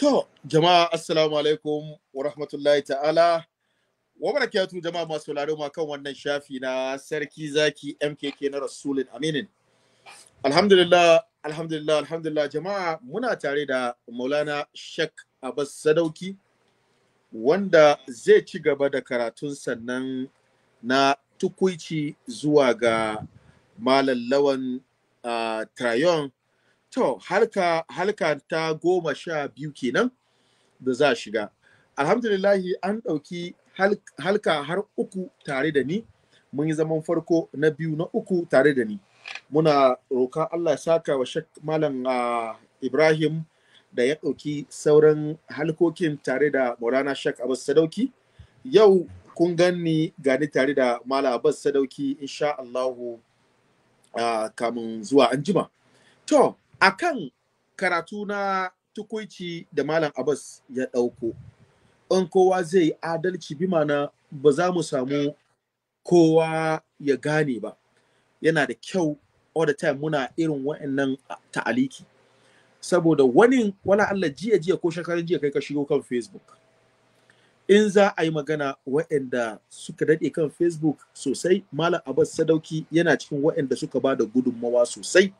To, jama'a assalamu alaikum wa rahmatullahi ta'ala. Wa barakatu jama'a masu sauraro ma kan wannan shafi na sarki zaki MKK na Rasulun Aminin. Alhamdulillah, alhamdulillah, alhamdulillah jama'a muna tare da Maulana Shek Abbas Sadauki wanda zai ci gaba da karatun sannan na tukuici zuwa ga Malallawan Lawan uh, Trayon To, halka, halka ta goma sha biyu kenan da za shiga. Alhamdulillahi an ɗauki halka har uku tare da ni, mun yi zaman farko na biyu na uku tare da ni. Muna roka Allah ya saka wa shak malam ah, Ibrahim da ya ɗauki sauran halkokin tare da Maulana Shak Abbas Sadauki. Yau kun ganni gani tare da Malam Abbas Sadauki, insha Allahu ah, kamun zuwa anjima. To, akan karatu na tukuici da malam abbas ya ɗauko in kowa zai yi adalci bi mana ba za mu samu kowa ya gane ba yana da kyau all the time muna irin wa'annan ta'aliki saboda wani wala Allah jiya jiya ko shekarun jiya kai ka shigo kan facebook in za a yi magana wa'anda suka daɗe kan facebook sosai malam abbas sadauki yana cikin wa'anda suka ba da gudunmawa sosai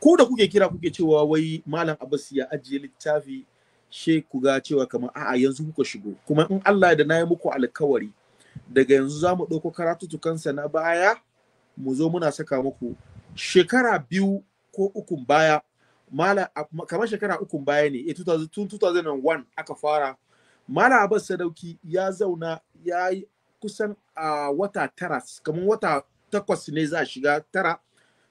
ko da kuke kira kuke cewa wai malam abbas ya ajiye littafi she ku ga cewa kamar a'a yanzu kuka shigo kuma in Allah da na yi muku alkawari daga yanzu za mu ɗauko karatutukansa na baya mu zo muna saka muku shekara biyu ko ukun baya mala kamar shekara uku baya ne 2001 eh, aka fara mala abbas sadauki ya zauna ya kusan a ah, wata tara kamar wata takwas ne za shiga tara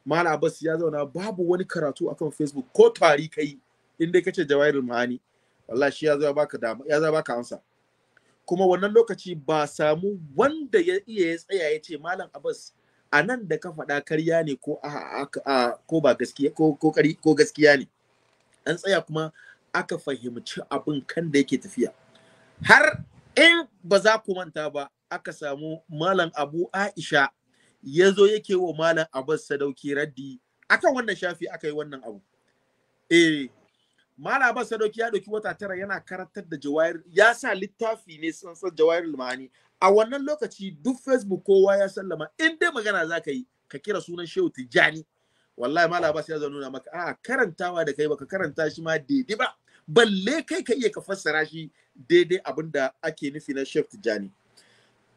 Malam Abbas ya zauna babu wani karatu akan Facebook ko tari kai in dai kace Jawairul ma'ani wallahi shi ya zo baka dama ya zo baka amsa kuma wannan lokaci ba samu wanda ya iya ya tsaya ya ce Malam Abbas a nan da ka faɗa karya ne ko a ko ba gaskiya ko ko gaskiya ne an tsaya kuma aka fahimci abin kan da yake tafiya har in ba za ku manta ba aka samu malam abu aisha ya zo yake wa malam abbas sadauki raddi akan wannan shafi aka yi wannan abu eh malam abbas sadauki ya ɗauki wata tara yana karantar da jawahir ya sa littafi ne sansan jawahir lumani a wannan lokaci duk facebook kowa ya sallama in dai magana za ka yi ka kira sunan shehu tijjani wallahi malam abbas ya zo nuna maka a karantawa da kai baka karanta shi ma daidai ba balle kai ka iya ka fassara shi daidai abin da ake nufi na shehu tijjani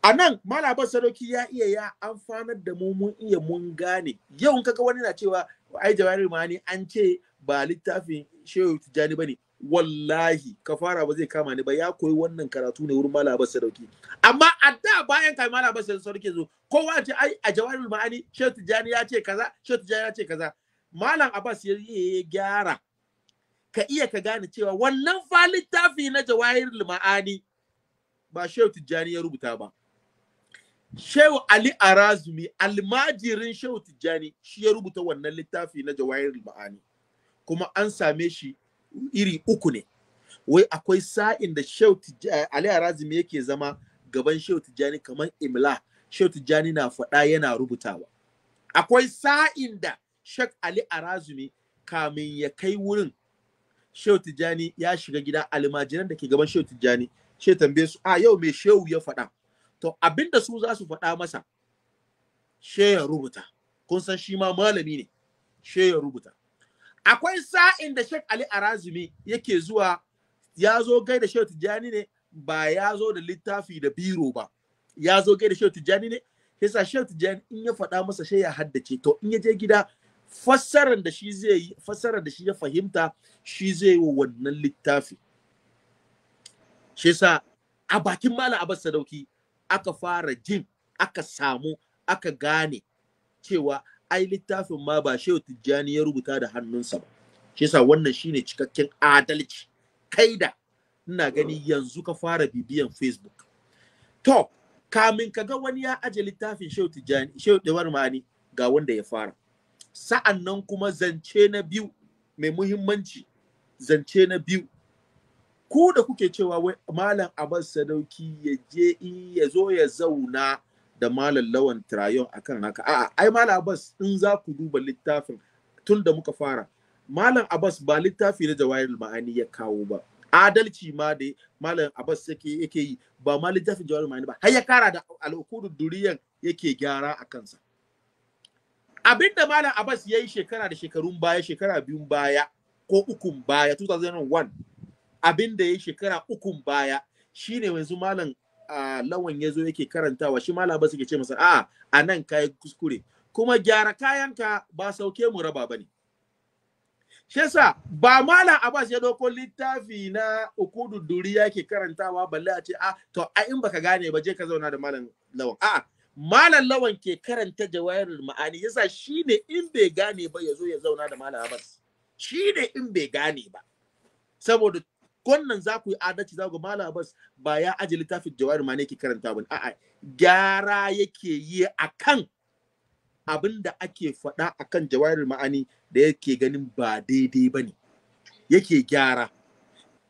a nan malabar sadauki ya iya ya amfanar da mu mun iya mun gane yau in kaga wani na cewa ai ma ne an ce ba littafin shehu tijjani bane wallahi kafara ba zai kama ni ba ya koyi wannan karatu ne wurin malabar sadauki amma a da bayan kai malabar sadauki zo kowa ce ai a ma ne shehu tijani ya ce kaza shehu tijani ya ce kaza malam abbas ya gyara ka iya ka gane cewa wannan fa littafi na jawahir ma'ani ba shehu tijjani ya rubuta ba Shehu Ali Arazumi almajirin Shehu Tijjani shi ya rubuta wannan littafi na Jawahirul Ma'ani kuma an same shi iri uku ne wai akwai sa'in da Shehu Ali Arazumi yake zama gaban Shehu Tijjani kamar imla Shehu Tijjani na faɗa yana rubutawa akwai sa'in da Sheikh Ali Arazumi kamin ya kai wurin Shehu Tijjani ya shiga gida almajiran da ke gaban Shehu Tijjani she tambaye su a yau me Shehu ya faɗa to abinda su za su faɗa masa she ya rubuta kun san shi ma malami ne she ya rubuta akwai sa'in da Sheikh Ali Arazumi yake zuwa ya zo gaida Sheikh Tijani ne ba ya zo da littafi da biro ba ya zo gaida Sheikh Tijani ne yasa Sheikh Tijani in ya faɗa masa she ya haddace to in ya je gida fassarar da shi zai yi fassarar da shi ya fahimta shi zai yi wannan littafi shi yasa a bakin Malam Abbas Sadauki aka fara jin aka samu aka gane cewa ai littafin ma ba shehu tijjani ya rubuta da hannunsa ba shi yasa wannan shine cikakken adalci kai da ina gani yanzu ka fara bibiyan facebook to kamin ka ga wani ya aje littafin shehu tijjani shehu mani ga wanda ya fara sa'an nan kuma zance na biyu mai muhimmanci zance na biyu ku da kuke cewa wai malam abbas sadauki ya je ya zo ya zauna da malam lawan trayon akan haka a'a ai malam abbas in za ku duba littafin tun da muka fara malam abbas ba littafi na jawahirul ma'ani ya kawo ba adalci ma da malam abbas yake yake yi ba ma littafin jawahirul ma'ani ba har ya kara da al'ukudu duriyan yake gyara a kansa abin da malam abbas ya yi shekara da shekarun baya shekara biyun baya ko ukun baya 2001 abin da ya shekara ukun baya shine yanzu malam lawan ya zo yake karantawa shi malam ba suke ce masa a a nan kayi kuskure kuma gyara kayanka ba sauke mu raba bane yasa ba malam abbas ya doko littafi na ukudu duri yake karantawa balle a ce a to a in baka gane ba je ka zauna da malam lawan a'a malam lawan ke karanta jawahirul ma'ani yasa shine in bai gane ba ya zo ya zauna da malam abbas shine in bai gane ba saboda kwannan za ku yi adalci za ku mala bas ba ya ajiye littafin jawari ma ne ke karanta ba a'a gyara yake yi akan abin da ake faɗa akan jawarin ma'ani da yake ganin ba daidai ba ne yake gyara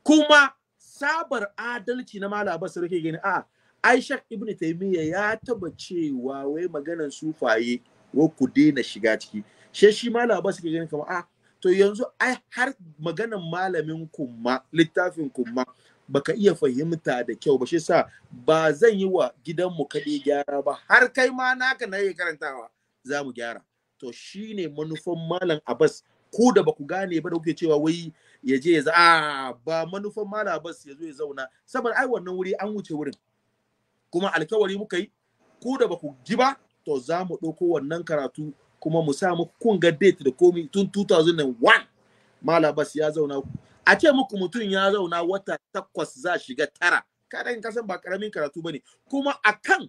kuma sabar adalci na mala bas yake gani a aishak ibn taimiyya ya taba cewa wai maganan sufaye wa ku daina shiga ciki she shi mala bas yake gani kamar a to yanzu ai har maganan malamin kuma littafin kuma baka iya fahimta da kyau ba shi sa ba zan yi wa gidanmu kaɗai gyara ba har kai ma naka na yi karantawa za mu gyara to shine manufan malam abbas ko da ba ku gane ba da kuke cewa wai ya je ya za ba manufan malam abbas ya zo ya zauna saboda ai wannan wuri an wuce wurin kuma alkawari muka yi ko da ba ku ji ba to za mu ɗauko wannan karatu kuma mu sa muku kun ga date da komi tun 2001 malam bas ya zauna a ce muku mutum ya zauna wata takwas za shiga tara kada in kasan ba karamin karatu bane kuma akan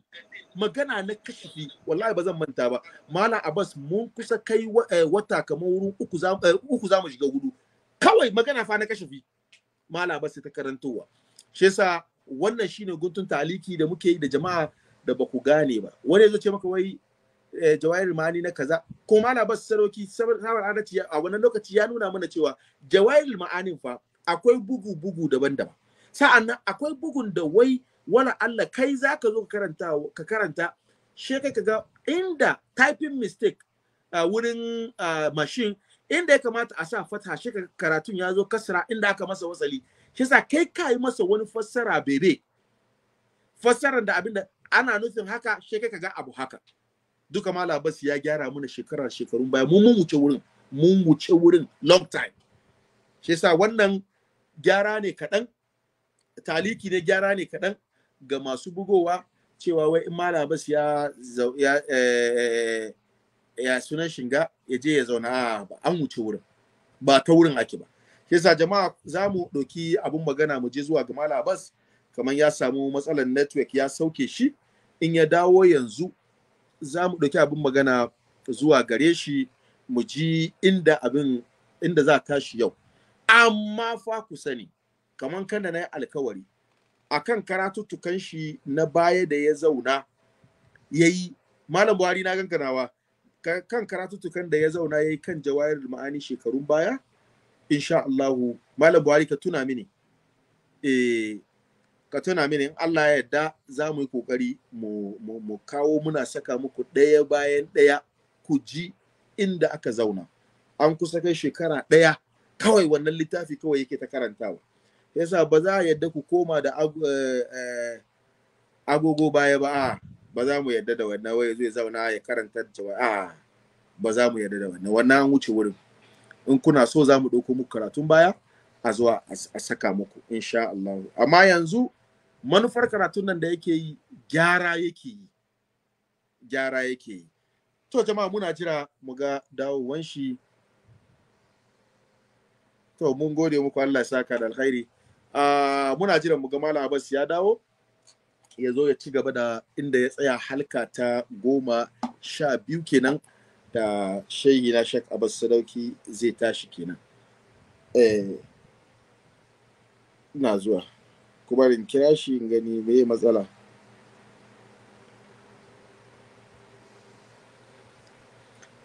magana na kashifi wallahi ba zan manta ba malam abbas mun kusa kai eh, wata kamar wurin eh, uku za mu shiga gudu. kawai magana fa na kashifi malam abbas ta karantowa shi yasa wannan shine guntun taliki da muke yi da jama'a da ba ku gane ba wani zai ce maka wai Eh, jawahir ma'ani na kaza ko malam bas saroki sabar adalci a wannan lokaci ya nuna mana cewa jawahir ma'anin fa akwai bugu bugu daban-daban sa'annan akwai bugun da wai wala Allah kai za ka zo ka karanta ka karanta she kai ka ga inda typing mistake a wurin machine inda ya kamata a sa fata she karatun ya zo kasara inda aka masa wasali shi sa kai ka masa wani fassara bebe fassarar da abinda ana nufin haka she kai ka ga abu haka duka mala bas ya gyara mana shekara shekarun baya mun mun wuce wurin mun wuce wurin long time shi yasa wannan gyara ne kaɗan taliki ne gyara ne kaɗan ga masu bugowa cewa wai in mala bas ya ya eh, ya sunan shinga ya je ya zauna ba an wuce wurin ba ta wurin ake ba shi yasa jama'a za mu ɗauki abun magana mu je zuwa ga mala bas kamar ya samu matsalar network ya sauke shi in ya dawo yanzu za mu ɗauki abin magana zuwa gare shi mu ji inda abin inda za tashi yau amma fa ku sani kamar kan da na yi alkawari A kan karatuttukan shi na baya da ya zauna ya yi malam buhari na ganganawa kan karatuttukan da ya zauna ya yi kan jawayar ma'ani shekarun baya insha Allahu malam buhari ka tuna mini eh ka tuna mini Allah ya yarda za mu yi kokari mu kawo muna saka muku ɗaya bayan ɗaya ku ji inda aka zauna an kusa kai shekara ɗaya kawai wannan littafi kawai yake ta karantawa yasa ba za a yarda ku koma da eh, eh, agogo baya ba a ba za mu yarda da wannan wai zai zauna ya karanta jawa a ba za mu yarda da wannan wannan an wuce wurin in kuna so za mu ɗauko muku karatun baya a zuwa a saka muku insha Allah amma yanzu manufar karatun nan da yake yi gyara yake yi gyara yake yi to jama'a muna jira mu ga dawowan shi to mun gode muku Allah saka da alkhairi ah, muna jira mu ga malam Abbas ya dawo ya zo ya ci gaba da inda ya tsaya halka ta goma sha biyu kenan da shehi na shak abbas sadauki zai tashi kenan eh ina zuwa ku barin kira shi in gani me matsala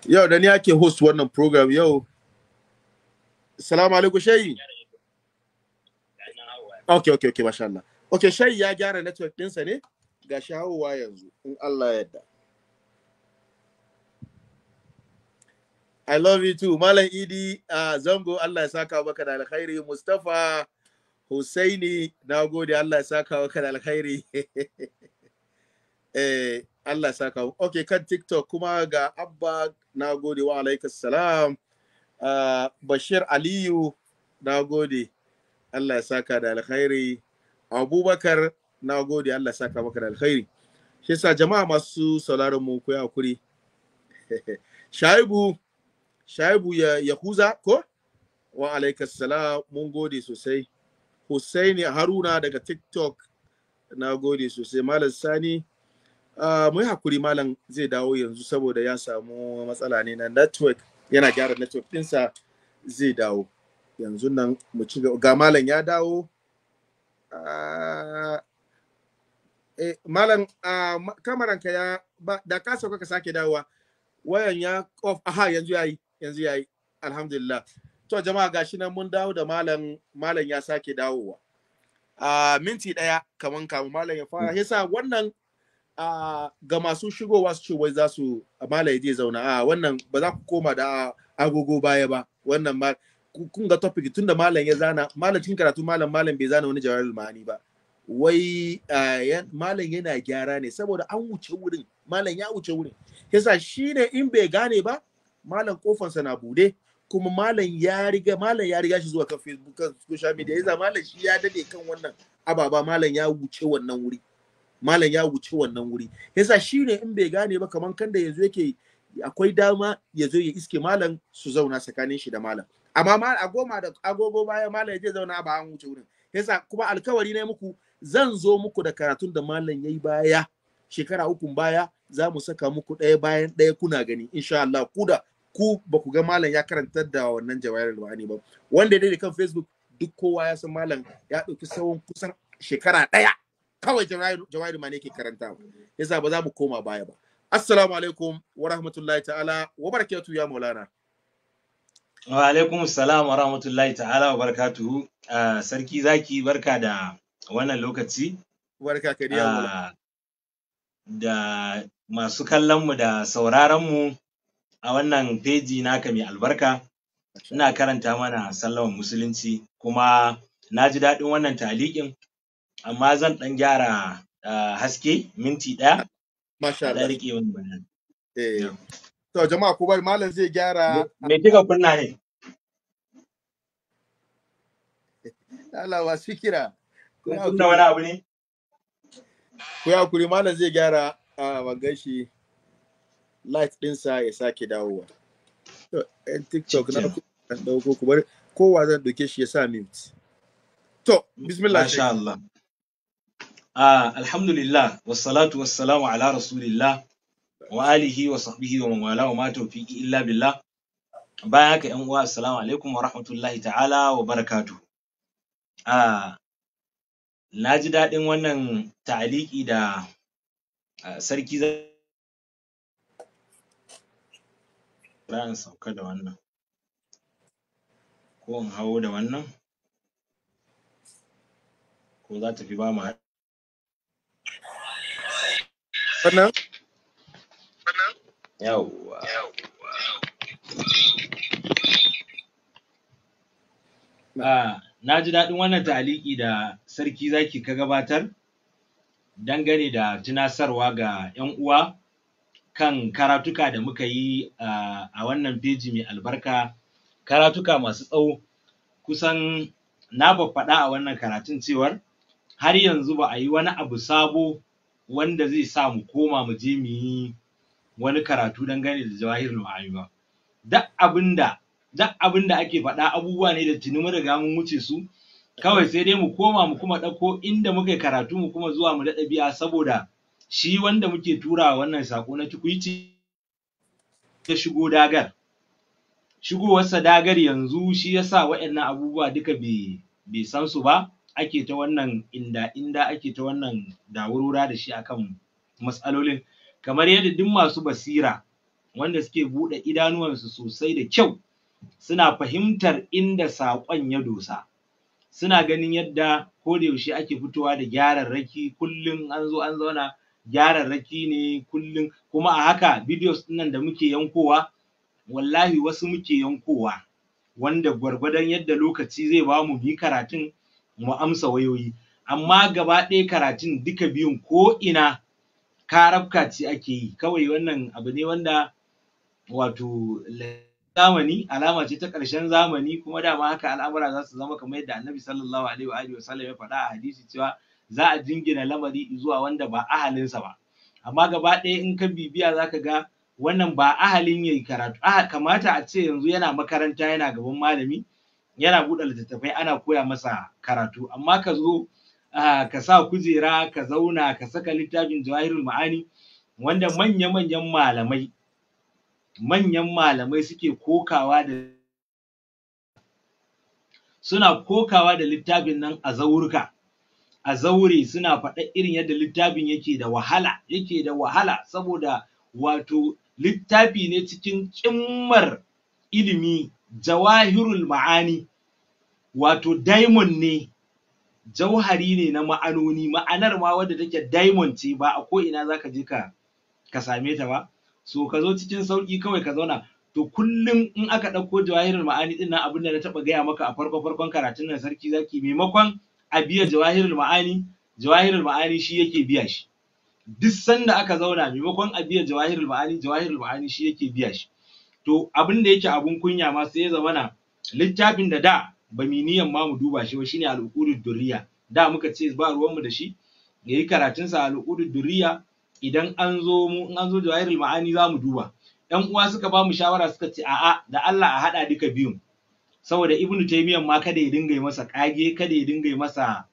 yau da ni ake host wannan program yau salamu alaikum shayi ok ok ok masha Allah ok shayi ya gyara network ɗinsa ne ga shawowa yanzu in Allah yadda I love you too. Malam Idi a uh, zango Allah ya saka baka da alkhairi Mustapha Husaini na gode Allah ya saka wa kan alkhairi. eh, Allah ya saka Ok, kan TikTok kuma ga Abba na gode wa alaikas salam. Uh, Bashir Aliyu na gode. Allah ya saka da alkhairi. Abubakar na gode Allah ya saka maka da alkhairi. Shi sa jama'a masu sauraron mu ku hakuri. Shaibu Shaibu ya Yahuza ko? Wa alaikas salam mun gode sosai. Hussaini Haruna daga TikTok. Na gode sosai Malam Sani. Uh, mai hakuri Malam zai dawo yanzu saboda ya samu matsala ne na network. Yana gyara network ɗinsa zai dawo. Yanzu nan mu ci ga Malam ya dawo. Uh, eh, Malam uh, kamaranka ya ba, da ka sauka ka sake dawowa. Wayan ya off. Aha yanzu yayi. Yanzu yayi. Alhamdulillah. to jama'a gashi nan mun dawo da malam malam ya sake dawowa a minti daya kaman kamun malam ya fara yasa wannan a ga masu shigowa su ce wai za su malam ya je zauna a wannan ba za ku koma da agogo baya ba wannan ma kun ga topic tunda malam ya zana malam cikin karatu malam malam bai zana wani jawabin ma'ani ba wai malam yana gyara ne saboda an wuce wurin malam ya wuce wurin yasa shine in bai gane ba malam kofansa na bude kuma malam ya riga malam ya riga shi zuwa kan facebook kan social media yasa mm-hmm. malam shi ya dade kan wannan ababa malam ya wuce wannan wuri malam ya wuce wannan wuri yasa shi ne in bai gane ba kaman kan da yanzu yake akwai dama ya zo ya iske malam su zauna tsakanin shi da malam amma a goma da agogo baya malam ya je zauna ba an wuce wurin yasa kuma alkawari ne muku zan zo muku da karatun da malam yayi baya shekara uku baya za mu saka muku ɗaya bayan ɗaya kuna gani insha Allah ku da ku ba ku ga malam ya karanta da wannan jawahir alwani ba wanda dai kan facebook duk kowa ya san malam ya ɗauki tsawon kusan shekara ɗaya kawai ma ne ke karanta yasa ba za mu koma baya ba assalamu alaikum wa rahmatullahi ta'ala wa barakatu ya maulana wa alaikum salam wa rahmatullahi ta'ala wa barakatuhu ah, sarki zaki barka da wannan lokaci barka ka ah, da masu kallon mu da sauraron mu a wannan feji naka mai albarka ina karanta mana sallaman musulunci kuma na ji daɗin wannan taliƙin amma zan ɗan gyara ah, haske minti ɗaya Masha Allah. riƙe wani bayani. Eh. To jama'a ku bari malam zai gyara. Me kika kunna ne? Allah wa sikira. kuna wani abu ne? Ku ya kuri malam zai gyara a ah, magan shi. light ɗinsa ya sake dawowa to yan tiktok na kan dauko ku bari kowa zan doke shi ya sa mute to bismillah masha Allah ah alhamdulillah wassalatu wassalamu ala rasulillah wa alihi wa sahbihi wa mawala wa ma tawfiqi illa billah bayan haka yan uwa assalamu alaikum wa rahmatullahi ta'ala wa barakatu ah na ji daɗin wannan ta'aliki da ah, sarki za in sauka da wannan ko in hau da wannan ko za ta fi ba mu sannan yawwa ah, na ji daɗin wannan ta'aliki da sarki zaki ka gabatar dangane da tunasarwa ga 'yan uwa kan karatuka da muka yi a wannan feji mai albarka karatuka masu tsawo kusan na faɗa a wannan karatun cewar har yanzu ba a yi wani abu sabo wanda zai sa mu koma mu je mu yi wani karatu gane da jawahir ma'ani ba duk abin da ake faɗa abubuwa ne da tuni mu riga mun wuce su kawai sai dai mu koma mu kuma ɗauko inda muka yi karatu mu kuma zuwa mu daɗa biya saboda shi wanda muke turawa wannan sako na tukuici ta shigo dagar shigowarsa dagar yanzu shi ya sa waɗannan abubuwa duka bai san su ba ake ta wannan inda inda ake ta wannan dawurura da shi akan matsalolin kamar yadda duk masu basira wanda suke buɗe idanuwansu sosai da kyau suna fahimtar inda saƙon ya dosa suna ganin yadda ko da yaushe ake fitowa da gyararraki kullum an zo an zauna gyararraki ne kullum kuma a haka videos nan da muke yankowa wallahi wasu muke yankowa wanda gwargwadon yadda lokaci zai ba mu bi karatun mu amsa wayoyi amma gaba ɗaya karatun duka biyun ko ina karabka ce ake yi kawai wannan abu ne wanda wato zamani alama ce ta ƙarshen zamani kuma dama haka al'amura za su zama kamar yadda annabi sallallahu alaihi wa alihi ya faɗa a hadisi cewa za a jingina lamari zuwa wanda ba ahalinsa ba amma gaba ɗaya in ka bibiya za ka ga wannan ba ahalin yayi karatu a kamata a ce yanzu yana makaranta yana gaban malami yana buɗe littattafai ana koya masa karatu amma ka zo ka sa kujera ka zauna ka saka littafin jawahirul ma'ani wanda manya-manyan malamai manyan malamai suke kokawa da suna kokawa da littafin nan a zaurika a zaure suna faɗa irin yadda littafin yake da wahala yake da wahala saboda wato littafi ne cikin ƙimmar ilimi jawahirul ma'ani wato diamond ne jauhari ne na ma'anoni ma'anar ma wadda take diamond ce ba a ko ina zaka je ka same ta ba so ka zo cikin sauki kawai ka zauna to kullum in aka ɗauko jawahirul ma'ani din nan abin da na taɓa gaya maka a farko farkon karatun nan sarki zaki maimakon a biya jawahirul ma'ani jawahirul ma'ani shi yake biya shi duk sanda aka zauna maimakon a biya jawahirul ma'ani jawahirul ma'ani shi yake biya shi to abin da yake abun kunya ma sai ya na littafin da da ba mu ma mu duba shi ba shine al'uqudud durriya da muka ce ba ruwan mu da shi yayi karatun sa al'uqudud durriya idan an zo mu in an zo jawahirul ma'ani za mu duba yan uwa suka ba mu shawara suka ce a'a da Allah a hada duka biyun saboda ibnu taymiyan ma kada ya dinga masa kage kada ya dinga masa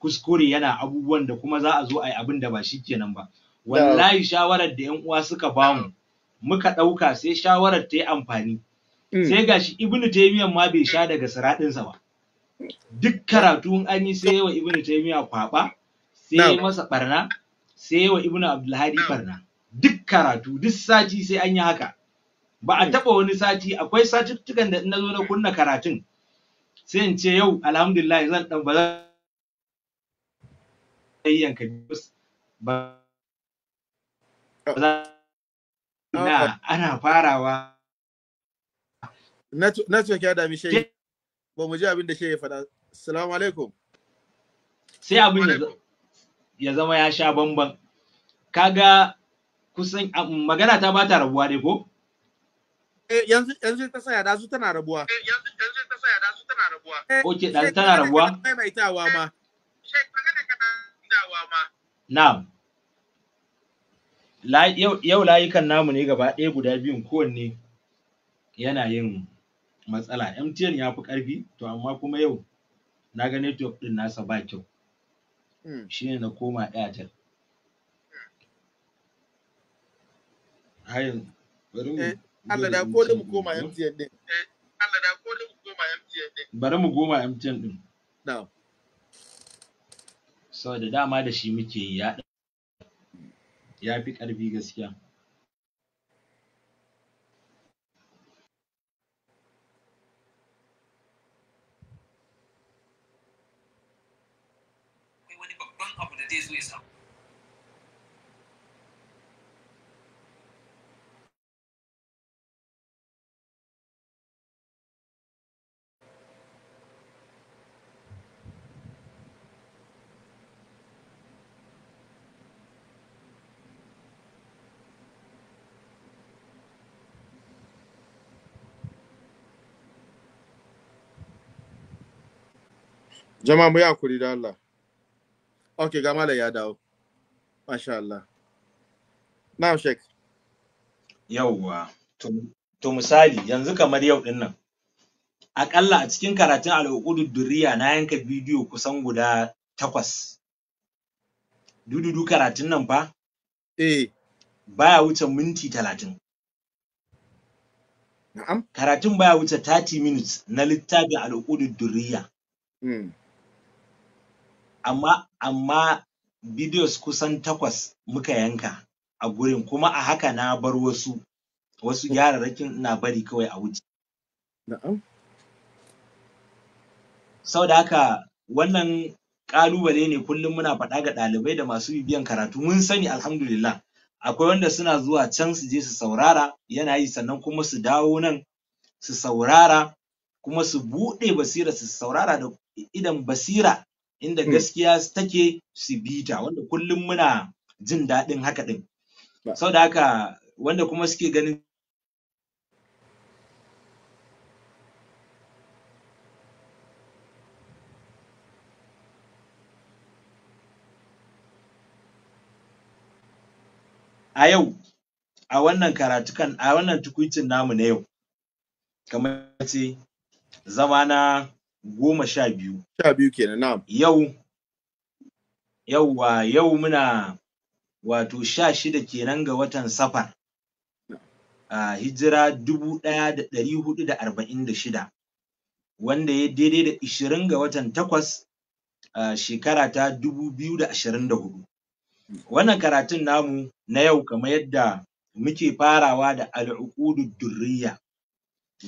kuskure yana abubuwan da kuma za a zo a yi abin da ba shi kenan ba wallahi shawarar da yan uwa suka bamu muka ɗauka sai shawarar ta yi amfani mm. sai gashi ibnu taymiyan ma bai sha daga siraɗinsa ba duk karatu in an yi sai wa ibnu taymiya kwaba sai masa barna sai wa ibnu abdulhadi barna duk karatu duk sati sai an yi haka ba a hmm. taɓa wani sati akwai satuttukan da in na zo na kunna karatun sai in ce yau alhamdulillah zan dan ba zan yanka ba ah, na ana farawa na tuwa ya dami shayi ba mu ji abin da ya faɗa salamu alaikum sai abin ya zama ya sha bamban kaga kusan magana ta ba ta rabuwa dai ko Eh, yanzu yanzu ta tsaya dazu tana tana rabuwa dazu eh, tana rabuwa yau layukan namu ne gaba ɗaya guda biyun kowanne yana yin matsala mtn ya fi ƙarfi to amma kuma yau na ga network ɗin nasa ba kyau hmm. shi na koma airtel hmm. Eh, Allah da ko da mu koma MTN din. Allah da ko da mu koma MTN din. Bari mu goma MTN din. Na'am. Saboda dama da shi muke yi ya ya fi ƙarfi gaskiya. Jama'a mu yi hakuri da Allah. Ok, ga Malam ya dawo. Masha Allah. Na shek. Yawwa. To misali yanzu kamar yau din nan. Akalla a cikin karatun al'uqudud durriya na yanka bidiyo kusan guda takwas. Dududu karatun nan fa? Eh. Baya wuce minti talatin. Na'am. Karatun baya wuce 30 minutes na littafin al'uqudud durriya. Mm. amma amma videos kusan takwas muka yanka a gurin kuma a haka na bar wasu wasu gyararrakin ina bari kawai a wuce na'am sau da haka wannan ƙalubale ne kullum muna faɗa ga ɗalibai da masu bibiyan karatu mun sani alhamdulillah akwai wanda suna zuwa can su je su saurara yana yi sannan kuma su dawo nan su saurara kuma su buɗe basira su saurara da idan basira inda hmm. gaskiya take su bita, wanda kullum muna jin daɗin haka ɗin sau da haka wanda kuma suke ganin a yau a wannan karatukan a wannan tukwicin namu na yau kamar ce zama na goma sha biyu. Sha biyu kenan na'am. Yau wa yau muna wato sha shida kenan ga watan safar. a uh, hijira dubu ɗaya da ɗari hudu da arba'in da shida wanda ya daidai da ishirin ga watan takwas a uh, shekara ta dubu biyu da ashirin da hudu wannan karatun namu na yau kamar yadda muke farawa da al'uƙudu durriya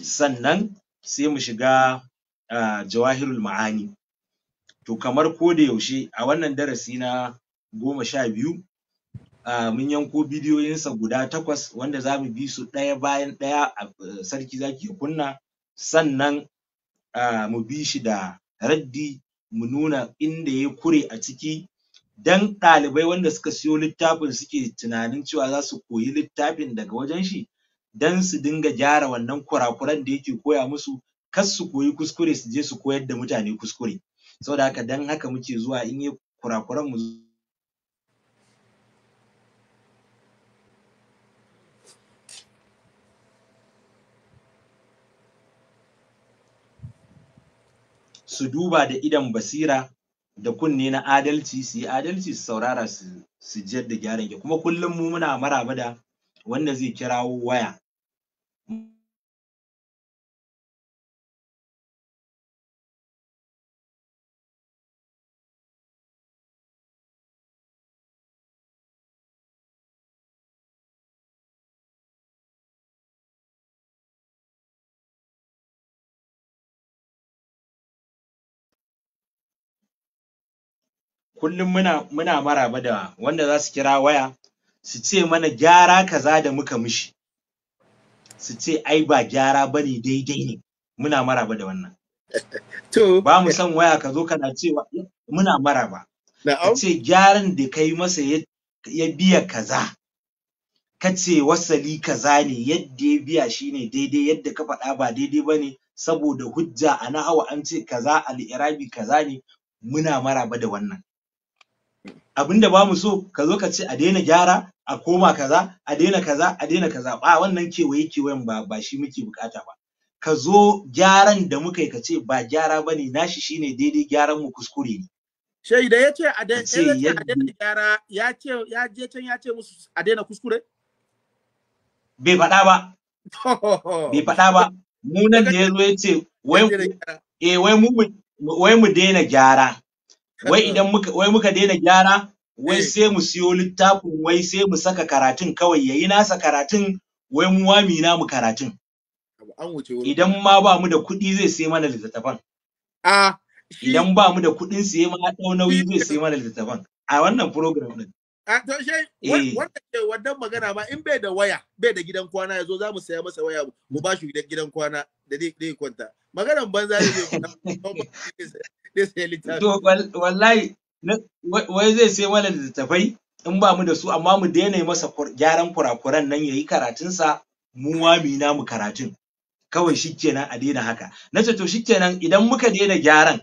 sannan sai mu shiga um jawahirul ma'ani to kamar koda yaushe a wannan darasi na goma sha biyu mun yanko bidiyoyinsa guda takwas wanda zamu bi su ɗaya bayan ɗaya a sarki zaki ya kunna sannan mu bi shi da raddi mu nuna inda ya kure a ciki dan ɗalibai wanda suka siyo littafin suke tunanin cewa zasu koyi littafin daga wajen shi dan su dinga gyara wannan kura-kuran da yake koya musu kar su koyi kuskure su je su koyar da mutane kuskure saboda haka dan haka muke zuwa in yi kurakuran mu su duba da idon basira da kunne na adalci su yi adalci su saurara su jaddada gyaran kuma kullum mu muna maraba da wanda zai kirawo waya kullum muna muna maraba da wanda za su kira waya su ce mana gyara kaza da muka mishi su ce ai ba gyara bane daidai ne muna maraba da wannan to ba mu san waya ka zo kana cewa muna maraba ka ce gyaran da ka yi masa ya biya kaza ka ce wasali kaza ne yadda ya biya shine daidai yadda ka faɗa ba daidai bane saboda hujja a hawa an ce kaza al-irabi kaza ne muna maraba da wannan abinda ba mu so ka zo ka ce a daina gyara a koma kaza a daina kaza a daina kaza ba wannan kewaye kewayen ba ba shi muke bukata ba ka zo gyaran da muka yi ka ce ba gyara ba ne nashi shine daidai gyaran mu kuskure ne shai da ya ce a daina gyara ya ce ya je can ya ce musu a daina kuskure bai faɗa ba bai faɗa ba mu nan da ya eh ya ce eh, wai mu daina gyara wai idan muka wai muka daina gyara wai eh. sai mu siyo littafin wai sai mu saka karatun kawai yayi nasa karatun wai mu wami na mu karatun idan ma ba mu da kuɗi zai sai mana littattafan a idan ba mu da kuɗin sai ma ɗau nauyi zai sai mana littattafan a wannan program din a to shi eh. wannan magana ba in bai da waya bai da gidan kwana yazo za mu saya masa waya mu ba shi gidan kwana da da ya kwanta maganan banza ne ne ne sai littafi to wallahi wai zai sai mana littafai in ba mu da su amma mu daina masa gyaran kurakuran nan yayi sa, mu wami na mu karatun kawai shikenan a daina haka na ce to shikenan idan muka daina gyaran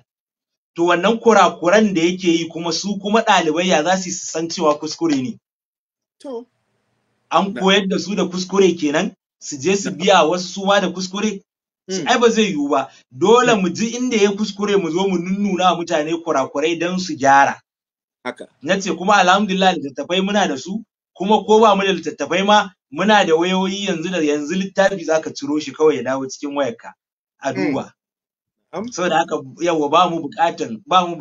to wannan kurakuran da yake yi kuma su kuma ɗalibai ya za su san cewa kuskure ne to an koyar da su da kuskure kenan su je su biya wasu su ma da kuskure shi mm. ai ba zai yiwu ba dole mm. mu ji inda ya kuskure mu zo mu nunnuna mutane kurakurai don su gyara haka na ce kuma alhamdulillah littattafai muna da su kuma ko ba mu da littattafai ma muna da wayoyi yanzu da yanzu littafi zaka ciro shi kawai ya dawo cikin wayarka a duba mm. saboda haka yawa ba mu buƙatan ba mu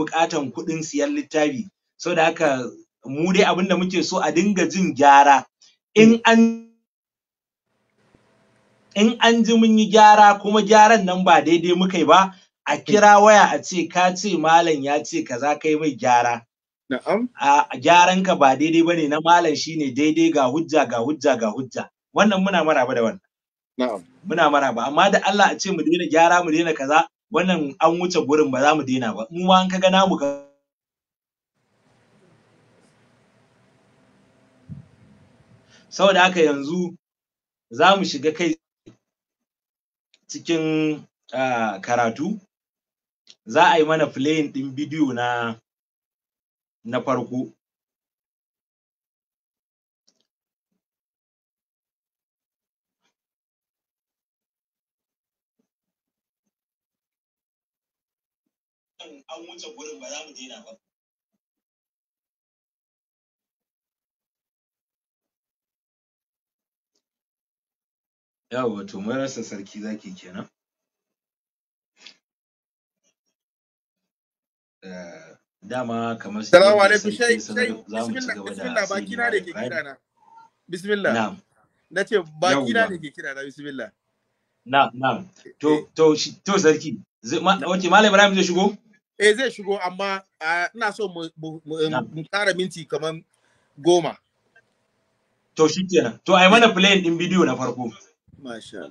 kuɗin siyan littafi saboda haka mu dai abinda muke so a dinga jin gyara in an in an ji mun yi gyara kuma gyaran nan ba daidai muka yi ba a kira waya a ce ka ce malam ya ce kaza kai mai gyara A gyaran ka ba daidai ba ne. na malam shi ne daidai ga hujja ga hujja ga hujja. Wannan muna maraba da wannan. muna Muna maraba amma da Allah a ce mu daina gyara mu daina kaza wannan an wuce gurin ba za mu daina ba. Mu ma an gana mu ka Saboda haka yanzu za mu shiga kai cikin karatu za a yi mana playing ɗin bidiyo na na farko an wuce gurin ba za mu daina ba Yawwa to mun rasa sarki zaki kenan dama kamar Assalamu alaikum shai shai bismillah baki na da ke kira na bismillah na na to eh, eh. to to sarki malam Ibrahim zai shigo eh zai shigo amma ina so mu kara minti kamar goma to kenan, to ai mana playing din bidiyo na farko Masha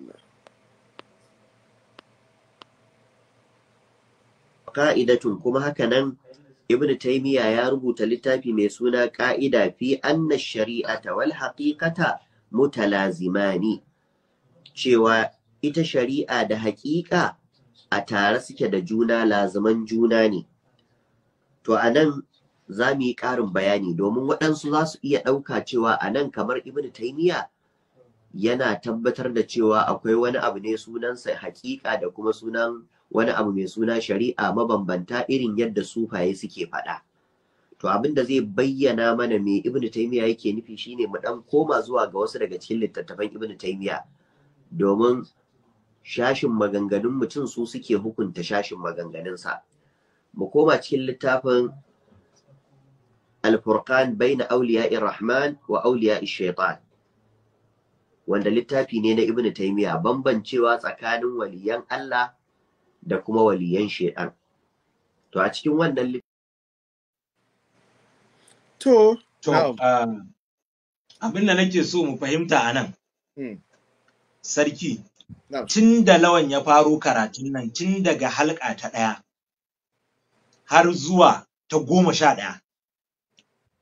kuma haka nan Ibn Taymiya ya rubuta littafi mai suna ka'ida fi anna shari'ata wal haqiqata mutalazimani cewa ita shari'a da haƙiƙa a tare suke da juna lazuman juna ne. To a nan za mu yi ƙarin bayani domin waɗansu za su iya ɗauka cewa a nan kamar Ibn Taymiya yana tabbatar da cewa akwai wani abu ne sunansa hakika da kuma sunan wani abu mai suna shari'a mabambanta irin yadda sufaye suke faɗa. To abin da zai bayyana mana me Ibn taimiya yake nufi shine mu dan koma zuwa ga wasu daga cikin littattafan Ibn Taymiya domin shashin maganganun mutum su suke hukunta shashin maganganunsa. Mu koma cikin littafin Al-Furqan baina awliya'i Rahman wa awliya'i Shaitan. wanda littafi ne na ibnu taymiya bambancewa tsakanin waliyan Allah da kuma waliyan shaidan to a cikin wannan to to ah, abin da nake so mu fahimta anan, hmm. sarki tun da lawan ya faro karatun nan tun daga halka ta ɗaya har zuwa ta goma sha ɗaya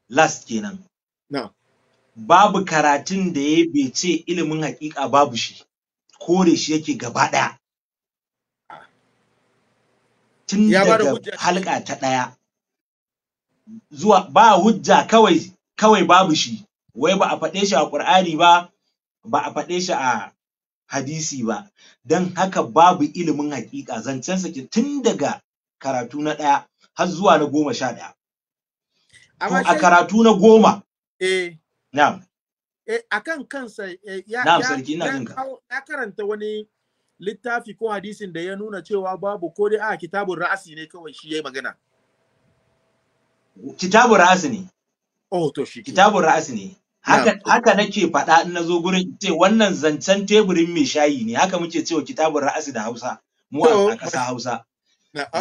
last kenan babu karatun da ya bai ce ilimin haƙiƙa babu shi kore shi yake gaba ɗaya tun daga halka ta ɗaya zuwa ba hujja kawai kawai babu shi wai ba a faɗe shi a ƙur'ani ba ba a faɗe shi a hadisi ba don haka babu ilimin hakika zancen sake tun daga karatu na ɗaya har zuwa na goma sha ɗaya. To a karatu na goma. Eh. Na'am. Eh, a kan kansa eh, ya karanta wani littafi ko hadisin da ya nuna cewa babu ko dai a kitabun ra'asi ne kawai shi ya yi magana. Kitabun ra'asi ne. Oh, to shi. Kitabun ra'asi ne. Haka, haka nake faɗa in na zo gurin ce wannan zancen teburin mai shayi ne haka muke cewa kitabun ra'asi da Hausa mu a ƙasa Hausa.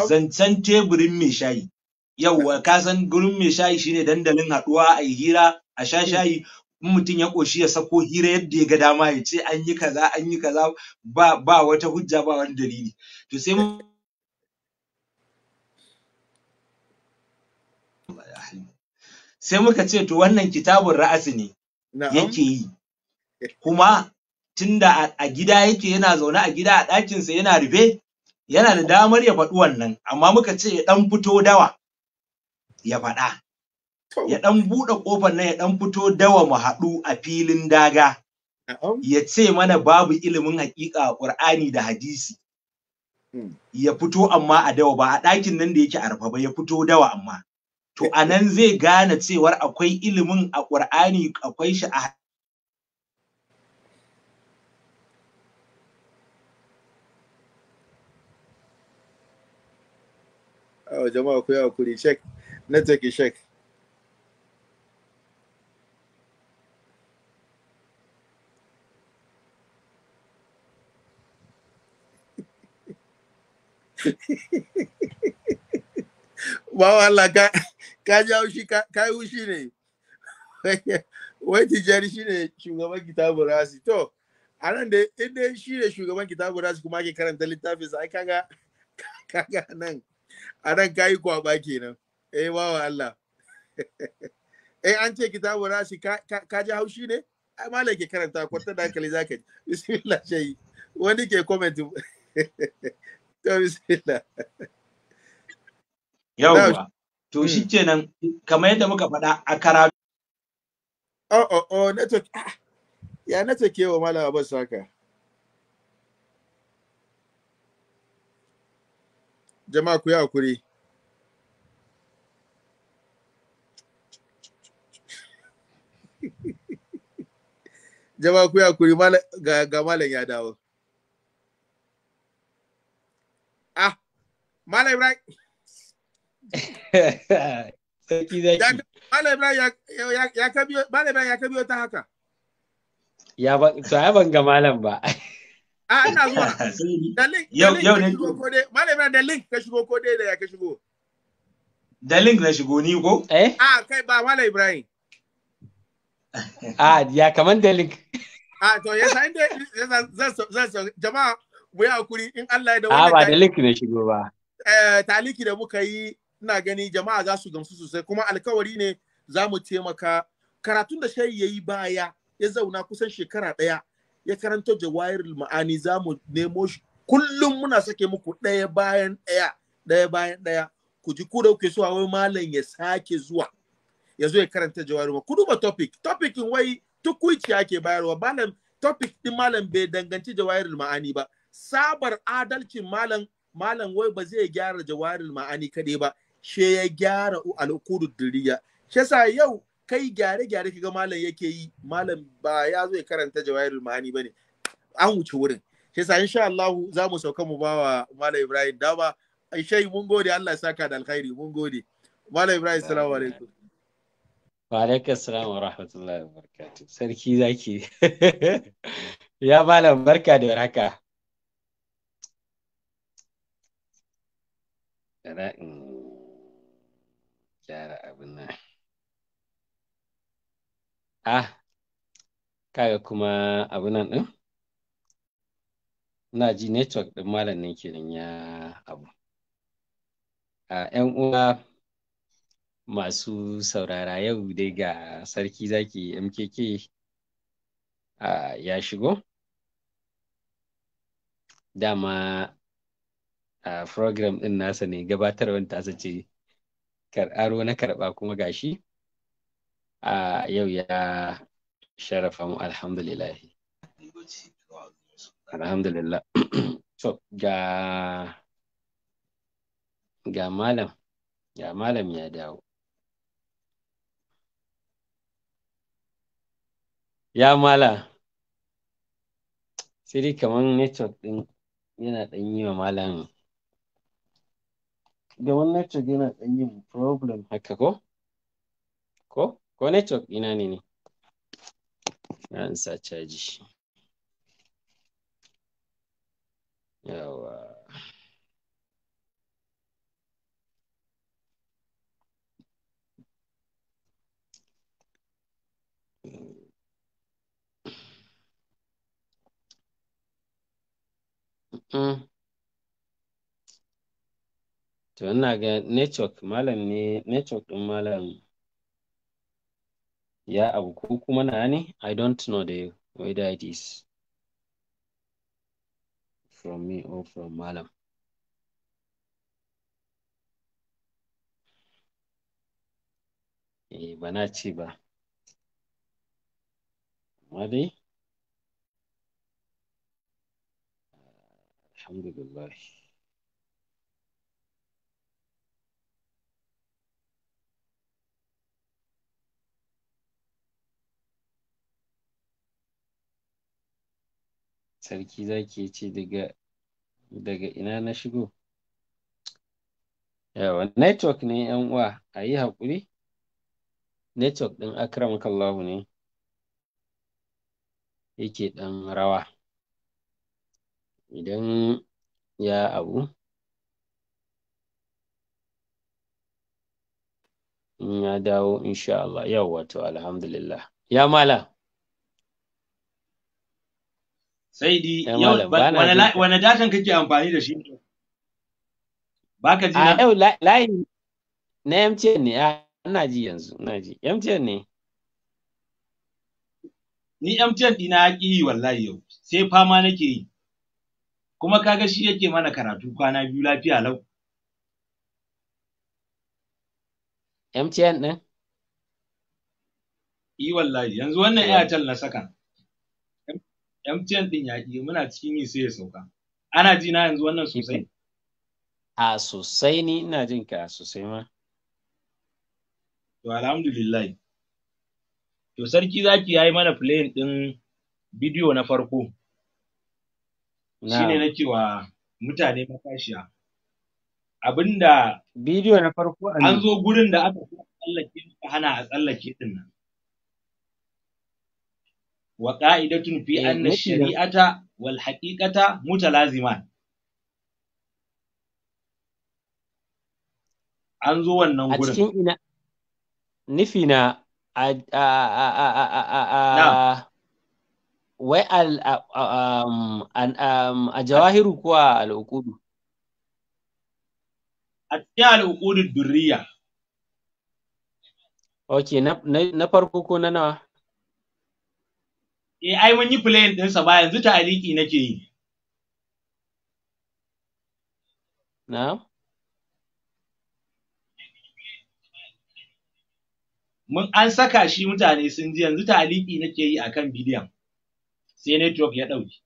Zancen teburin mai shayi. yau ka san gurin mai shayi shine dandalin haɗuwa a yi hira a sha mm. shayi in mutum ya ƙoshi ya sako hira yadda ya ga dama ya ce an yi kaza an yi kaza ba wata hujja ba wani dalili to sai mu sai muka ce to wannan kitabun ra'asi ne yake yi kuma tunda a gida yake yana zaune a gida a ɗakinsa yana rufe yana da damar ya faɗi wannan amma muka ce ya ɗan fito dawa ya faɗa ya ɗan buɗe ƙofar nan ya ɗan fito dawa mu haɗu a filin daga ya ce mana babu ilimin haƙiƙa ƙur'ani da hadisi hmm. ya fito amma a dawa ba a ɗakin nan da yake arfa ba ya fito dawa amma to a nan zai gane cewar akwai ilimin a ƙur'ani akwai shi a jama'a ku yi hakuri shek na take shek bawa Allah ka ka ja shi ka yi wushi ne wai tijjani shi ne shugaban kitabu rasi to a nan da inda shi ne shugaban kitabu rasi kuma ake karanta littafin sa ai kaga kaga nan a nan ka yi kwaba kenan eh bawa Allah eh an ce kitabu rasi ka ja haushi ne ai malam ke karanta kwanta da hankali ka ji bismillah shayi wani ke comment Yawwa. To hmm. shi kenan kamar yadda muka faɗa a karatu. Oh, oh, oh, network. Ah, ya network yawa Malam Abbas haka. Jama'a ku yi hakuri. Jama'a ku yi hakuri ga malam ya dawo. Malam Ibrahim. Sarki zaki. Malam Ibrahim ya kabiyo Malam ya kabiyo ta haka. Ya ba to ya ban ga malam ba. A ina zuwa. Da link. Yau yau ne. Malam da link ka shigo ko dai da ya ka shigo. Da link na shigo ni ko? Eh? A kai ba Malam Ibrahim. A ya kaman da link. A to yasa inda zan zan jama'a mu yi hakuri in Allah ya da wani. A ba da link ne shigo ba. Eh, taliki da muka yi ina gani jama'a za su gamsu sosai kuma alkawari ne za mu taimaka karatun da shayi ya yi baya ya zauna kusan shekara ɗaya ya karanta jawairul ma'ani za mu nemo shi kullum muna sake muku ɗaya bayan ɗaya ɗaya bayan ɗaya ku ji ku da kuke so wai malam ya sake zuwa ya zo ya karanta jawairul ku duba topic Topic in wai tukuici ake bayarwa malam topic din malam bai danganci jawayar ma'ani ba sabar adalcin malam malam wai ba zai gyara jawarin ma'ani kaɗai ba she ya gyara al'ukudu diriya shi sa yau kai gyare-gyare kaga malam yake yi malam ba ya zo ya karanta jawarin ma'ani bane an wuce wurin shi sa insha Allah za mu sauka mu bawa malam Ibrahim dama shai mun gode Allah ya saka da alkhairi mun gode malam Ibrahim assalamu alaikum wa alaikum assalam wa rahmatullahi wa barakatuh sarki zaki ya malam barka da warhaka da in gyara abin nan ah kaga kuma abin nan ɗin ina ji network ɗin malamin kenan ya abu a yan uwa masu saurara yau dai ga sarki zaki mkk ah, ya shigo dama a program ɗin nasa ne ta sace ce aro na karɓa kuma gashi a yau ya sharafa mu alhamdulillah alhamdulillah so ga ga malam ga malam ya dawo ya mala sai dai kamar network din yana ɗan yi wa malam Gaban network yana ɗan yin problem haka ko? Ko? Ko network ina ne ne? Na in sa caji. Yawa. Mm-hmm. to ina ga network malam ne network din malam ya abu ko kuma na ne i don't know the whether it is from me or from malam eh ba na ce ba amma dai alhamdulillah sarki zaki ya ce daga daga ina na shigo yawa network ne yan uwa a yi haƙuri network ɗin akramakallahu ne yake ɗan rawa idan ya abu in ya dawo insha Allah yau wato alhamdulillah ya mala sai di eh, yau wani datan kake amfani da shi baka ji ah, na yau layi na MTN ne a ah, ina ji yanzu ina ji MTN ne ni MTN dina ya yi wallahi yau sai fama nake yi kuma kaga shi yake mana karatu kwana biyu lafiya lau MTN ɗin? Yi wallahi yanzu wannan eh. Airtel na saka. MTN din ya ƙi muna cikin yi sai ya sauka. Ana ji na yanzu wannan sosai? A sosai ni ina jin ka sosai ma. To alhamdulillah. To sarki zaki yayi mana playing din bidiyo na farko. Shine na cewa mutane makashiya. Abinda bidiyo na farko an zo gurin da aka tsallake hana a tsallake din nan. wa qa'idatun fi anna shari'ata wal haqiqata mutalaziman an zo wannan gurin a cikin ina nufi na a a a a a a wai al a jawahiru kuwa al'ukudu a cikin al'ukudu durriya ok na farko ko na nawa eh ai mun yi playing ɗinsa ba yanzu ta'aliki nake yi na'am mun an saka shi mutane sun ji yanzu ta'aliki nake yi akan bidiyon sai network ya ɗauki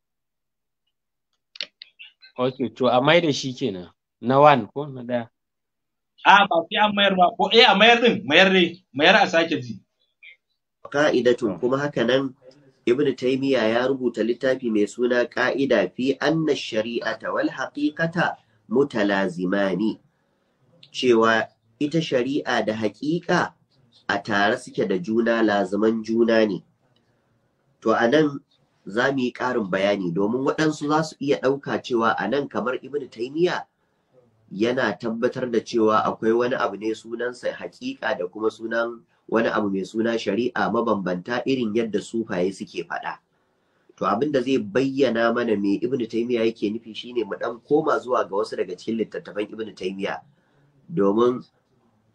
ok to a mai da shi kenan na one ko na ɗaya a ba fi an mayar ba ko eh a mayar din mayar ne, mayar a sake ji ka'idatun kuma haka nan ibn taymiya ya rubuta littafi mai suna ƙa'ida fi anna shari'ata wal haqiqata mutalazimani cewa ita shari'a da haƙiƙa a tare suke da juna lazuman juna ne to anan nan za mu yi ƙarin bayani domin waɗansu za su iya ɗauka cewa anan kamar ibn taymiya yana tabbatar da cewa akwai wani abu ne sunansa haƙiƙa da kuma sunan wani abu mai suna shari'a mabambanta irin yadda sufaye suke faɗa. To abin da zai bayyana mana me Ibn Taymiyyah yake nufi shine mu dan koma zuwa ga wasu daga cikin littattafan Ibn Taymiyyah domin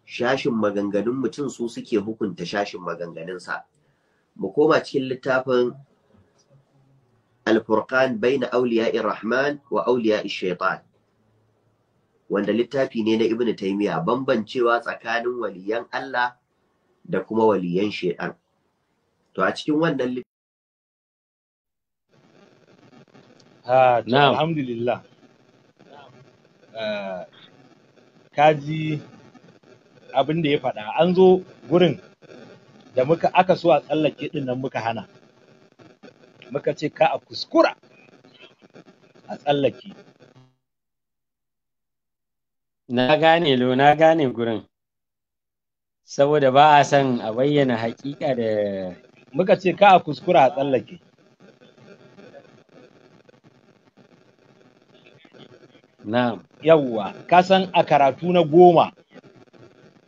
shashin maganganun mutum su suke hukunta shashin maganganunsa. Mu koma cikin littafin Al-Furqan baina awliya'i Rahman wa awliya'i Shaytan. Wanda littafi ne na Ibn Taymiyyah bambancewa tsakanin waliyan Allah da kuma waliyan shedan to a cikin wannan ha alhamdulillah eh, kaji abin da ya faɗa an zo gurin da muka aka so a tsallake din nan muka hana muka ce ka a kuskura a tsallake na gane lo na gane gurin saboda ba a son a bayyana haƙiƙa da muka ce ka a kuskura a tsallake na yawwa ka san a karatu na goma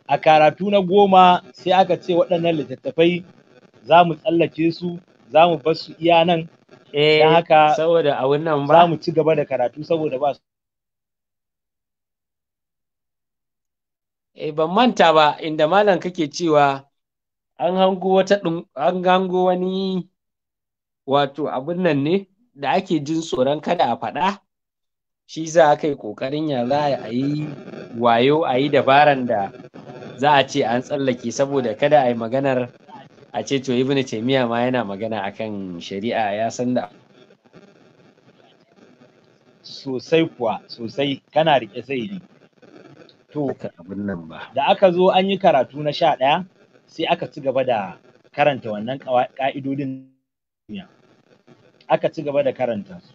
a karatu na goma sai aka ce waɗannan littattafai za mu tsallake su za mu bar su iya nan Eh, haka saboda a wannan ba za mu ci gaba da karatu saboda ba su e, ban manta ba inda malam kake cewa an hango wata an hango wani wato abin nan ne da ake jin tsoron kada a faɗa shi za a kai ƙoƙarin ya za a yi wayo a yi dabaran da za a ce an tsallake saboda kada a yi maganar a ce to ibn taimiya ma yana magana akan shari'a ya san da sosai kuwa sosai kana rike sai to da aka zo an yi karatu na sha ɗaya sai aka ci gaba da karanta wannan ƙa'idodin aka ci gaba da karanta su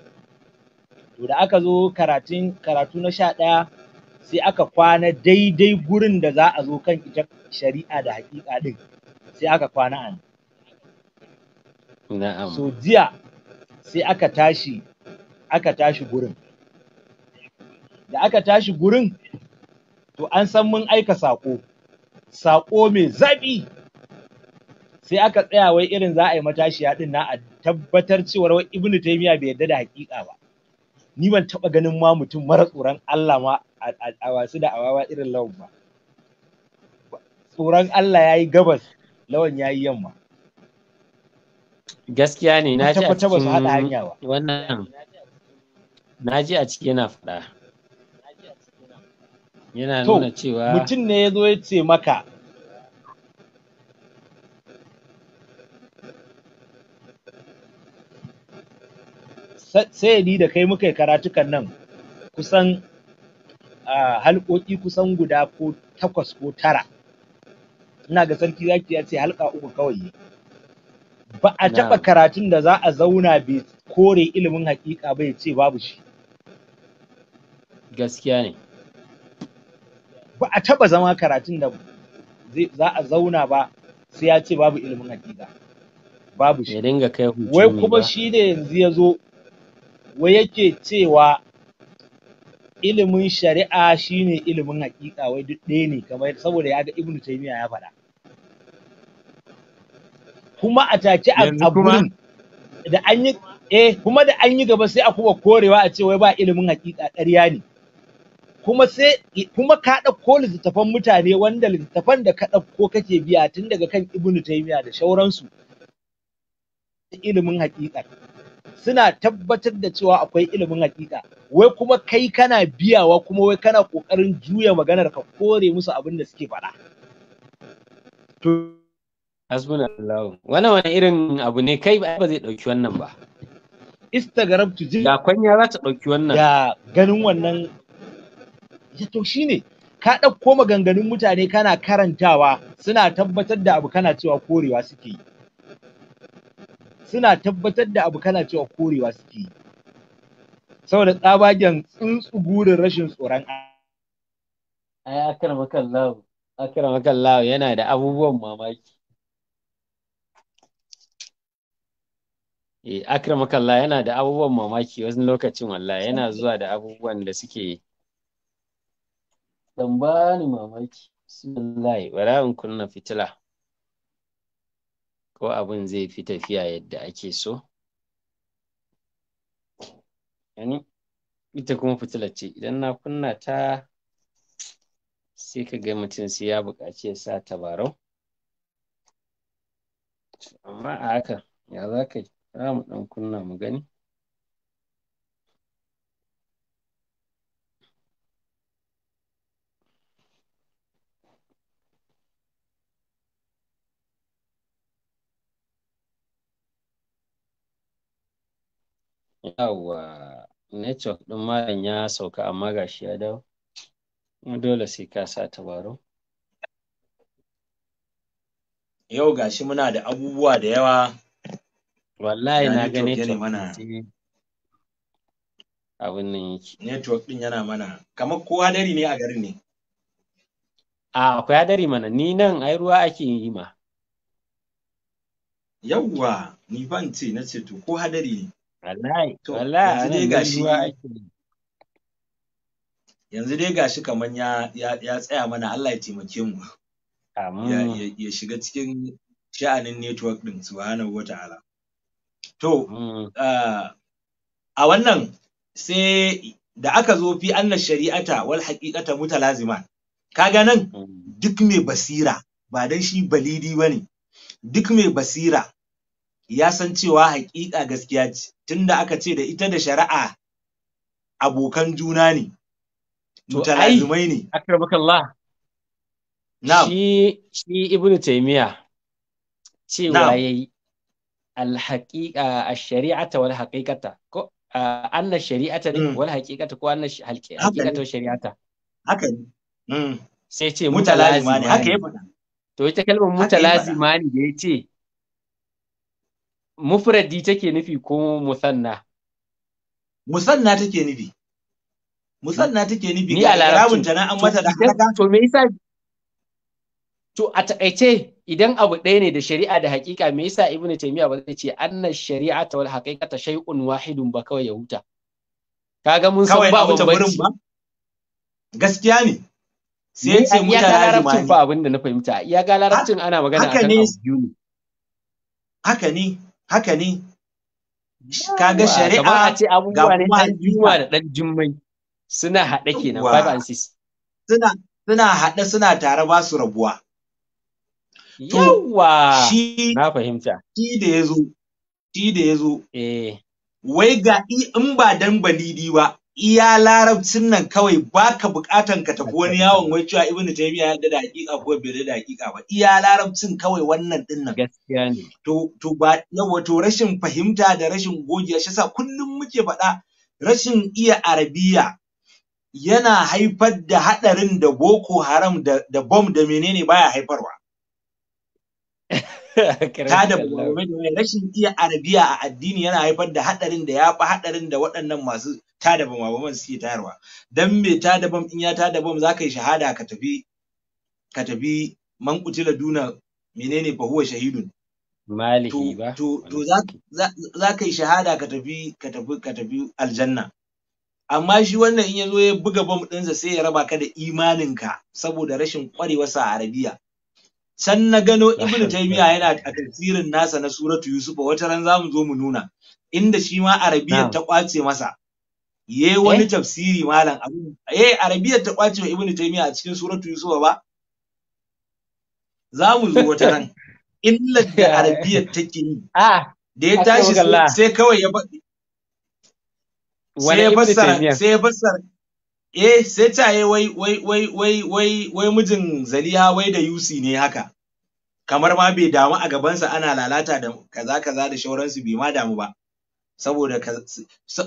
to da aka zo karatun karatu na sha ɗaya sai aka kwana daidai gurin da za a zo kan ita shari'a da haƙiƙa ɗin sai aka kwana a Na'am. So jiya sai aka tashi aka tashi gurin. Da aka tashi gurin to an san mun aika sako sako mai zaɓi sai aka tsaya wai irin za a yi matashiya din na a tabbatar cewar wai ibnu taymiya bai yarda da haƙiƙa ba ni ban taba ganin ma mutum mara tsoron Allah ma a wasu da awawa irin lawan ba tsoron Allah yayi gabas lawan yayi yamma gaskiya ne na ji a cikin wannan na ji a cikin yana faɗa yana nuna cewa mutum ne ya zo ya ce maka sai ni da kai muka yi karatukan nan kusan halƙoƙi kusan guda ko takwas ko tara ina ga sarki zaki ya ce halka uku kawai ba a taɓa karatun da za a zauna bai kore ilimin haƙiƙa ba ya ce babu shi gaskiya ne ba a taɓa zama karatun da za a zauna ba sai ya ce babu ilimin haƙiƙa. babu shi dinga kai wai kuma shi ne yanzu ya zo wai yake cewa ilimin shari'a shine ilimin haƙiƙa? wai duk ɗaya ne kamar saboda ya ga Ibn taymiya ya faɗa kuma a take a gurin da an yi eh kuma da an yi gaba sai a kuma korewa a ce wai ba ilimin haƙiƙa ƙarya ne kuma sai kuma ka ɗauko littattafan mutane wanda littattafan da ka ɗauko kake biya tun daga kan ibnu taymiya da shauransu ilimin haƙiƙa suna tabbatar da cewa akwai ilimin haƙiƙa wai kuma kai kana biyawa kuma wai kana ƙoƙarin juya maganar ka kore musu abin da suke faɗa to hasbunallah wannan wani irin abu ne kai ba zai ɗauki wannan ba Instagram to ji da kwanya za ta ɗauki wannan da ganin wannan to shine ka ɗauko maganganun mutane kana karantawa suna tabbatar da abu kana cewa korewa suke yi suna tabbatar da abu kana cewa korewa suke yi saboda tsabagen gurin rashin tsoron ai akramakan lawo akramakan lawo yana da abubuwan mamaki eh akramakan lawo yana da abubuwan mamaki wasu lokacin wallahi yana zuwa da abubuwan da suke dan bani mamaki bismillah bara in kunna fitila ko abin zai fi tafiya yadda ake so yani ita kuma fitila ce idan na kunna ta sai ka ga mutum sai ya buƙaci ya sa tabarau amma a haka ya za ka yi za mu ɗan kunna mu gani Yawwa, network ɗin malam ya sauka amma gashi ya dawo. Dole sai ka sa tabaro Yau gashi muna da abubuwa da yawa. Wallahi na ga network mana. Abin nan yake. Network ɗin yana mana. Kamar ko hadari ne a garin ne. A akwai hadari mana ni nan ai ruwa ake yi ma. Yawwa, ni ban ce na ce to ko hadari ne. yanzu dai gashi kaman ya ya tsaya mana Allah ya taimake mu ya shiga cikin sha'anin network din subhanahu ta'ala. to mm. a wannan sai da aka zo fi anna shari'ata wal haqiqata lazima. kaga nan mm. duk mai basira ba dan shi balidi bane duk mai basira ya san cewa hakika gaskiya ce tunda aka ce da ita da shari'a abokan juna ne mutalazumai ne akrabakallah na'am shi shi ibnu taymiya cewa yayi haqiqa ash-shari'ata wal haqiqata mm. ko anna shari'ata din wal haqiqata ko anna haqiqata wal shari'ata haka ne mm. sai ce mutalazima haka ya to ita kalmar mutalazima ne da yace mufradi take nufi ko musanna musanna take nufi musanna take nufi ni alarabun ta an mata da haka to me yasa to a takaice idan abu ɗaya ne da shari'a da haƙiƙa me yasa ibnu taymiya ba zai ce anna ta wal haqiqata shay'un wahidun ba kawai ya huta kaga mun san ba ba gaskiya ne sai ya ce mutane larabcin ba abin da na fahimta iya ga larabcin ana magana akan abu biyu ne haka ne haka ne kaga shari'a ga kuma da dan jummai suna haɗe kenan five and six suna suna haɗe suna tare ba su rabuwa yawa shi na fahimta shi da yazo shi da yazo eh wai ga in ba dan balidi ba iya larabcin nan kawai baka bukatan ka tafi wani yawon wai cewa ibnu taymiya ya da hakika ko bai da hakika ba iya larabcin kawai wannan din nan gaskiya ne to to ba yawa to rashin fahimta da rashin gogiya shi yasa kullum muke faɗa rashin iya arabiya yana haifar da hadarin da boko haram da, da bom da menene baya haifarwa ta da rashin iya arabiya a addini yana haifar da hadarin da ya fi hadarin da waɗannan masu tada bama suke tayarwa dan me tada daban in ya tada bam zaka yi shahada ka tafi ka tafi man kutila duna menene fa huwa shahidun maliki ba to to za yi shahada ka tafi ka tafi ka tafi aljanna amma shi wannan in yazo ya buga bam ɗinsa sai ya raba ka da imanin ka saboda rashin kwarewa a arabiya can na gano ibnu taymiya yana a tafsirin nasa na suratu yusufa wata ran zamu zo mu nuna inda shi ma arabiyan ta kwace masa ye wani eh? tafsiri malam abu eh arabiyar ta kwace ibnu taymiya a cikin suratu yusufa ba za mu zo wata ran illa da arabiyar take yi ah, da ya tashi sai kawai ya faɗi sai ya fassara sai ya fassara eh sai ta yi wai wai wai wai wai wai mijin zaliha wai da yusi ne haka kamar ma bai damu a gabansa ana lalata da kaza kaza da shauransu bai ma damu ba saboda ka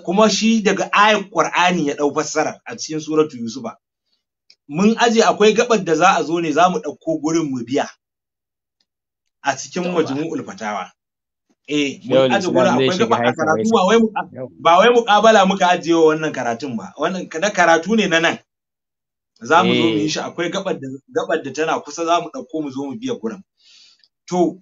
kuma shi daga ayat Qur'ani ya dau fassara a cikin suratu Yusufa mun aje akwai gabar da za a zo ne za mu ɗauko gurin mu biya a cikin majmu'ul fatawa eh mun aje gurin akwai gabar a karatu ba wai ba wai muƙabala muka ajiye wa wannan karatun ba wannan na karatu ne na nan za mu zo mu yi eh. shi akwai gabar da gabar da tana kusa za mu ɗauko mu zo mu biya gurin To,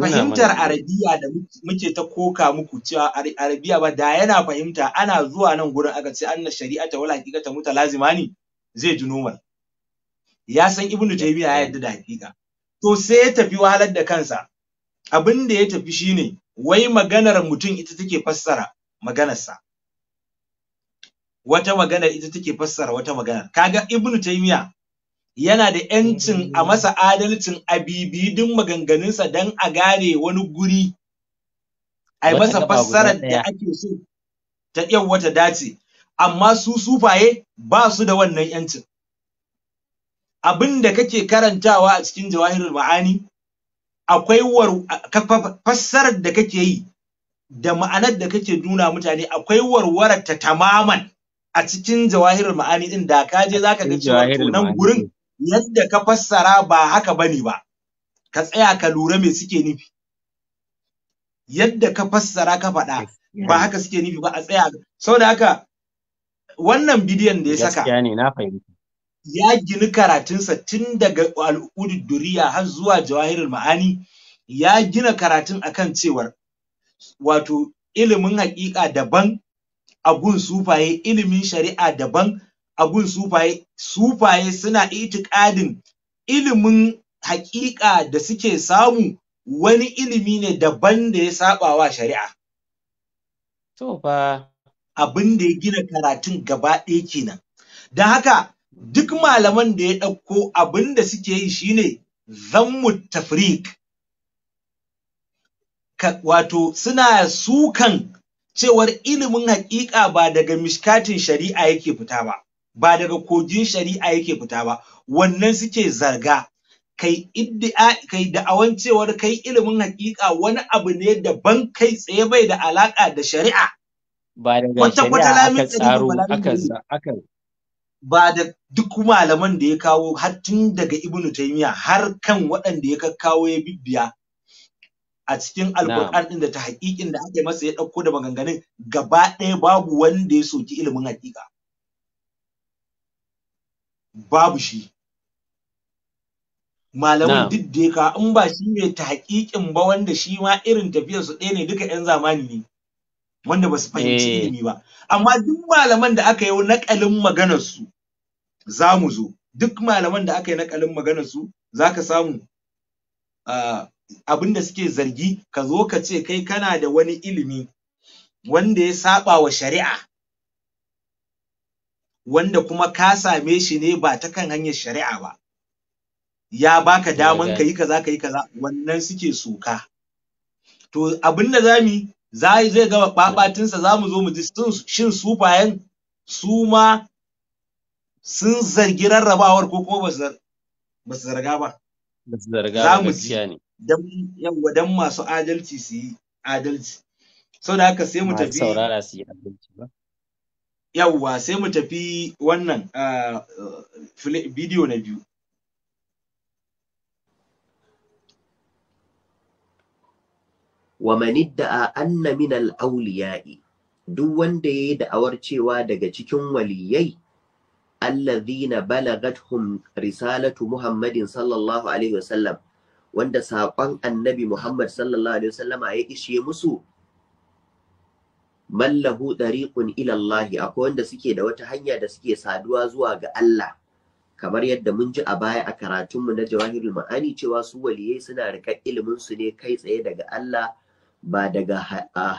fahimtar arabiya da muke ta koka muku cewa arabiya ba da yana fahimta ana zuwa nan gurin aka ce anna shari'ata wala haqiqata mutalazima ne zai ji normal. Ya san Ibn Taymiyyah ya yadda da hakika. To sai ya tafi wahalar da kansa. Abin da ya tafi shine wai maganar mutum ita take fassara maganarsa. Wata maganar ita take fassara wata maganar. Kaga Ibn Taymiyyah yana da ‘yancin a masa adalcin a bibidin maganganunsa don a gane wani guri a yi masa fassarar da ake so ta yawa ta dace amma su sufaye ba su da wannan ‘yancin abin da kake karantawa a cikin jawahirul ma'ani akwai fassarar da kake yi da ma'anar da kake nuna mutane akwai warwarar ta tamaman a cikin jawahirul ma'ani din da ka je ka ga cewa nan gurin yadda ka fassara ba haka bane ba ka tsaya ka lura me suke nufi yadda ka fassara ka faɗa ba haka suke nufi ba a tsaya saboda haka wannan bidiyon da ya saka gaskiya ya gini karatunsa tun daga al'udud duriya har zuwa jawahirul ma'ani ya gina karatun akan cewar wato ilimin haƙiƙa daban abun sufaye ilimin shari'a daban agun sufaye sufaye suna itikadin ilimin haƙiƙa da suke samu wani ilimi ne daban da ya saba wa shari'a to fa abin da ya gina karatun gaba ɗaya kenan don haka duk malaman da ya ɗauko abin da suke yi shine zammu tafrik wato suna sukan cewar ilimin haƙiƙa ba daga mishkatin shari'a yake fita ba ba daga kogin shari'a yake fita ba wannan suke zarga kai iddia kai da'awan cewar kai ilimin hakika wani abu ne daban kai tsaye bai da alaka da shari'a ba daga shari'a aka ba da duk malaman da ya kawo har tun daga ibnu taymiya har kan waɗanda ya kakkawo ya bibbiya a cikin alƙur'an din da ta haƙiƙin da ake masa ya ɗauko da maganganun gaba ɗaya babu wanda ya soki ilimin haƙiƙa babu shi malamin duk da ka in ba shi ne ta hakikin ba wanda shi ma irin tafiyar su ɗaya ne duka yan zamani ne wanda ba su fahimci eh. ilimi ba amma duk malaman da aka yi nakalin maganar su za mu zo duk malaman da aka yi nakalin maganar su za ka samu abin da suke zargi ka zo ka ce kai kana da wani ilimi wanda ya saba wa shari'a wanda kuma ka same shi ne ba ta kan hanyar shari'a ba ya baka daman ka yi kaza ka yi kaza wannan suke soka to abin da za mu yi, zai gaba babatinsa za mu zo mu ji shin su bayan su ma sun zargi rarrabawar ko kuma ba su zarga ba Za mu ji. ba yawa dan masu adalci su yi adalci sau da haka sai mu tafi saurara su yi adalci ba yawwa sai mu tafi wannan ah, bidiyo na biyu wa a anna min al'auliya'i duk wanda ya yi da'awar cewa daga cikin waliyai alladhina balagathum risalatu Muhammadin sallallahu alaihi wasallam wanda saƙon annabi Muhammad sallallahu alaihi wasallama ya ishe musu mallahu dariqun ila Allah akwai wanda suke da wata hanya da suke saduwa zuwa ga Allah kamar yadda mun ji a baya a karatunmu na jawahirul ma'ani cewa su waliyai suna rika ilimin su ne kai tsaye daga Allah ba daga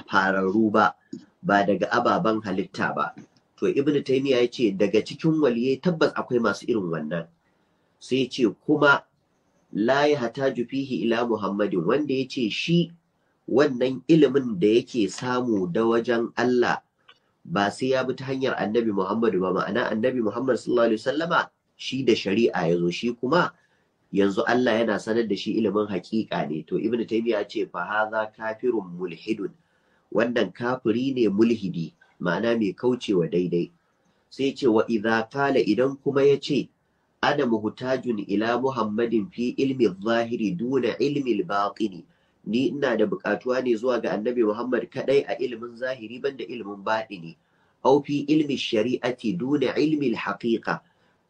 fararru ba ba daga ababen halitta ba to ibn taymiya ya ce daga cikin waliyai tabbas akwai masu irin wannan sai ce kuma la ya hataju fihi ila muhammadin wanda ya ce shi wannan ilimin da yake samu da wajen Allah ba sai ya bi ta hanyar annabi Muhammadu ba ma'ana annabi Muhammad sallallahu alaihi wasallama shi da shari'a ya zo shi kuma yanzu Allah yana sanar da shi ilimin haƙiƙa ne to ibnu taymiya ce fa haza kafirun mulhidun wannan kafiri ne mulhidi ma'ana mai kaucewa daidai sai ce wa idza qala idan kuma yace, ce ana muhtajun ila muhammadin fi ilmi zahiri duna ilmi batini ni ina da buƙatuwa ne zuwa ga annabi Muhammad kadai a ilimin zahiri banda ilimin baɗi ne. fi ilmi shari'ati duna ilmi haqiqa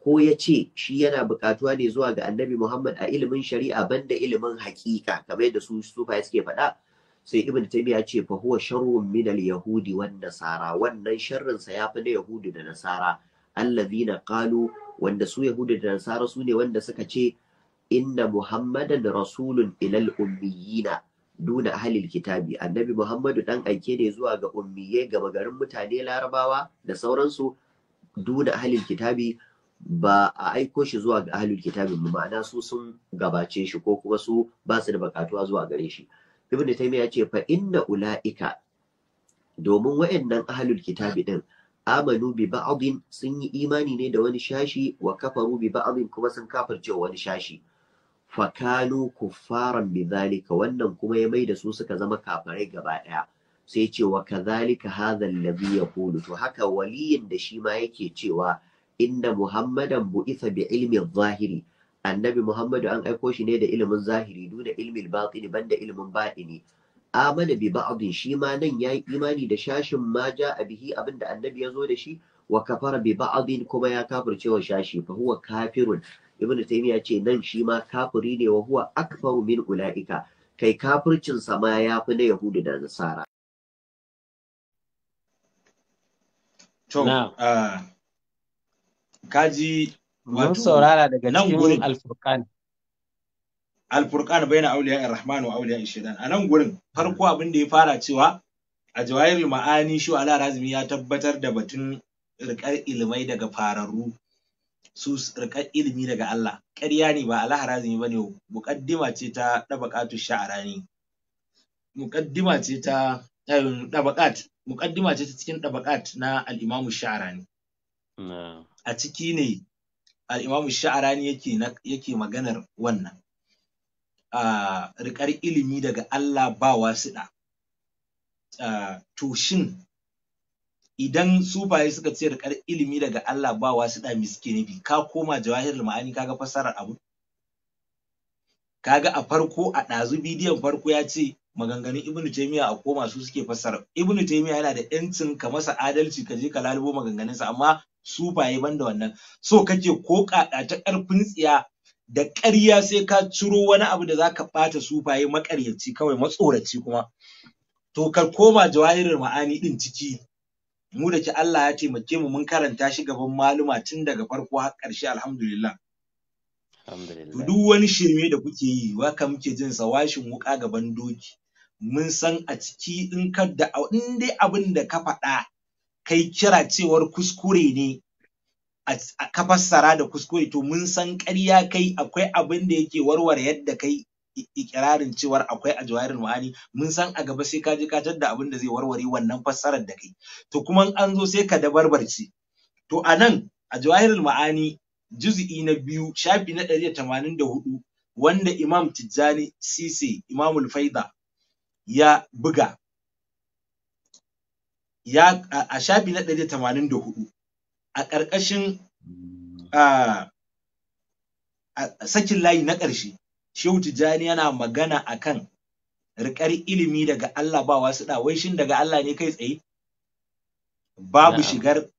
ko ya ce shi yana buƙatuwa ne zuwa ga annabi Muhammad a ilimin shari'a banda ilimin haƙiƙa kamar yadda su sufa suke faɗa sai ibn ya ce fa huwa sharrun min yahudi wan nasara wannan sharrinsa sa yafi na yahudi da nasara zina, qalu wanda su yahudi da nasara su ne wanda suka ce inna muhammadan rasulun ilal ummiyina duna ahlil kitabi annabi muhammadu dan aike ne zuwa ga ummiye gama garin mutane larabawa da sauransu duna ahlil kitabi ba a aiko shi zuwa ga kitabin mu ma'ana su sun gabace shi ko kuma su ba su da bakatuwa zuwa gare shi ibn taymiya ya ce fa inna ulaika domin wayannan ahlul kitabi din amanu bi ba'din sun yi imani ne da wani shashi wa kafaru bi ba'din kuma sun kafirce wani shashi fakalu kuffaran bidhalika wannan kuma ya mai da su suka zama kafirai gaba daya sai ce wa kadhalika hadha alladhi yaqulu to haka waliyin da shi ma yake cewa inda muhammadan bu'itha bi ilmi zahiri annabi muhammadu an aiko shi ne da ilimin zahiri duna ilmin batini banda ilimin batini amana bi ba'din shi ma nan yayi imani da shashin ma ja bihi abinda annabi ya zo da shi wa kafara bi ba'din kuma ya kafirce wa shashi fa huwa kafirun ibn taymiya ce nan shi ma kafiri ne wa huwa akfaru min ulaika kai kafircin sa ma yafi na yahudu da nasara to kaji wato saurara daga cikin alfurqan alfurqan bayna awliya ar-rahman wa awliya ash-shaytan a nan gurin farko abin da ya fara cewa a jawahirul ma'ani shu ala razmi ya tabbatar da batun rikar ilmai daga fararru su rikar ilimi daga Allah ƙarya ne ba Allah harazimi bane muqaddima ce ta dabaqatu sha'rani muqaddima ce ta ɗabaƙat muqaddima ce ta cikin ɗabaƙat na al-Imam Sha'rani a ciki ne al-Imam Sha'rani yake yake maganar wannan a rikar ilimi daga Allah ba wasu wasiɗa to shin idan sufaye suka ce ilimi daga Allah ba wasu da miske ka koma jawahir ma'ani kaga fassarar abu kaga a farko a ɗazu bidiyon farko ya ce maganganun ibnu taymiya a koma su suke fasara. ibnu taymiya yana da yancin ka masa adalci ka je ka lalubo sa amma sufaye banda wannan so kake ko kada ta karfin tsiya da ƙarya sai ka ciro wani abu da zaka ɓata sufaye maƙaryaci kawai matsoraci kuma to ka koma jawahirul ma'ani ɗin ciki mu da ki Allah ya taimake mu mun karanta shi gaban maluma tun daga farko har ƙarshe alhamdulillah alhamdulillah duk wani shirme da kuke yi waka muke jin sa washin wuka gaban doki mun san a ciki in ka da in dai abin da ka faɗa kai kira cewar kuskure ne a ka fassara da kuskure to mun san ƙarya kai akwai abin da yake warware yadda kai ikirarin cewar akwai a jawarin ma'ani mun san a gaba sai ka je ka da abin da zai warware wannan fassarar da kai to kuma an zo sai ka dabarbarce to a nan a jawarin ma'ani juz'i na biyu shafi na 184 wanda imam tijjani sise imamul faida ya buga ya a shafi na 184 tamanin da a sakin layi na ƙarshe Shehu Tijjani yana magana a akan rikar ilimi daga Allah ba wasu da wai shin daga Allah ne kai tsaye babu shigar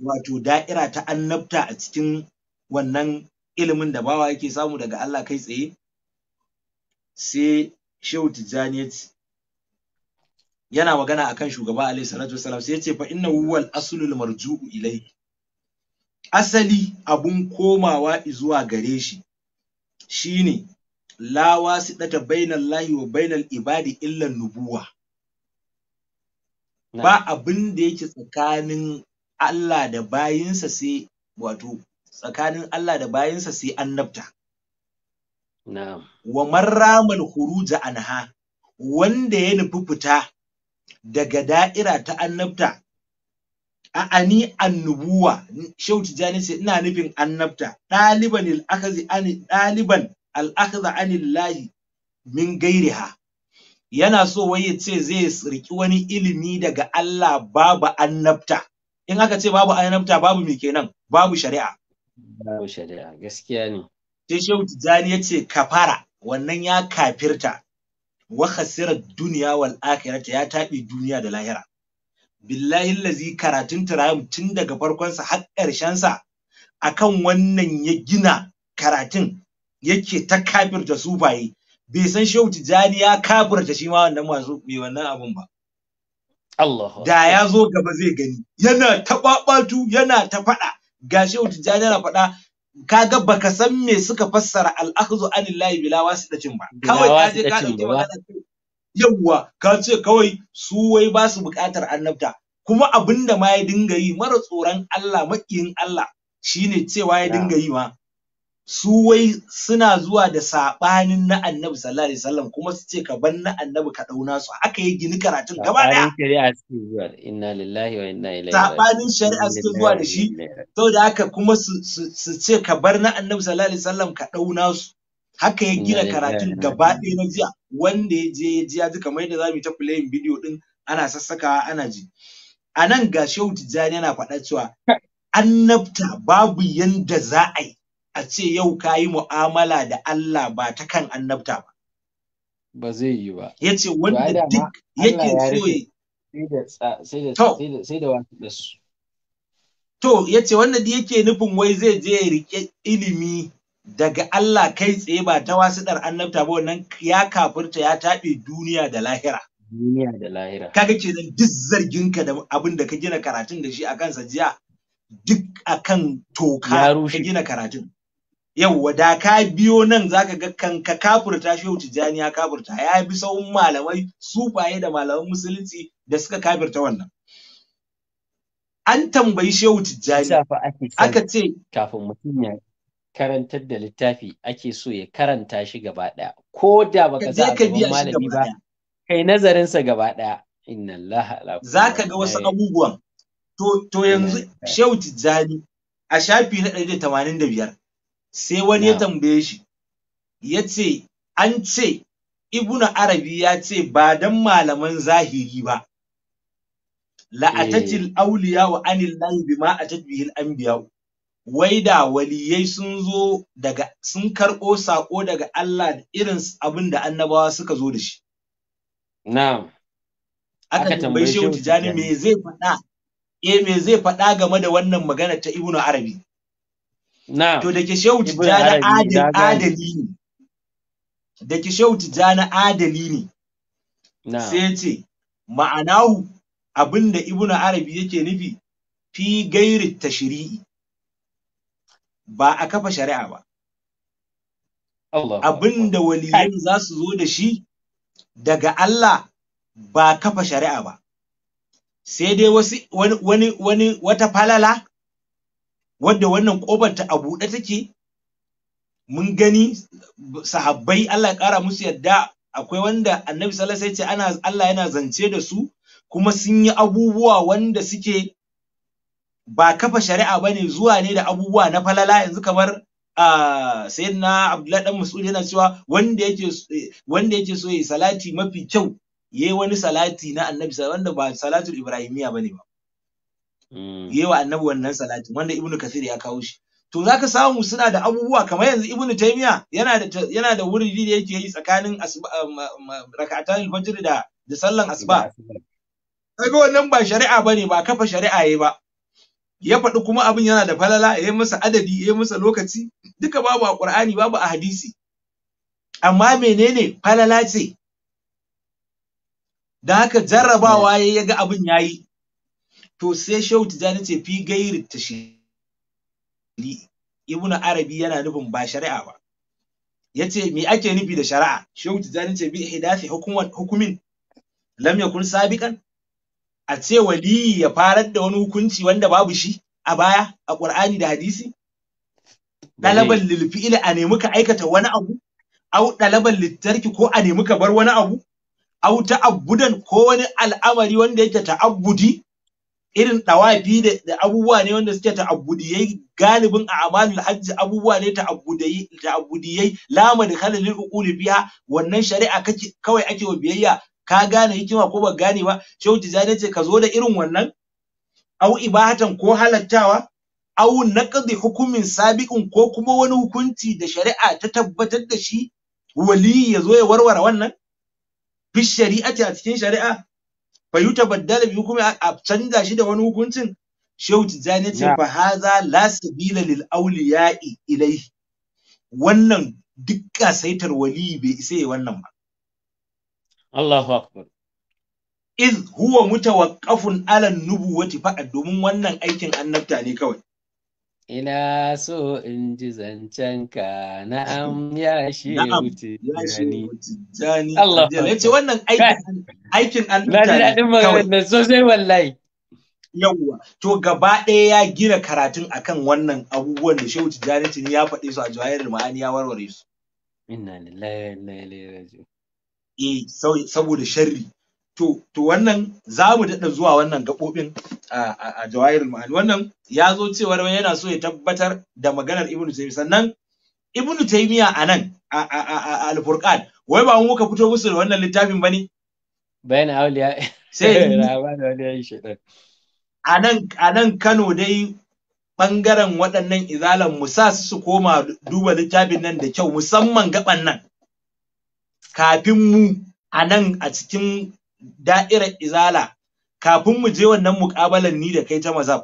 wato da'ira ta annabta a cikin wannan ilimin da bawa yake samu daga Allah kai tsaye sai Shehu Tijjani yana magana a kan shugaba Alayhi salatu wasalam sai ce fa inna wuwal aslul marju'u ilai asali abun komawa zuwa gare shi shine la wasitata bainan lahi wa bainan ibadi illa nubuwa ba abin da yake tsakanin Allah da bayinsa sai wato tsakanin Allah da bayinsa sai annabta na'am wa marramal khuruja anha wanda ya nufi fita daga da'ira ta annabta 'ani annubuwa shautu jani sai ina nufin annabta ɗaliban akazi ani ɗaliban al'akhdha anillahi min gairiha yana so wai ya ce zai riki wani ilimi daga Allah babu annabta in aka ce babu annabta babu me kenan babu shari'a babu shari'a gaskiya ne sai shehu tijani ya ce kafara wannan ya kafirta wa khasira duniya wal akhirata ya taɓi duniya da lahira billahi lazi karatun tirayim tun daga farkonsa har ƙarshensa akan wannan ya gina karatun yake ta kafirta su baye bai san shehu tijjani ya kafirta shi ma wannan masu mai wannan abun ba Allah da ya zo gaba zai gani yana ta babatu yana ta faɗa ga shehu tijjani yana faɗa kaga baka san me suka fassara al akhzu anillahi bila wasidatin ba kawai ka je ka dauke yawwa ka ce kawai su wai ba su buƙatar annabta kuma abinda ma ya dinga yi mara tsoron Allah makiyin Allah shine cewa ya dinga yi ma su wai suna zuwa da sabanin na annabi sallallahu alaihi wasallam kuma su ce ka bar na annabi ka dauna su aka yi gini karatun gaba daya shari'a suke zuwa inna lillahi wa inna ilaihi sabanin shari'a suke zuwa da shi to da haka kuma su ce ka bar na annabi sallallahu alaihi wasallam ka dauna su haka ya gina karatun gaba daya na jiya wanda ya je ya ji ya ji kamar yadda zamu ta playing video din ana sassaka ana ji a nan ga Shehu Tijjani yana faɗa cewa annabta babu yanda za a yi a ce yau ka yi mu'amala da Allah ba ta kan annabta ba. Ba zai yi ba. Ya ce wanda duk yake so sai da da su. To, ya ce wanda yake nufin wai zai je ya riƙe ilimi daga Allah kai tsaye ba ta wasiɗar annabta ba wannan ya kafirta ya taɓe duniya da lahira. Duniya da lahira. Kaga ke nan duk zarginka da abin da ka gina karatun da shi a kansa jiya duk akan toka ka gina karatun. yauwa da ka biyo nan zaka ga kan ka kafurta shehu tijjani ya kafurta ya bi sauran malamai sufaye da malaman musulunci da suka kafirta wannan an tambayi shehu tijjani aka ce kafin mutum ya karantar da littafi ake so ya karanta shi gaba daya ko da baka za a biya malami ba kai nazarin sa gaba daya inna Allah zaka ga wasu abubuwan to to yanzu shehu tijjani a shafi na 185 sai wani ya tambaye shi ya ce an ce ibnu arabi ya ce ba dan malaman zahiri ba la'atatil eh. auliya wa anil lahi bima atat bihil anbiya wai da waliyai sun zo daga sun karɓo sako daga Allah da irin abin da annabawa suka zo da shi na'am aka tambaye shi me zai faɗa eh me zai faɗa game da wannan magana ta ibnu arabi to da ke shehu tijjani adali ne da ke adali ne sai ce ma'anahu abinda ibnu arabi yake nufi fi gairi tashri'i ba a kafa shari'a ba abinda waliyai za su zo da shi daga Allah ba kafa shari'a ba sai dai wani wata falala wadda wannan ƙofar ta a buɗe take mun gani sahabbai Allah ƙara musu yadda akwai wanda annabi sallallahu alaihi wasallam ana Allah yana zance da su kuma sun yi abubuwa wanda suke ba kafa shari'a bane zuwa ne da abubuwa na falala yanzu kamar sayyidina Abdullahi dan Mas'ud yana cewa wanda yake eh, wanda yake so yayi salati mafi kyau yayi wani salati na annabi wanda ba salatul ibrahimiya bane ba Mm. Yewa annabi wannan salatin wanda ibnu kasir ya kawo shi to zaka samu suna da abubuwa kamar yanzu ibnu taymiya yana da yana da wuridi da yake yi tsakanin um, um, um, rak'atan al-fajr da da sallan asuba kaga wannan ba shari'a bane ba kafa shari'a yayi ba ya faɗi kuma abin yana da falala ya yi masa adadi ya yi masa lokaci duka babu a ƙur'ani babu a hadisi amma menene falala ce da haka jarrabawa ya ga abin yayi to sai shehu tijani ce fi gairi tashri'i ibnu arabi yana nufin ba shari'a ba yace me ake nufi da shari'a shehu tijani ce bi hidafi hukumin lam kun sabikan? a ce wali ya farar da wani hukunci wanda babu shi a baya a ƙur'ani da hadisi dalaban lilfi a nemi ka aikata wani abu au dalaban littarki ko a nemi ka bar wani abu au ta abudan ko wani al'amari wanda yake ta'abudi irin ɗawafi da abubuwa ne wanda suke abudiyai galibin a amalul hajji abubuwa ne ta'abbudiyai la madkhala lil uquli biya. wannan shari'a kake kawai ake wa biyayya ka gane hikima ko ba gane ba shehu tijani ce ka zo da irin wannan au ibahatan ko halattawa au naqdi hukumin sabiqin ko kuma wani hukunci da shari'a ta tabbatar da shi wali ya zo ya warware wannan bi shari'ati a cikin shari'a fa yuta baddala bi hukumi a canza shi da wani hukuncin shehu tijjani ce fa haza la sabila lil awliya'i ilai wannan duk saitar wali bai isa yi wannan ba Allahu akbar iz huwa mutawaqqafun ala nubuwati fa domin wannan aikin annabta ne kawai Ina so in ji ka na'am ya shehu jani. Allah ya ce wannan aikin Na ji daɗin sosai wallahi. Yawwa, to gaba ɗaya ya gina karatun akan wannan abubuwan da shehu tijjani ya faɗe su a da ma'ani ya warware su. Inna lillahi wa inna ilaihi raji'un. Eh, saboda sharri. to to wannan za mu daɗa zuwa wannan gaɓoɓin a jawahir ma'ani wannan ya zo cewar yana so ya tabbatar da maganar ibnu taymiya sannan ibnu taymiya a nan a al-furqan wai ba mu ka fito musu da wannan littafin bane bayan auliya sai a nan a nan Kano dai bangaren waɗannan izalan mu sa su koma duba littafin nan da kyau musamman gaban nan kafin mu a nan a cikin da'irar izala kafin mu je wannan muƙabalan ni da kai ta mazab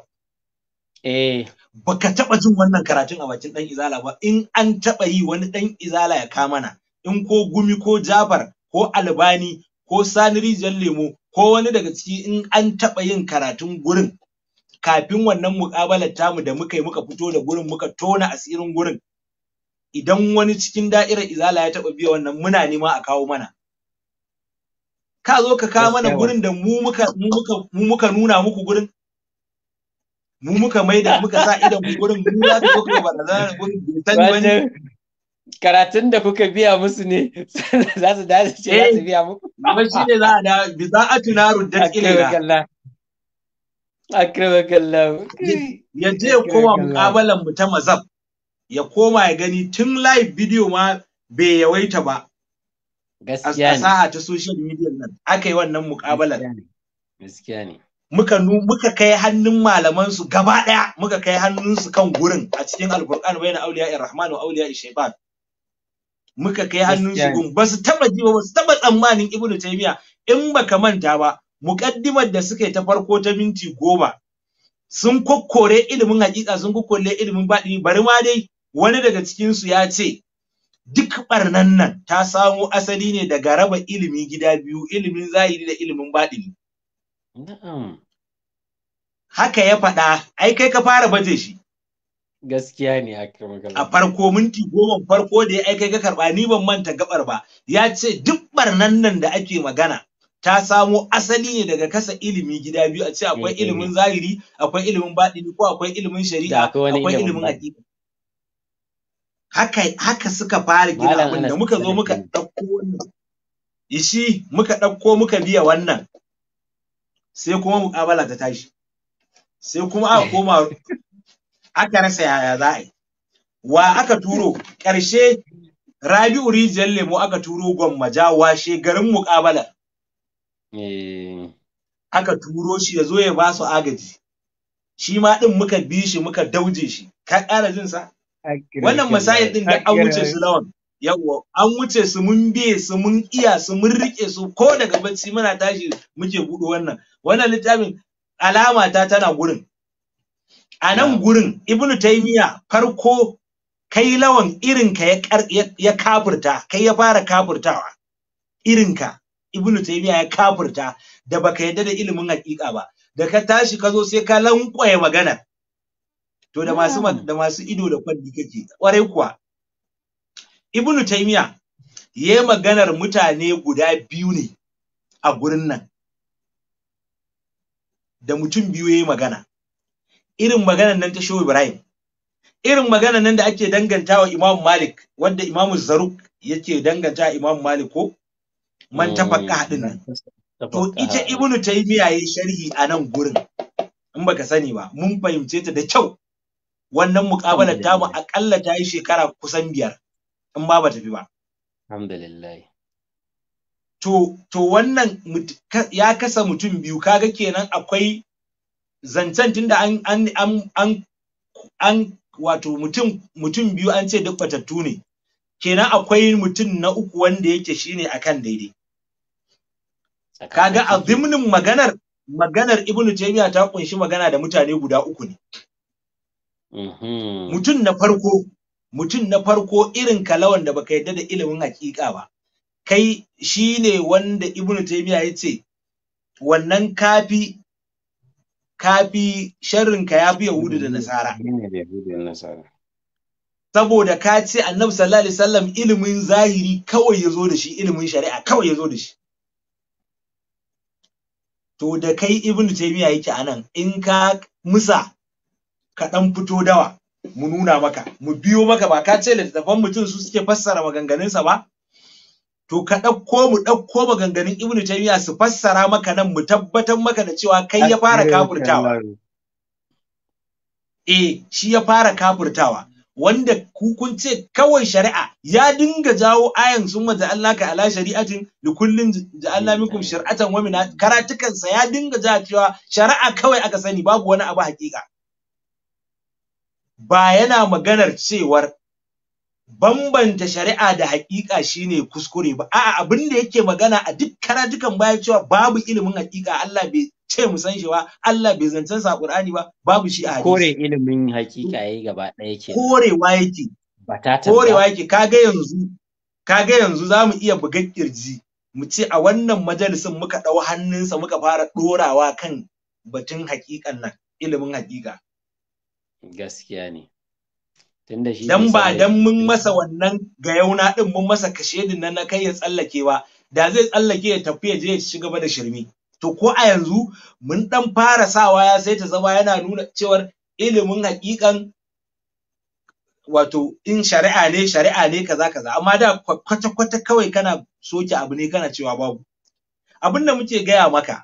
eh baka taba jin wannan karatun a bakin dan izala ba in an taba yi wani dan izala ya ka mana, in ko gumi ko jafar ko albani ko sani rijiyar lemo ko wani daga ciki in an taba yin karatun gurin kafin wannan muƙabalar tamu da muka yi muka fito da gurin muka tona asirin gurin idan wani cikin da'irar izala ya taba biya wannan muna nema a kawo mana ka zo ka kawo mana gurin da mu muka mu muka mu muka nuna muku gurin mu muka maida muka sa idan mu gurin mu za ku kuka barazana gurin bai sani bane karatun da kuka biya musu ne za su dace ce za su eh, biya muku amma shi ne za a da bi za a tuna ruddat ilaina akramakallahu yanzu ya koma mukabalan mu ta mazab ya koma ya gani tun live video ma bai yawaita ba Gaskiya ne. Sa'a ta social media nan aka yi wannan muƙabalar. Gaskiya ne. Muka nu muka kai hannun malaman su gaba ɗaya muka kai hannun su kan gurin a cikin Alƙur'an bayan auliya Rahman wa auliya Shaytan. Muka kai hannun su gun ba su taba ji ba su taba tsammanin Ibn Taymiyyah in baka manta ba muƙaddimar da suka yi ta farko ta minti goma sun kokkore ilimin hakika sun kokkore ilimin baɗi. bari ma dai wani daga cikinsu ya ce duk barnan nan ta samo asali ne daga raba ilimi gida biyu ilimin zahiri da ilimin baɗini. Haka ya faɗa, ai kai ka fara baje shi. Gaskiya ne a farko minti goma farko da ya aikai ka karɓa ni ban manta gabar ba ya ce duk barnan nan da ake magana ta samo asali ne daga kasa ilimi gida biyu a ce akwai ilimin zahiri akwai ilimin baɗini ko akwai ilimin shari'a akwai ilimin aƙida. haka haka suka fara gina abin da muka zo muka ɗauko wannan ishi muka ɗauko muka biya wannan sai kuma muƙabala ta tashi sai kuma aka koma aka rasa yaya za a yi wa aka turo ƙarshe rabi'u rijiyar lemo aka turo gwammaja washe garin mukabala eh. aka turo shi ya zo ya ba su agaji shi ma ɗin muka bi shi muka dauje shi ka ƙara jin sa wannan masayin din da an wuce su lawan yawo an wuce su mun biye su mun iya su mun rike su ko daga bacci muna tashi muke buɗe wannan wannan littafin alama ta tana gurin a nan gurin ibnu taymiya farko kai lawan irinka ya ya kafirta kai ya fara kafurtawa irinka ibnu taymiya ya kafurta, da baka yadda da ilimin hakika ba da ka tashi ka zo sai ka lankwaye maganar. to da masu da masu ido da kwalli kake kwarai kuwa ibnu taymiya ya maganar mutane guda biyu ne a gurin nan da mutum biyu ya magana irin maganar nan ta shehu ibrahim irin maganar nan da ake danganta wa imam malik wanda imam zaruk yake danganta imam malik ko man tafakka hadin nan to ita ibnu taymiya yayi sharhi a nan gurin in baka sani ba mun fahimce ta da kyau wannan muƙabalar tamu aƙalla ta yi shekara kusan biyar in ba ba tafi ba. Alhamdulillah. To, to wannan ya kasa mutum biyu kaga kenan akwai zancen tunda an an an an, an wato mutum mutum biyu an ce duk fatattu ne kenan akwai mutum na uku wanda yake shine akan daidai kaga a zimnin maganar maganar ibnu taymiya ta ƙunshi magana da mutane guda uku ne Mm-hmm. mutum na farko mutum na farko irin kalawan da baka yadda da ilimin hakika ba kai shi ne wanda ibnu Taymiyyah ya ce wannan kafi kafi sharrin ka yafi yahudu da nasara saboda ka ce annabi sallallahu alaihi wasallam ilimin zahiri kawai ya zo da shi ilimin shari'a kawai ya zo da shi to da kai ibnu Taymiyyah yake anan in ka musa ka ɗan fito dawa mu nuna maka mu biyo maka ba ka ce littattafan mutum su suke fassara maganganunsa ba to ka ɗauko mu ɗauko maganganun ibnu taymiya su fassara maka nan mu tabbatar maka da cewa kai ya fara kafurtawa eh shi ya fara kafurtawa wanda kun ce kawai shari'a ya dinga jawo ayan sun maja Allah ka ala shari'atin da kullun da Allah minkum shari'atan wa karatukan sa ya dinga jawo cewa shari'a kawai aka sani babu wani abu haƙiƙa. ba yana maganar cewar bambanta shari'a da haƙiƙa shine kuskure ba a'a abin da yake magana a duk karatukan baya cewa babu ilimin haƙiƙa Allah bai ce mu san shi ba Allah bai zancen sa Qur'ani ba babu shi a hadisi kore ilimin haƙiƙa yayi gaba ɗaya ke korewa yake korewa yake kaga yanzu kaga yanzu zamu iya bugan kirji mu ce a wannan majalisin muka ɗau hannunsa muka fara ɗorawa kan batun haƙiƙan nan ilimin haƙiƙa gaskiya ne tunda dan ba dan mun masa wannan gayauna din mun masa kashedin nan na kai ya tsallake ba da zai tsallake ya tafi ya je ya ci gaba da shirmi to ko a yanzu mun dan fara sawa ya sai ta zama yana nuna cewar ilimin hakikan wato in shari'a ne shari'a ne kaza kaza amma da kwata kwata kawai kana soke abu ne kana cewa babu abin da muke gaya maka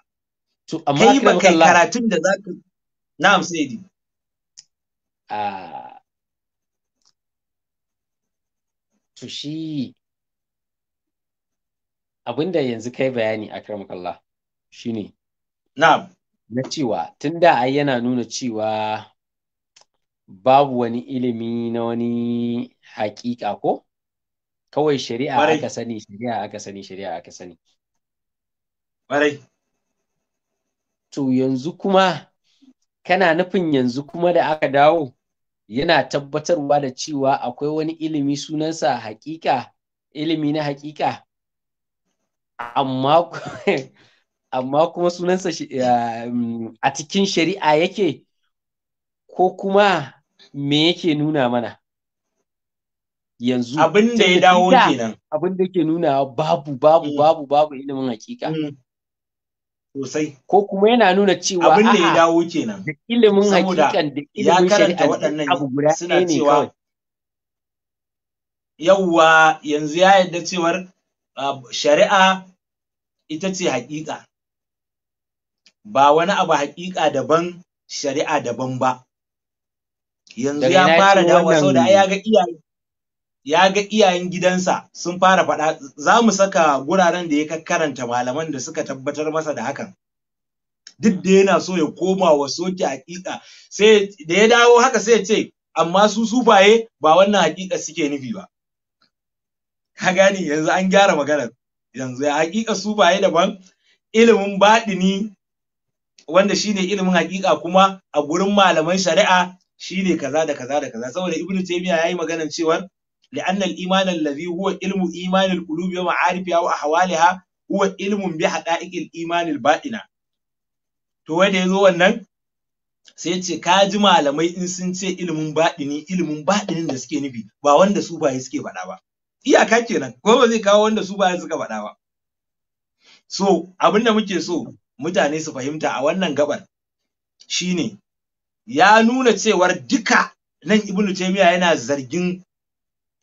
to amma kai ba kai karatun da zaka na'am sai a uh, to shi abinda yanzu kai bayani a akramakallah shine ne na cewa tun da ai yana nuna cewa babu wani ilimi na wani hakika ko kawai shari'a aka sani shari'a aka sani shari'a aka sani to yanzu kuma kana nufin yanzu kuma da aka dawo yana tabbatarwa da cewa akwai wani ilimi sunansa hakika ilimi na hakika amma kuma sunansa mm, a cikin shari'a yake ko kuma me yake nuna mana yanzu abin da ya dawo kenan abin da ke nuna babu babu mm. babu babu ilimin hakika mm. sosai ko kuma yana nuna cewa abin da ya dawo kenan da ilimin hakikan da ilimin shari'a abu guda ɗaya ne kawai yawwa yanzu ya yarda cewar shari'a ita ce haƙiƙa ba wani abu haƙiƙa daban shari'a daban ba yanzu ya fara dawo sau da ya ga iyaye ya ga iyayen gidansa sun fara faɗa za mu saka guraren da ya karanta malaman da suka tabbatar masa da hakan duk da yana so ya koma wa soke hakika sai da ya dawo haka sai ya ce amma su sufaye ba wannan hakika suke nufi ba ka gani yanzu an gyara maganar yanzu ya hakika sufaye daban ilimin baɗini wanda shine ilimin hakika kuma a gurin malaman shari'a shine kaza da kaza da kaza saboda ibnu taymiya yayi maganar cewar لأن الإيمان الذي هو علم إيمان القلوب ومعارفها وأحوالها هو علم بحقائق الإيمان الباطنة to wanda yazo wannan sai ya ce ka ji malamai in sun ce ilimin baɗini ilimin baɗinin da suke nufi ba wanda su ba suke faɗa ba iyaka kenan ko ba zai kawo wanda su ba suka faɗa ba so abin da muke so mutane su fahimta a wannan gabar shine ya nuna cewar duka nan ibnu taymiya yana zargin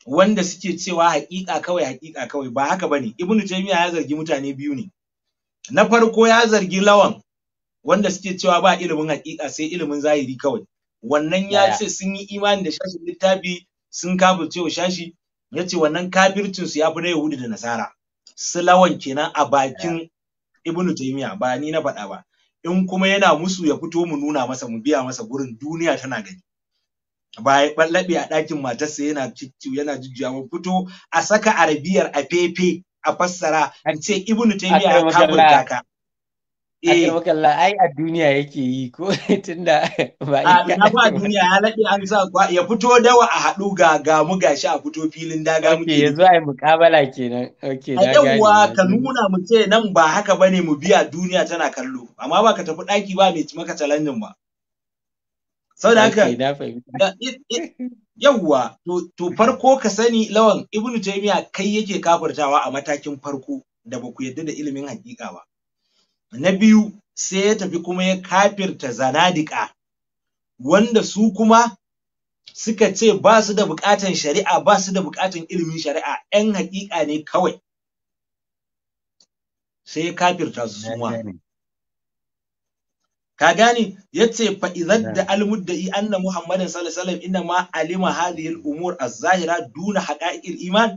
wanda suke cewa haƙiƙa kawai haƙiƙa kawai ba haka bane ibnu taymiya ya zargi mutane biyu ne na farko ya zargi lawan wanda suke cewa ba ilimin haƙiƙa sai ilimin zahiri kawai wannan ya ce sun yi imani da shashin littafi sun kafirce wa shashi ya ce wannan kafircin su ya fi na yahudu da nasara su lawan kenan a bakin ibnu taymiya ba ni na faɗa ba in kuma yana musu ya fito mu nuna masa mu biya masa gurin duniya tana gani Ba ya ballabe a ɗakin matarsa yana cicci yana jujjuyawa fito a saka arabiyar a fefe a fassara an ce ibnu taymiya ya kafirta ka eh wakalla ai a duniya yake yi ko tunda ba a na ba duniya ya laɗe an sa ya fito dawa a haɗu ga ga mu gashi a fito filin daga muke yanzu ai muƙabala kenan okay na gani yawa ka nuna mu ce nan ba haka bane mu biya duniya tana kallo amma ba ka tafi ɗaki ba mai maka challenge ba saboda haka yawwa to farko ka sani lawan ibnu taymiya kai yake kafartawa a matakin farko da ba ku yarda da ilimin hakika ba na biyu sai ya tafi kuma ya kafirta zanadika wanda su kuma suka ce ba su da buƙatan shari'a ba su da bukatan ilimin shari'a 'yan haƙiƙa ne kawai sai ya kafirta su suma ka gane yace fa idan da almudda'i anna muhammadan sallallahu alaihi wasallam inna alima hadhihi al-umur az-zahira duna haqa'iqil iman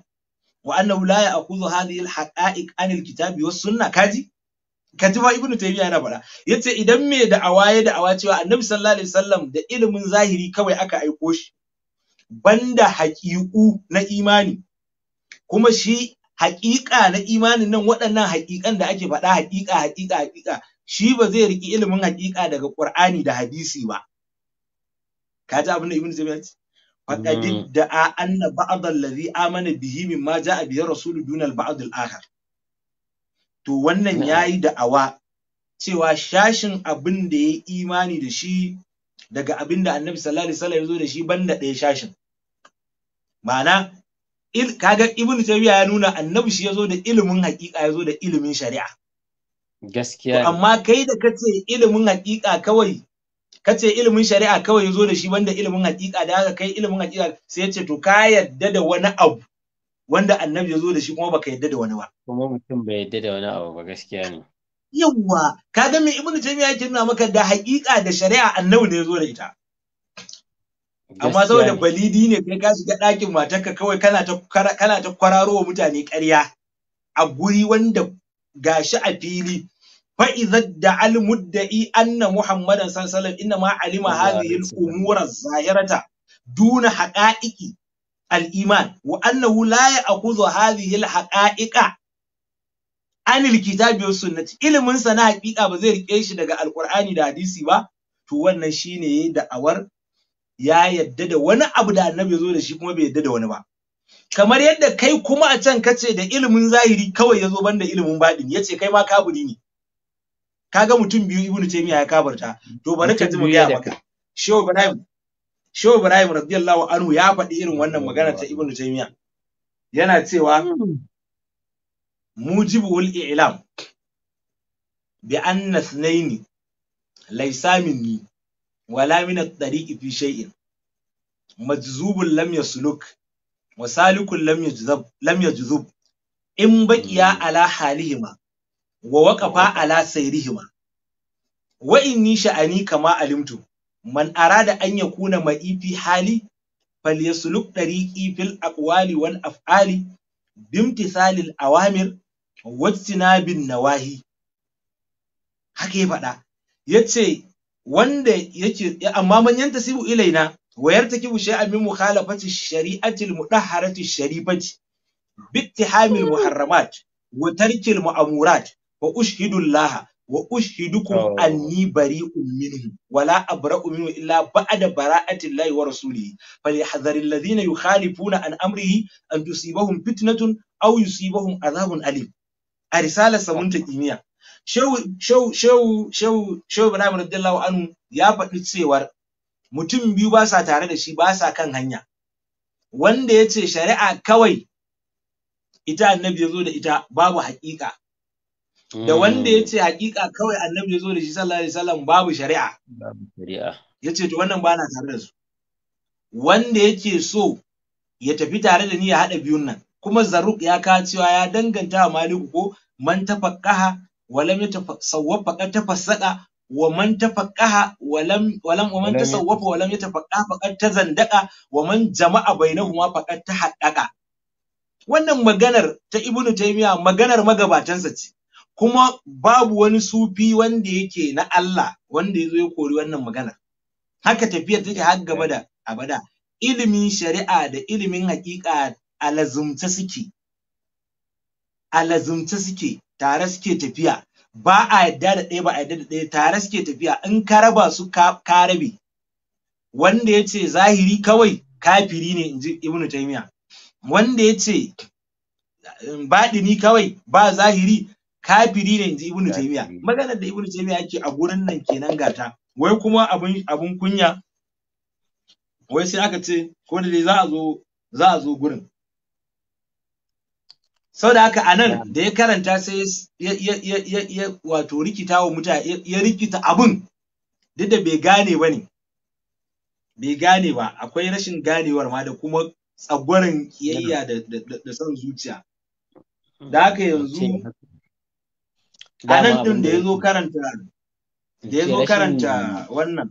wa annahu la ya'khudhu hadhihi al-haqa'iq an al-kitabi was sunnah kaji kaji ba ibnu taymiya yana faɗa yace idan me da awaye da awa cewa annabi sallallahu alaihi wasallam da ilimin zahiri kawai aka aiko shi banda haƙiƙu na imani kuma shi haƙiƙa na imanin nan waɗannan haƙiƙan da ake faɗa haƙiƙa haƙiƙa haƙiƙa shi ba zai riƙi ilimin haƙiƙa daga Ƙur'ani da hadisi ba ka ji abin da Ibn Taymiyyah ce faqad mm. da'a anna ba'd allazi amana bihi mimma ja'a bihi rasulu al ba'd al-akhar to wannan yayi da'awa cewa shashin abin da ya imani da shi daga abin da annabi sallallahu alaihi wasallam ya zo da shi banda ɗaya shashin ma'ana kaga ibnu tabiya ya nuna annabi shi ya zo da ilimin haƙiƙa ya zo da ilimin shari'a gaskiya amma kai da ka ce ilimin hakika kawai ka ce ilimin shari'a kawai ya zo da shi wanda ilimin hakika da haka kai ilimin hakika sai ya ce to ka yadda da wani abu wanda annabi ya zo da shi kuma baka yadda da wani ba kuma mutum bai yadda da wani abu ba gaskiya ne yawwa ga me ibnu taymiya yake nuna maka da hakika da shari'a annabi ne ya zo da ita amma saboda balidi ne kai ka shiga ɗakin matarka kawai kana ta kana ta kwararo wa mutane ƙarya a guri wanda gashi a fili فإذا ادعى المدعي أن محمدا صلى الله عليه وسلم إنما علم هذه الأمور الظاهرة دون حقائق الإيمان وأنه لا يأخذ هذه الحقائق عن الكتاب والسنة إلى من سنة حقيقة بزير إيش دقاء القرآن دا حديثي با تو wannan shine da'awar ya yadda da wani abu da annabi ya zo da shi kuma bai yadda da wani ba kamar yadda kai kuma a can kace da ilimin zahiri kawai ya zo banda ilimin baɗini yace kai ma kaburi ne kaga mutum biyu ibnu taymiya ya kabarta to bari ka ji mu ga maka shehu ibrahim shehu ibrahim radiyallahu anhu ya faɗi irin wannan magana ta ibnu taymiya yana cewa mujibul i'lam bi anna thnaini laysa minni wala min at-tariqi fi shay'in majzubun lam yasluk wa salikun lam yajzub in baqiya hmm. ala halihima wa waƙafa ala sayrihima wa inni sha'ani kama alimtu man arada an ya kuna fi hali falyasluk dariqi fil aqwali wal af'ali bimtisalil awamir wajtinabin nawahi haka ya faɗa yace wanda yake amma man yantasibu ilaina wayar take bushe a min mukhalafati shari'atil mudahharati sharifati bittihamil muharramat wa tarkil mu'amurat wa Laha, wa ushhidukum oh. anni bari'un minhu wala abra'u minhu illa ba'da bara'ati llahi wa rasulihi falyahdhari alladhina yukhalifuna an amrihi an tusibahum fitnatun aw yusibahum adhabun alim a risala samun ta kimiyya shehu ibrahim radiyallahu anhu ya faɗi cewar mutum biyu ba sa tare da shi ba sa kan hanya wanda ya ce shari'a kawai ita annabi ya zo da ita babu haƙiƙa da mm. wanda ya ce hakika kawai annabi ya zo da shi sallallahu alaihi wasallam babu shari'a babu shari'a ya ce to wannan ba na tare da su wanda yake so ya tafi tare da ni ya haɗa biyun nan kuma zaruk ya ka cewa ya danganta wa maliku ko man tafaqqaha wa lam yatasawwafa tafassaqa wa man tafaqqaha wa lam wa lam wa man tasawwafa wa lam yatafaqqaha faqad tazandaqa wa man jama'a bainahuma faqad tahaddaqa wannan maganar ta ibnu taymiya maganar magabatansa ce kuma babu wani sufi wanda yake na Allah wanda ya zo ya kori wannan magana haka tafiyar take har gaba da abada ilimin shari'a da ilimin hakika alazumta suke alazumta suke tare suke tafiya ba a yadda da ɗaya ba a yadda da ɗaya tare suke tafiya in ka raba su ka rabe wanda ya ce zahiri kawai kafiri ne in ji ibnu wanda ya ce eh, baɗini kawai ba zahiri kafiri ne inji ibnu taymiya maganar da ibnu taymiya yake a gurin nan kenan gata wai kuma abun abun kunya wai sai aka ce ko da za a zo za a zo gurin sau da haka anan da ya karanta sai ya wato rikita wa mutane ya rikita abun duk da bai gane ba ne bai gane ba akwai rashin ganewar ma da kuma tsagwaron kiyayya da son zuciya hmm. da haka yanzu a nan din da ya zo karanta da ya zo karanta wannan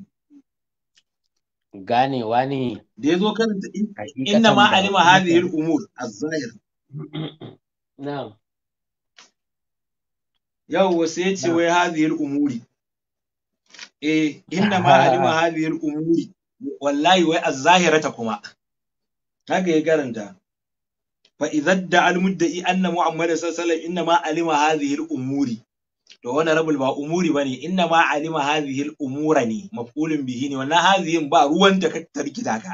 ganewa ne da ya zo karanta inna ma alima hadhihi al-umur az-zahir na'am wasu ya ce wai hadhihi al-umuri eh inna ma alima hadhihi al-umuri wallahi wai az-zahirata kuma haka ya karanta fa idza da al-mudda'i anna muhammadan sallallahu alaihi wasallam inna ma alima hadhihi al-umuri to wannan rabul ba umuri bane inna ma alima hadhihi al umura ne maf'ulun bihi ne wannan hadhihi ba ruwan ta tarkita ka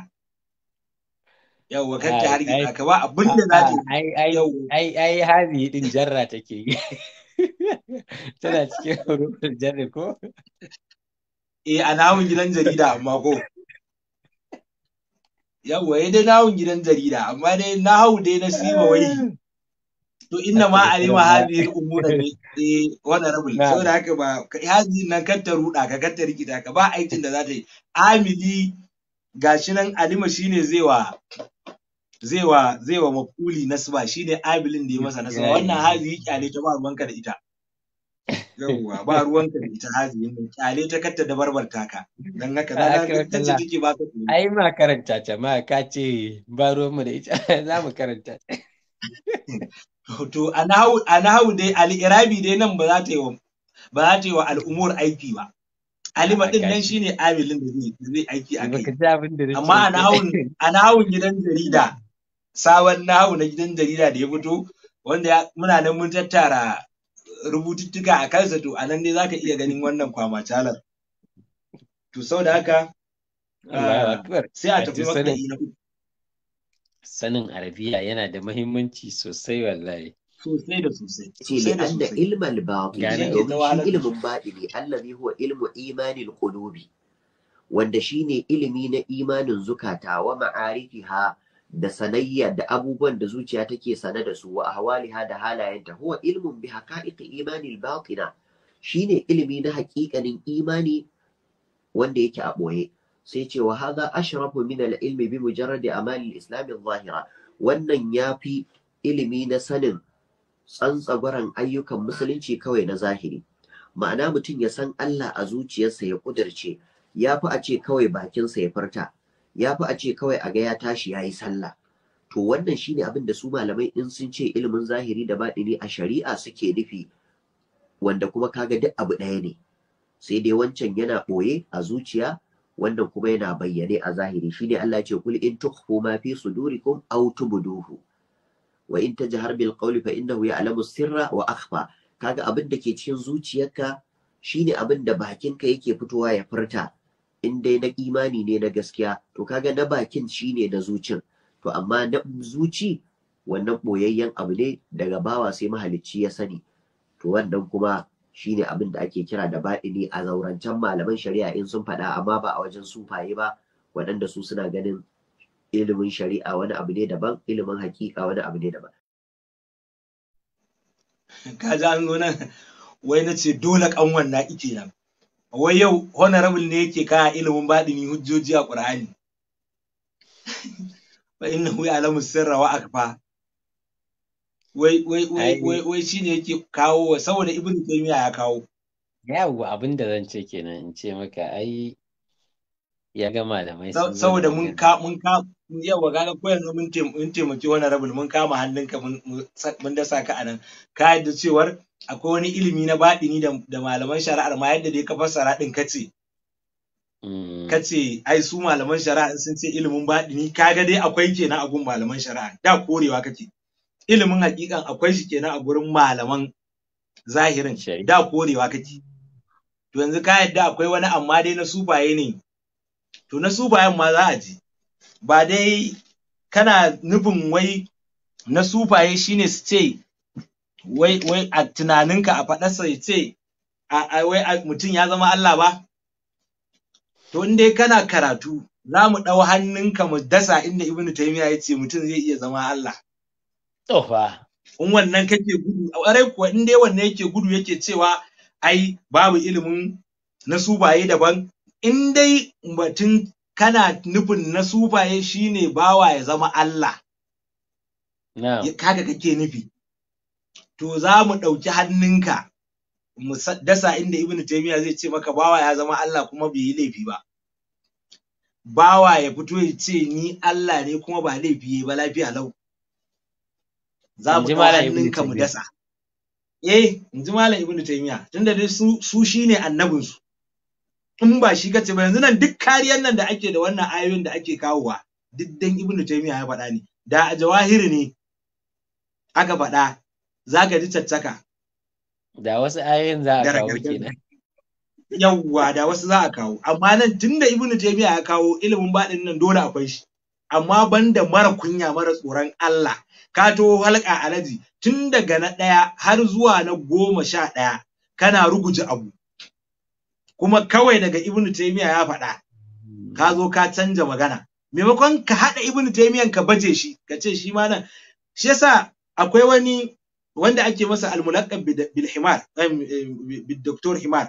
yawwa kan ta gida ka ba abin da za ta ai ai ai hadhihi din jarra take yi tana cikin rubul jarri ko eh a namun gidan jarida amma ko yawwa ya eh, dai nawun gidan jarida amma dai na hau dai na siba wai to inna ma alima hadhihi al-umura ne eh wala rabul saboda haka ba hadhihi nan kan ta ruda ka kan ta rikita ka ba aikin da za ta yi amili gashi nan alima shine zai wa zai wa zai wa mafuli nasba shine abilin da ya masa nasba wannan yi kyale ta ba ruwanka da ita yawwa ba ruwanka da ita hadhihi nan kyale ta katta da barbarta ka dan haka za ka ta take ba ka ai ma karanta ta ma ka ce ba ruwanmu da ita za mu karanta to a nahawu dai al'irabi dai nan ba za ta yi wa ba za ta yi wa al'umur aiki ba alima din nan shine amilin da zai aiki a kai amma a nahawun gidan jarida sabon nahu na gidan jarida da ya fito wanda muna nan mun tattara rubututtuka a kansa to a nan dai zaka iya ganin wannan kwamacalar to sau da haka ah, sai a tafi maka na uku sanin arabiya yana da mahimmanci sosai wallahi sosai da sosai sosai da sosai ilma al-batin domin shi ilmin batini allazi huwa ilmu imanin qulubi wanda shine ilimi na imanin zukata wa ma'arifiha da sanayya da abubuwan da zuciya take sane da su wa ahwaliha da halayenta huwa ilmun bi haqa'iqi imanil batina shine ilimi na haƙiƙanin imani wanda yake a ɓoye sai ce wa haza ashrafu min al-ilmi bi mujarradi amali al-islam zahira wannan yafi ilimi na sanin tsantsagwaran ayyukan musulunci kawai na zahiri ma'ana mutum ya san Allah a zuciyarsa ya kudirce yafi fi a ce kawai bakinsa ya farta yafi a ce kawai a ga ya tashi yayi sallah to wannan shine abin da su malamai in sun ce ilimin zahiri da baɗini a shari'a suke nufi wanda kuma kaga duk abu ɗaya ne sai dai wancan yana ɓoye a zuciya wanda kuma yana bayyane a zahiri shine Allah ce kul in tukhfu ma fi sudurikum aw tubduhu wa in tajhar bil qawli fa innahu ya'lamu sirra wa akhfa kaga abin da ke cikin zuciyarka shine abin da bakinka yake fitowa ya furta in dai na imani ne na gaskiya to kaga na bakin shine na zucin to amma na zuci wannan boyayyen abu ne daga bawa sai mahalicci ya sani to wannan kuma shine abin da ake kira da baɗini a zaurancen malaman shari'a in sun faɗa amma ba a wajen sufaye ba waɗanda su suna ganin ilimin shari'a wani abu ne daban ilimin hakika wani abu ne daban kaji an zo nan wai na ce dole kan na ike nan wai yau honorable ne yake kaya ilimin baɗini hujjoji a ƙur'ani fa innahu ya'lamu sirra wa akfa wai wai wai wai shine yake kawo saboda ibn taymiya ya kawo yawa abin da zan ce kenan in ce maka ai ya ga malamai saboda mun ka mun ka yawa gaga ko yanzu mun mun taimaki wani rabul mun kama hannunka mun mun dasa ka anan ka yadda cewar akwai wani ilimi na baɗini da da malaman shari'ar ma yadda dai ka fassara din kace mm. kace ai su malaman shari'a sun ce ilimin baɗini kaga dai akwai kenan a gun malaman shari'a da korewa kake ilimin hakikan akwai shi kenan a gurin malaman zahirin da korewa kake to yanzu ka yadda akwai wani amma dai na sufaye ne to na sufayen ma za a ji ba dai kana nufin wai na sufaye shine su ce wai wai a tunaninka a faɗa ya ce a wai mutum ya zama Allah ba to in dai kana karatu za mu ɗau hannunka mu dasa inda ibnu taymiya ya ce mutum zai iya zama Allah tofa. In wannan kake gudu, ƙwarai kuwa in dai wannan yake gudu yake cewa ai babu ilimin na subaye daban, in dai batun kana nufin na subaye shine bawa ya zama Allah. Kaga kake nufi. To za mu ɗauki hannunka mu dasa inda Ibn Taymiyyah zai ce maka bawa ya zama Allah kuma bai yi laifi ba. Bawa ya fito ya ce ni Allah ne kuma ba laifi ba lafiya lau. za mu ɗau hannunka mu dasa eh in ji malam Ibn taymiya tunda dai su su shine annabinsu. in ba shi kace ba yanzu nan duk kariyar nan da ake da wannan ayoyin da ake kawowa duk dan Ibn taymiya ya faɗa ne da a jawahiri ne aka faɗa zaka ji caccaka da wasu ayoyin za a kawo kenan yawwa da wasu za a kawo amma nan tunda Ibn taymiya ya kawo ilimin baɗin nan dole akwai shi amma banda mara kunya mara tsoron Allah ka to halka alaji tun daga na ɗaya har zuwa na goma sha ɗaya kana ruguje abu kuma kawai daga ibnu taymiya ya faɗa ka zo ka canja magana maimakon ka haɗa ibnu taymiyan ka baje shi ka ce shi ma nan shi yasa akwai wani wanda ake masa almulaqab bil himar bil doktor himar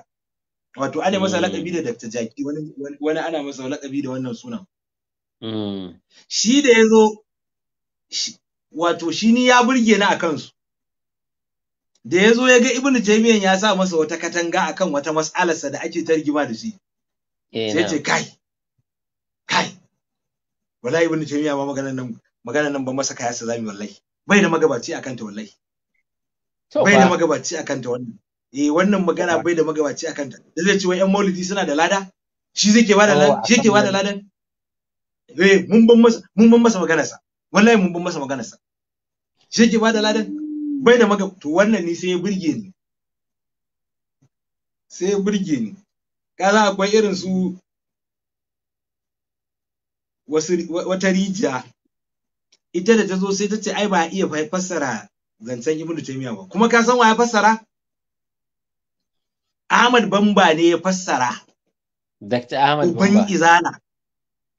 wato ana masa lakabi da Dr. Jaki wani ana masa lakabi da wannan sunan. Mm. Shi da ya zo wato shi ni ya burge ni a kansu da ya zo ya ga Ibn taymiyan ya sa masa wata katanga akan wata mas'alarsa da ake targima da shi eh, sai ce kai kai wallahi Ibn taymiya ba maganar nan maganar nan ba masa kaya sa zami wallahi bai da magabaci akan ta wallahi bai da magabaci akan ta wannan eh wannan magana bai da magabaci akan ta da zai ce wai yan maulidi suna da lada shi zai ke bada oh, ladan shi ke da lada? eh mun ban masa mun ban masa maganar sa wallahi mun bin masa maganar sa shi ke bada ladan bai da maga to wannan ni sai ya burge ni sai ya burge ni za akwai irin su wasu wata rijiya ita da ta zo sai ta ce ai ba a iya fassara zancen ibnu taymiya ba kuma ka san wa ya fassara Ahmad Bamba ne ya fassara Dr. Ahmad Bamba Uban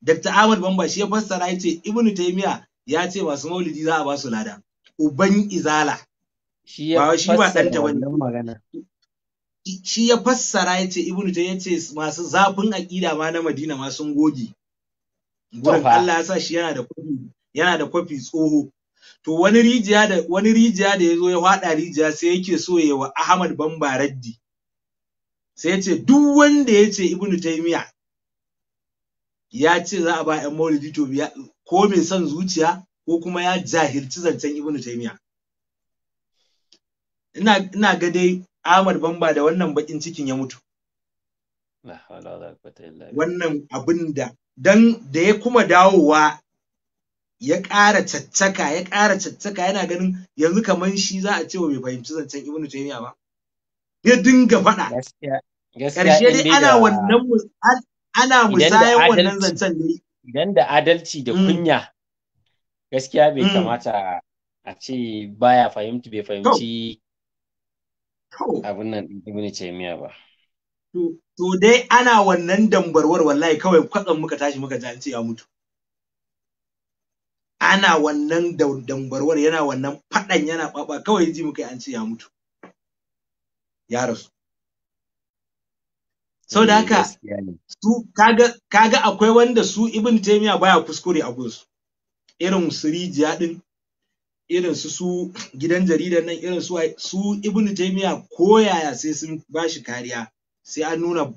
Dr. Ahmad Bamba shi ya fassara ya ce Ibn Taymiya ya ce masu maulidi za a ba su lada uban izala shi ba ɗanta wani shi ya fassara ya ce ibnu ta ya ce masu zafin aƙida ma na madina ma sun goge gurin Allah ya sa shi yana da kwafi yana da tsoho to wani rijiya da wani rijiya da ya zo ya hada rijiya sai yake so ya wa Ahmad Bamba raddi sai ya ce duk wanda ya ce Ibn Taymiya ya ce za a ba ƴan Maulidi to ko mai son zuciya ko kuma ya jahilci zancen ibnu taymiya ina ina ga dai Ahmad Bamba da wannan bakin cikin ya mutu wannan abin da dan da ya kuma dawowa ya ƙara caccaka ya ƙara caccaka yana ganin yanzu kaman shi za a ce wa bai fahimci zancen ibnu taymiya ba ya dinga faɗa gaskiya dai ana wannan ana musayan wannan zancen ne idan da adalci da mm. kunya gaskiya bai mm. kamata a ce baya fahimci bai fahimci abin nan ce miya ba to dai ana wannan dambarwar wallahi kawai kwatsan muka tashi muka ji an ce ya mutu ana wannan dambarwar yana wannan faɗan yana ɓaɓa kawai ji muka yi an ce ya mutu ya rasu Sau da eh, haka su kaga akwai wanda su Ibn Taymiyyah baya kuskure a gunsu. Irin su rijiya din irin su su gidan jaridar nan irin su su Ibn Taymiyyah koyaya sai sun bashi kariya sai an nuna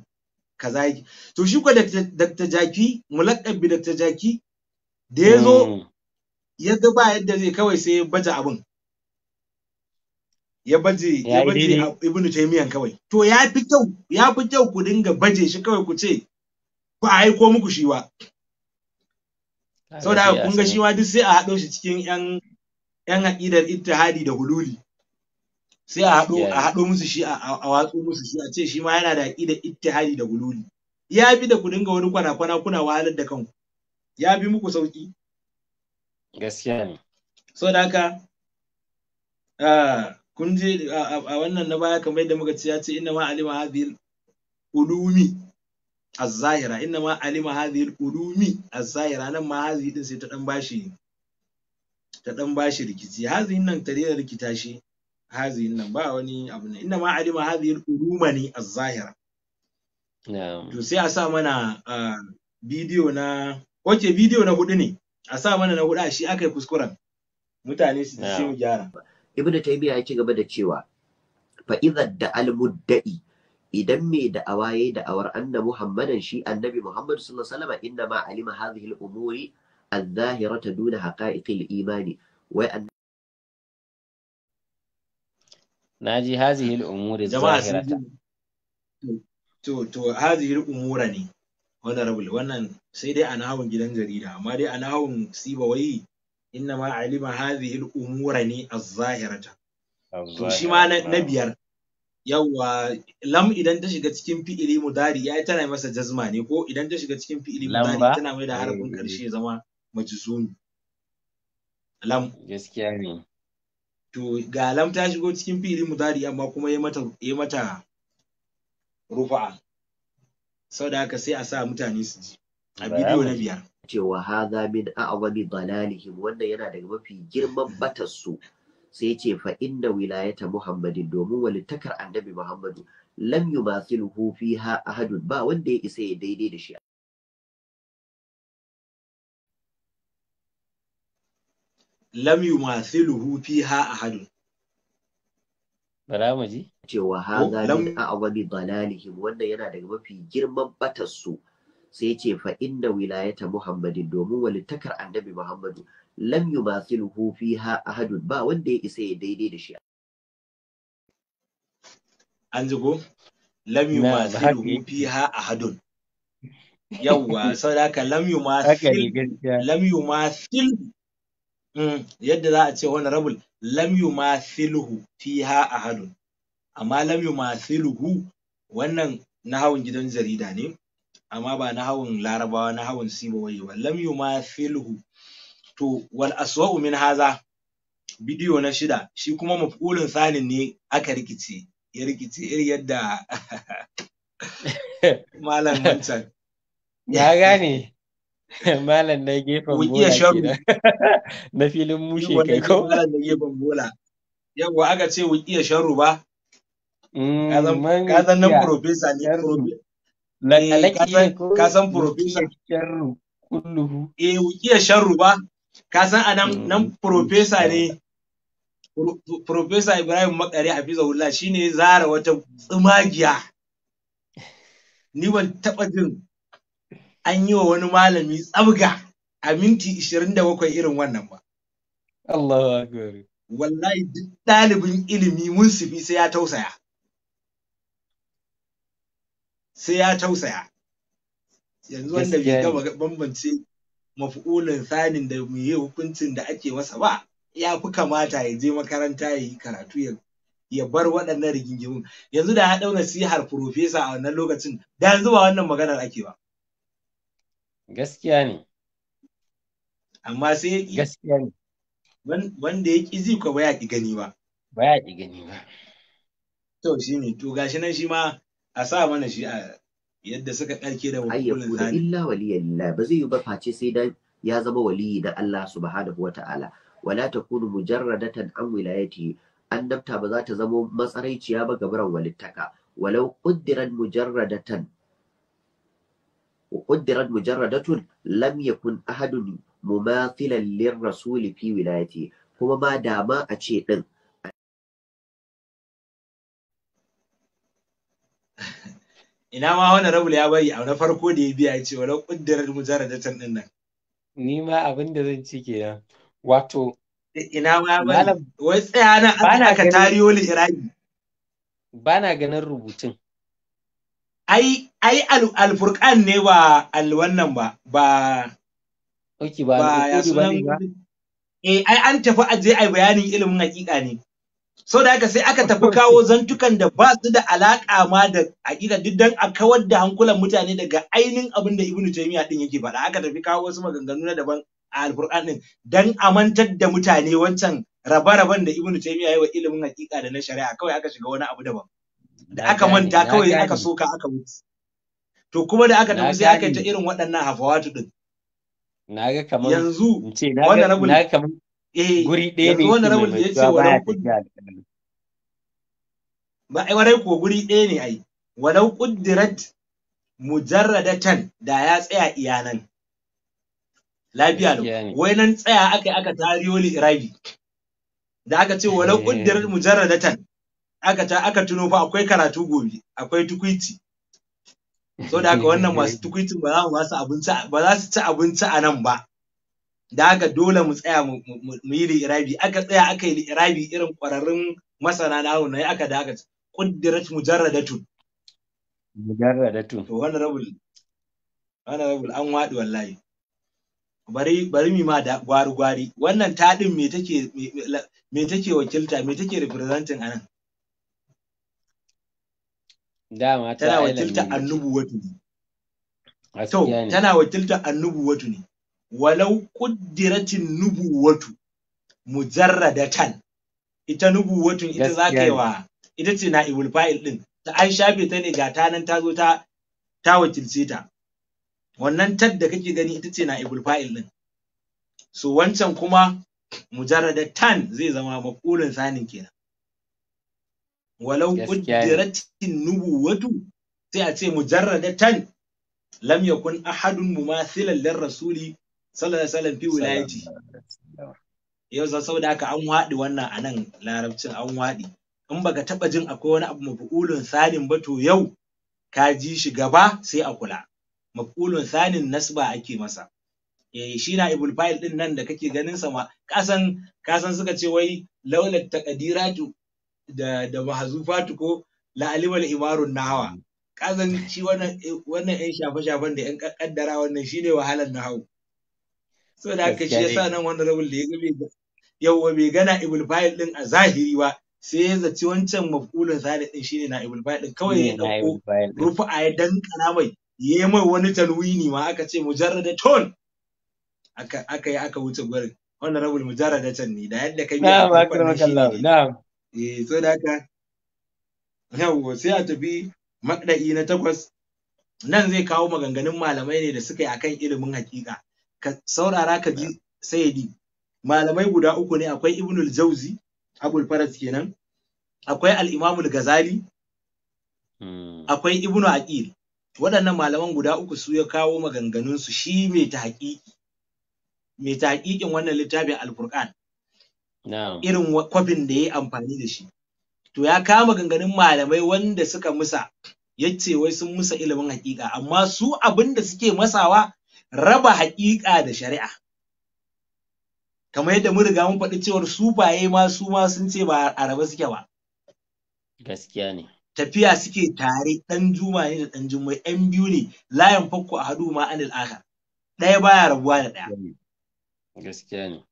kaza yake. To shi ko Dr. Jaki mulakabi Dr. Jaki da ya zo hmm. ya ba yadda zai kawai sai ya baje abin ya baje ya baje Ibn taymiyan kawai to ya fi kyau ya fi kyau ku dinga baje shi kawai ku ce ku a aiko muku shi ba saboda kun ga shi ma duk sai a haɗo shi cikin yan yan aqidar ittihadi da hululi sai a haɗo a hado musu shi a watsu musu shi a ce shi ma yana da aqidar ittihadi da hululi ya bi da ku dinga wani kwana kwana kuna wahalar da kanku ya bi muku sauki gaskiya ne saboda haka ah, kun je a wannan na baya kamar yadda muka ce ya ce inna ma alima hadhil ulumi az-zahira inna ma alima hadhil ulumi az-zahira nan ma hadhi din sai ta dan bashi ta dan bashi rikici hadhi nan ta da rikita shi hadhi nan ba wani abu ne inna ma alima hadhil uluma ne az-zahira to sai a sa mana bidiyo na ok bidiyo na hudu ne a sa mana na hudu a shi aka yi kuskuren mutane su ce mu gyara ibnu taymiya ya ci gaba da cewa fa idza da al mudda'i idan me da awaye da awar anna muhammadan shi annabi muhammad sallallahu alaihi wasallam inna ma alima hadhihi al umuri al zahirata duna haqa'iqil imani wai naji hazihil umuri zahirata to to hazihil umura ne honorable wannan sai dai a nahawun gidan jarida amma dai a nahawun sibawai inna ma alima hadhihi al-umura ne az-zahirata to shi ma na biyar yawa lam idan ta shiga cikin fi'ili mudari yayi tana masa jazma ne ko idan ta shiga cikin fi'ili mudari tana mai da eh, harafin karshe eh. zama majzumi lam gaskiya ne to ga lam ta shigo cikin fi'ili mudari amma kuma ya mata ya mata rufa'a saboda haka sai a sa mutane su ji a bidiyo na biyar cewa haza min a'zami dalalihim wannan yana daga mafi girman batarsu sai ce fa inna wilayata muhammadin domin walittakar annabi muhammadu lam yumathiluhu fiha ahadun ba wanda ya isa ya daidai da shi lam yumathiluhu fiha ahadun bara mu ji cewa haza min a'zami dalalihim wannan yana daga mafi girman batarsu sai ce fa inda wilayata muhammadin domin walittakar annabi muhammadu lam yumathiluhu fiha ahadun ba wanda ya isa ya daidai da shi an ji ko lam yumathiluhu fiha ahadun yawwa saboda lam yumathil lam yumathil mm, yadda za a ce wani rabul lam yumathiluhu fiha ahadun amma lam yumathiluhu wannan na hawan gidan jarida ne amma ba na hawan larabawa na hawan sibawai ba lam yumathiluhu to wal aswa'u min haza bidiyo na shida shi kuma mafulun sanin ne aka rikice ya rikice irin yadda malam mancan ya gane malam na gefen bola na filin mushe kai ko malam na gefen bola yawa aka ce wuƙiya sharu ba mm, ka zan nan profesa ne Eh, ka san professor sharru kulluhu eh wukiya sharru ba ka san a nan mm, mm, professor mm. ne Profesa Ibrahim Makare Hafizahullah shine zara wata tsumagiya ni ban taɓa jin an yi wa wani malami tsabga a minti 27 irin wannan ba. Allahu akbar. Wallahi duk ɗalibin ilimi munsifi sai ya tausaya. sai ya tausaya yanzu wanda bai gaba bambance mafi'ulin sanin da mu yi hukuncin da ake masa ba ya fi kamata ya je makaranta ya yi karatu ya ya bar waɗannan rigingimun yanzu da ya ɗau nasihar profesa a wannan lokacin da yanzu ba wannan maganar ake ba gaskiya ne amma sai ya ƙi gaskiya ne wanda ya ƙi zai ba ya ƙi gani ba ba ya ƙi gani ba to shi ne to gashi nan shi ma a sa mana shi a yadda suka karke da wakulin zani. illa waliyan ba zai yi ba face sai dan ya zama waliyi da Allah subhanahu wa ta'ala wala takunu mujarradatan an wilayati annabta ba za ta zama matsaraiciya ba gabaran walittaka walau quddiran mujarradatan وقدرت مجردة لم يكن أحد مماثلا للرسول fi ولايته kuma ma dama a ce ɗin ina ma wani rabul ya bari a na farko da ya biya ya ce walau ƙuddirar mujaradatan ɗin nan. Ni ma abin da zan ci kenan. Wato. Ina ma bari. Wai tsaya na ana ka tariyo li Iraki. Ba na ganin rubutun. Ai, ai alfurkan ne ba al wannan ba, ba. Ok, ba, ba ya sunan. Eh, ai an tafi aje ai bayanin ilimin hakika ne. so da haka sai aka tafi kawo zantukan da ba su da alaƙa ma da aƙida duk dan a kawar da hankulan mutane daga ainihin abin da ibnu taymiya din yake faɗa aka tafi kawo wasu maganganu na daban a alqur'an din dan amantar da mutane wancan rabe-raben da ibnu taymiya yayi wa ilimin haƙiƙa da na shari'a kawai aka shiga wani abu daban da aka manta kawai aka soka aka mutu to kuma da aka tafi sai aka yi ta irin waɗannan hafawatu din na ga kamar yanzu wannan rabin Eh, guri ɗaya ne wannan rabin da ya ce walau kun ba ai warai ko guri ɗaya ne ai walau quddirat mujarradatan da ya tsaya iyanan lafiya da wai nan tsaya aka aka tariyo li irabi da aka ce walau eh. quddirat mujarradatan aka ta aka tuno fa akwai karatu gobe akwai tukuici so da haka wannan masu tukuicin ba za su abinci ba za su ci abinci a nan ba da haka dole mu tsaya mu yi li'irabi aka tsaya aka yi li'irabi irin ƙwararrun masana na hau na aka da aka ƙuddirat mujarradatun mujarradatun to wani rabul wani rabul an waɗi wallahi bari bari mi ma da gwari gwari wannan taɗin me take me take wakilta me take representing anan dama tana wakilta annubuwatu ne to tana wakilta annubuwatu ne walau ƙuddiratin nubuwatu mujarradatan ita nubuwatun ita za ka yi wa ita ce na ibul fa'il din ta aisha shafe ta ne ga ta nan ta ta ta wakilce ta wannan tad da kake gani ita ce na ibul fa'il din so wancan kuma mujarra mujarradatan zai zama maqulun sanin kenan walau nubu watu, sai a ce mujarradatan lam yakun ahadun mumathilan lir rasuli sallallahu alaihi wasallam fi wilayati yau za saboda aka an waɗi wannan a nan larabcin an waɗi in baka taɓa jin akwai wani abu mafi'ulun sanin ba to yau ka ji shi gaba sai a kula mafi'ulun sanin nasba ake masa E, shi na ibul fa'il din nan da kake ganin sa ma kasan kasan suka ce wai laulat taqdiratu da da mahzufatu ko la alimal imarun nahawa kazan shi wannan eh, wannan yan shafe shafen da yan kaddara wannan shine wahalar nahawu so da aka shi yasa nan wanda rabin da ya ga yawwa bai gana ibul fayil din a zahiri ba sai ya zaci wancan maf'ulun zahiri din shine na ibul fa'il din kawai ya dauko a ya dankana mai yi mai wani talwini ma aka ce da ton? aka yi aka wuce gwarin wannan rabul mujarradatan ne da yadda kai na'am akramakallahu na'am eh da haka yawwa sai a tafi maɗa'i na takwas nan zai kawo maganganun malamai ne da suka yi akan ilimin hakika ka saurara ka ji sayidi malamai guda uku ne akwai ibnul jauzi abul faras kenan akwai al-imamul ghazali hmm. akwai ibnu aqil waɗannan malaman guda uku su ya kawo maganganun su shi mai tahqiqi mai tahqiqin wannan littafin alqur'an irin kwafin da yayi amfani da shi to ya kawo maganganun malamai wanda suka musa yace wai sun musa ilimin haƙiƙa amma su abinda suke masawa raba haƙiƙa da shari'a kamar yadda mun riga mun faɗi cewar su baye ma su ma sun ce ba a raba suke ba gaskiya ne tafiya suke tare ɗan juma ne da ɗan jummai ɗan biyu ne layan fakko a hadu ma anil akhar ɗaya baya rabuwa da ɗaya gaskiya ne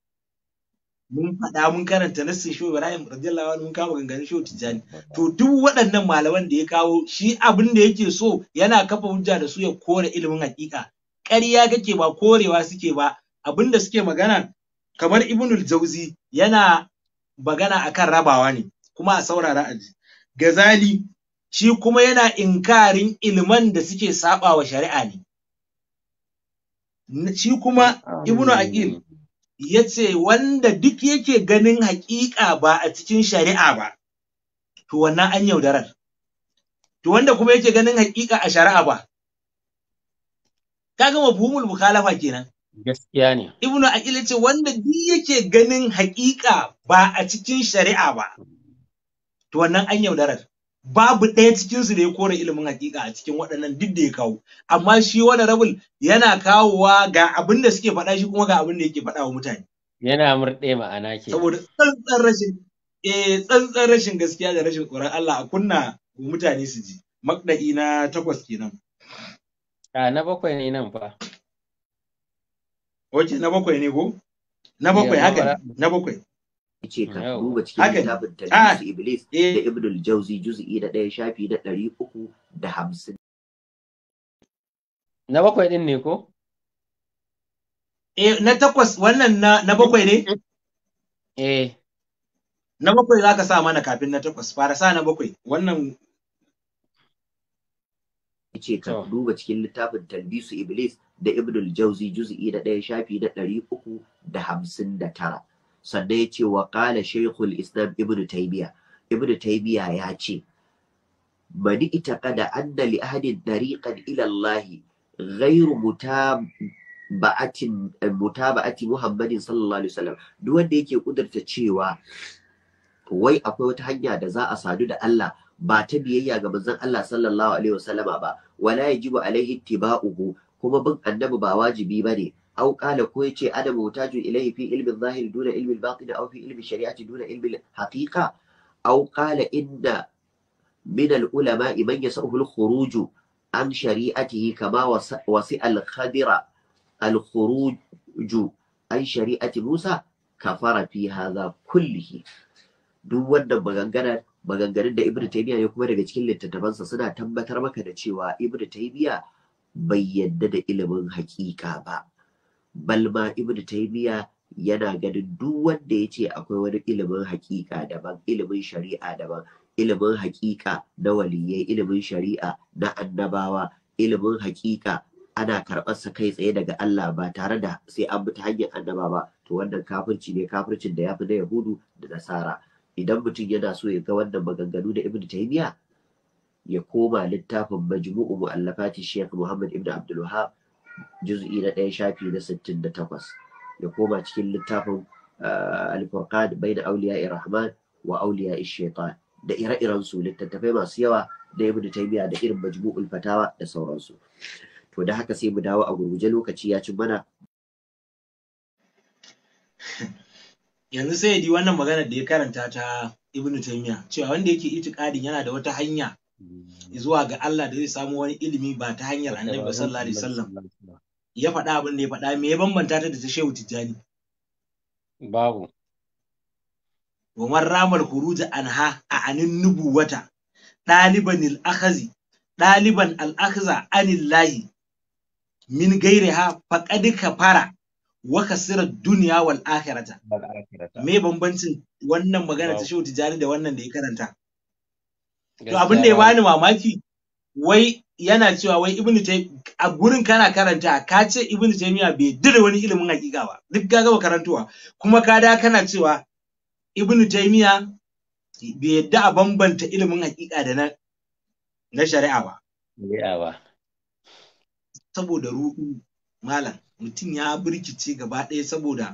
mun faɗa mun karanta nassin shehu ibrahim radiyallahu anhu mun kama ganganin shehu tijjani to duk waɗannan malaman da ya kawo shi abin da yake so yana kafa hujja da su ya kore ilimin hakika ƙarya kake ba korewa suke ba abinda suke magana kamar ibnul jauzi yana magana akan rabawa ne kuma a saurara a gazali shi kuma yana inkarin ilman da suke saba wa shari'a ne shi kuma ibnu aqil ya ce wanda duk yake ganin haƙiƙa ba a cikin shari'a ba to wannan an yaudarar to wanda kuma yake ganin haƙiƙa a shari'a ba Ka gama mafhumul mukhalafa kenan gaskiya ne ibnu aqil ce wanda duk yake ganin haƙiƙa ba a cikin shari'a ba to wannan an yaudarar babu ɗaya cikin su da ya kore ilimin haƙiƙa a cikin waɗannan duk da ya kawo amma shi wani rabul yana kawowa ga abin da suke faɗa shi kuma ga abin da yake faɗa wa mutane yana murɗe ma'ana ke saboda tsantsan rashin eh tsantsan rashin gaskiya da rashin tsoron Allah a kunna mutane su ji makdai na takwas kenan A na bakwai ne nan fa. Wace na bakwai ne ko? Na bakwai haka na bakwai. ce ka duba cikin littafin Talibus ah! Iblis da eh. Ibnul Jauzi juz'i da ɗaya shafi na ɗari uku da hamsin. Na bakwai ɗin ne ko? Eh, na takwas wannan na, na bakwai ne? Eh. Na bakwai za ka sa mana kafin na takwas, fara sa na bakwai, wannan yace ka duba cikin littafin talbisu iblis da ibnul jauzi juz'i da ɗaya shafi na ɗari uku da hamsin da tara sannan ya ce wa ƙala shaikhul islam ibn Taibiya. ibn Taibiya ya ce mani ita kada anna li ahadin dariqan ila allah ghayr mutaba'atin mutaba'ati muhammadin sallallahu alaihi wasallam duk wanda yake kudurta cewa wai akwai wata hanya da za a sadu da Allah ba ta biyayya ga manzon Allah sallallahu alaihi wasallama ba wala yajibu alaihi ittiba'uhu kuma bin annabi ba wajibi bane ne. qala ko yace adamu mutajun ilaihi fi ilmi zahiri duna ilmi batin aw fi ilmi shari'ati duna ilmi haqiqa aw qala inna min al ulama man yasahu al khuruju an shari'atihi kama wasi al khadira al khuruju an shari'ati musa kafara fi hadha kullihi duk wannan maganganar maganganun da Ibn Taymiyyah ya kuma daga cikin littattafansa suna tabbatar maka da cewa Ibn Taymiyyah bai yadda da ilimin hakika ba balma Ibn Taymiyyah yana ganin duk wanda ya ce akwai wani ilimin haƙiƙa daban ilimin shari'a daban ilimin haƙiƙa na waliyyai ilimin shari'a na annabawa ilimin haƙiƙa ana karɓar sa kai tsaye daga Allah ba tare da sai an bi ta hanyar annaba ba to wannan kafirci ne kafircin da ya fi na Yahudu da Nasara. idan mutum yana so ya ga wannan maganganu da ibn taymiya ya koma littafin majmu'u mu'allafati Sheikh Muhammad ibn Abdul Wahhab juz'i na ɗaya shafi na 68 ya koma cikin littafin eh, al-Furqan bayna awliya rahman wa awliya shaytan da ire-iren su littattafai masu yawa da Ibn Taymiyyah da irin majmu'ul fatawa da sauransu to da haka sai mu dawo a gurguje lokaci ya ci mana yanzu sai di wannan maganar da ya karanta ta ibnu taymiya cewa wanda yake itikadin yana da wata hanya zuwa ga Allah da zai samu wani ilimi ba ta hanyar annabi sallallahu alaihi wasallam ya faɗa abin da ya faɗa me ya bambanta ta da ta shehu tijjani babu wa man ramal anha a anin nubuwata ɗaliban al-akhazi ɗaliban al-akhza anillahi min gairiha faqad kafara wa kasira duniya wal akhirata me bambancin wannan magana ta shehu tijani da wannan da ya karanta to abin da ya bani mamaki wai yana cewa wai ibnu a gurin kana karanta ka ce ibnu taymiya bai dire wani ilimin hakika ba duk kaka gaba karantuwa kuma ka da kana cewa ibnu taymiya bai yadda a bambanta ilimin hakika da na na shari'a ba shari'a ba saboda ruɗu malam mutum ya birkici gaba ɗaya saboda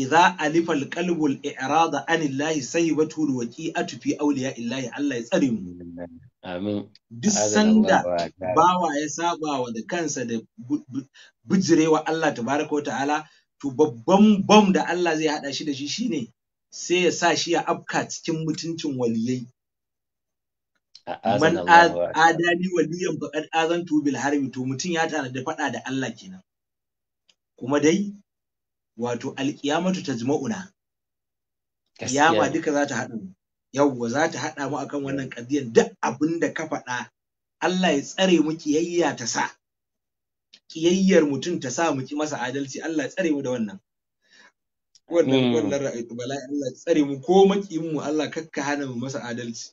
idza alifal qalbul i'rada anillahi sahibatul waqi'atu fi awliya illahi Allah ya tsare mu amin duk sanda bawa ya saba wa da kansa da bijirewa Allah tabaraka ta'ala to babban bam da Allah zai hada shi da shi shine sai ya sa shi ya afka cikin mutuncin waliyai man adani waliyan faqad azantu bil harbi to mutum ya tana da fada da Allah kenan kuma dai wato alkiyamatu ta jima'una kiyama duka za ta haɗa mu yawwa za ta haɗa mu akan wannan ƙadiyan duk abin da ka faɗa Allah ya tsare mu kiyayya ta sa kiyayyar mutum ta sa mu ki masa adalci Allah ya tsare mu da wannan wannan hmm. wannan ra'ayi bala'i Allah ya tsare mu ko makiyin mu Allah kakka hana mu masa adalci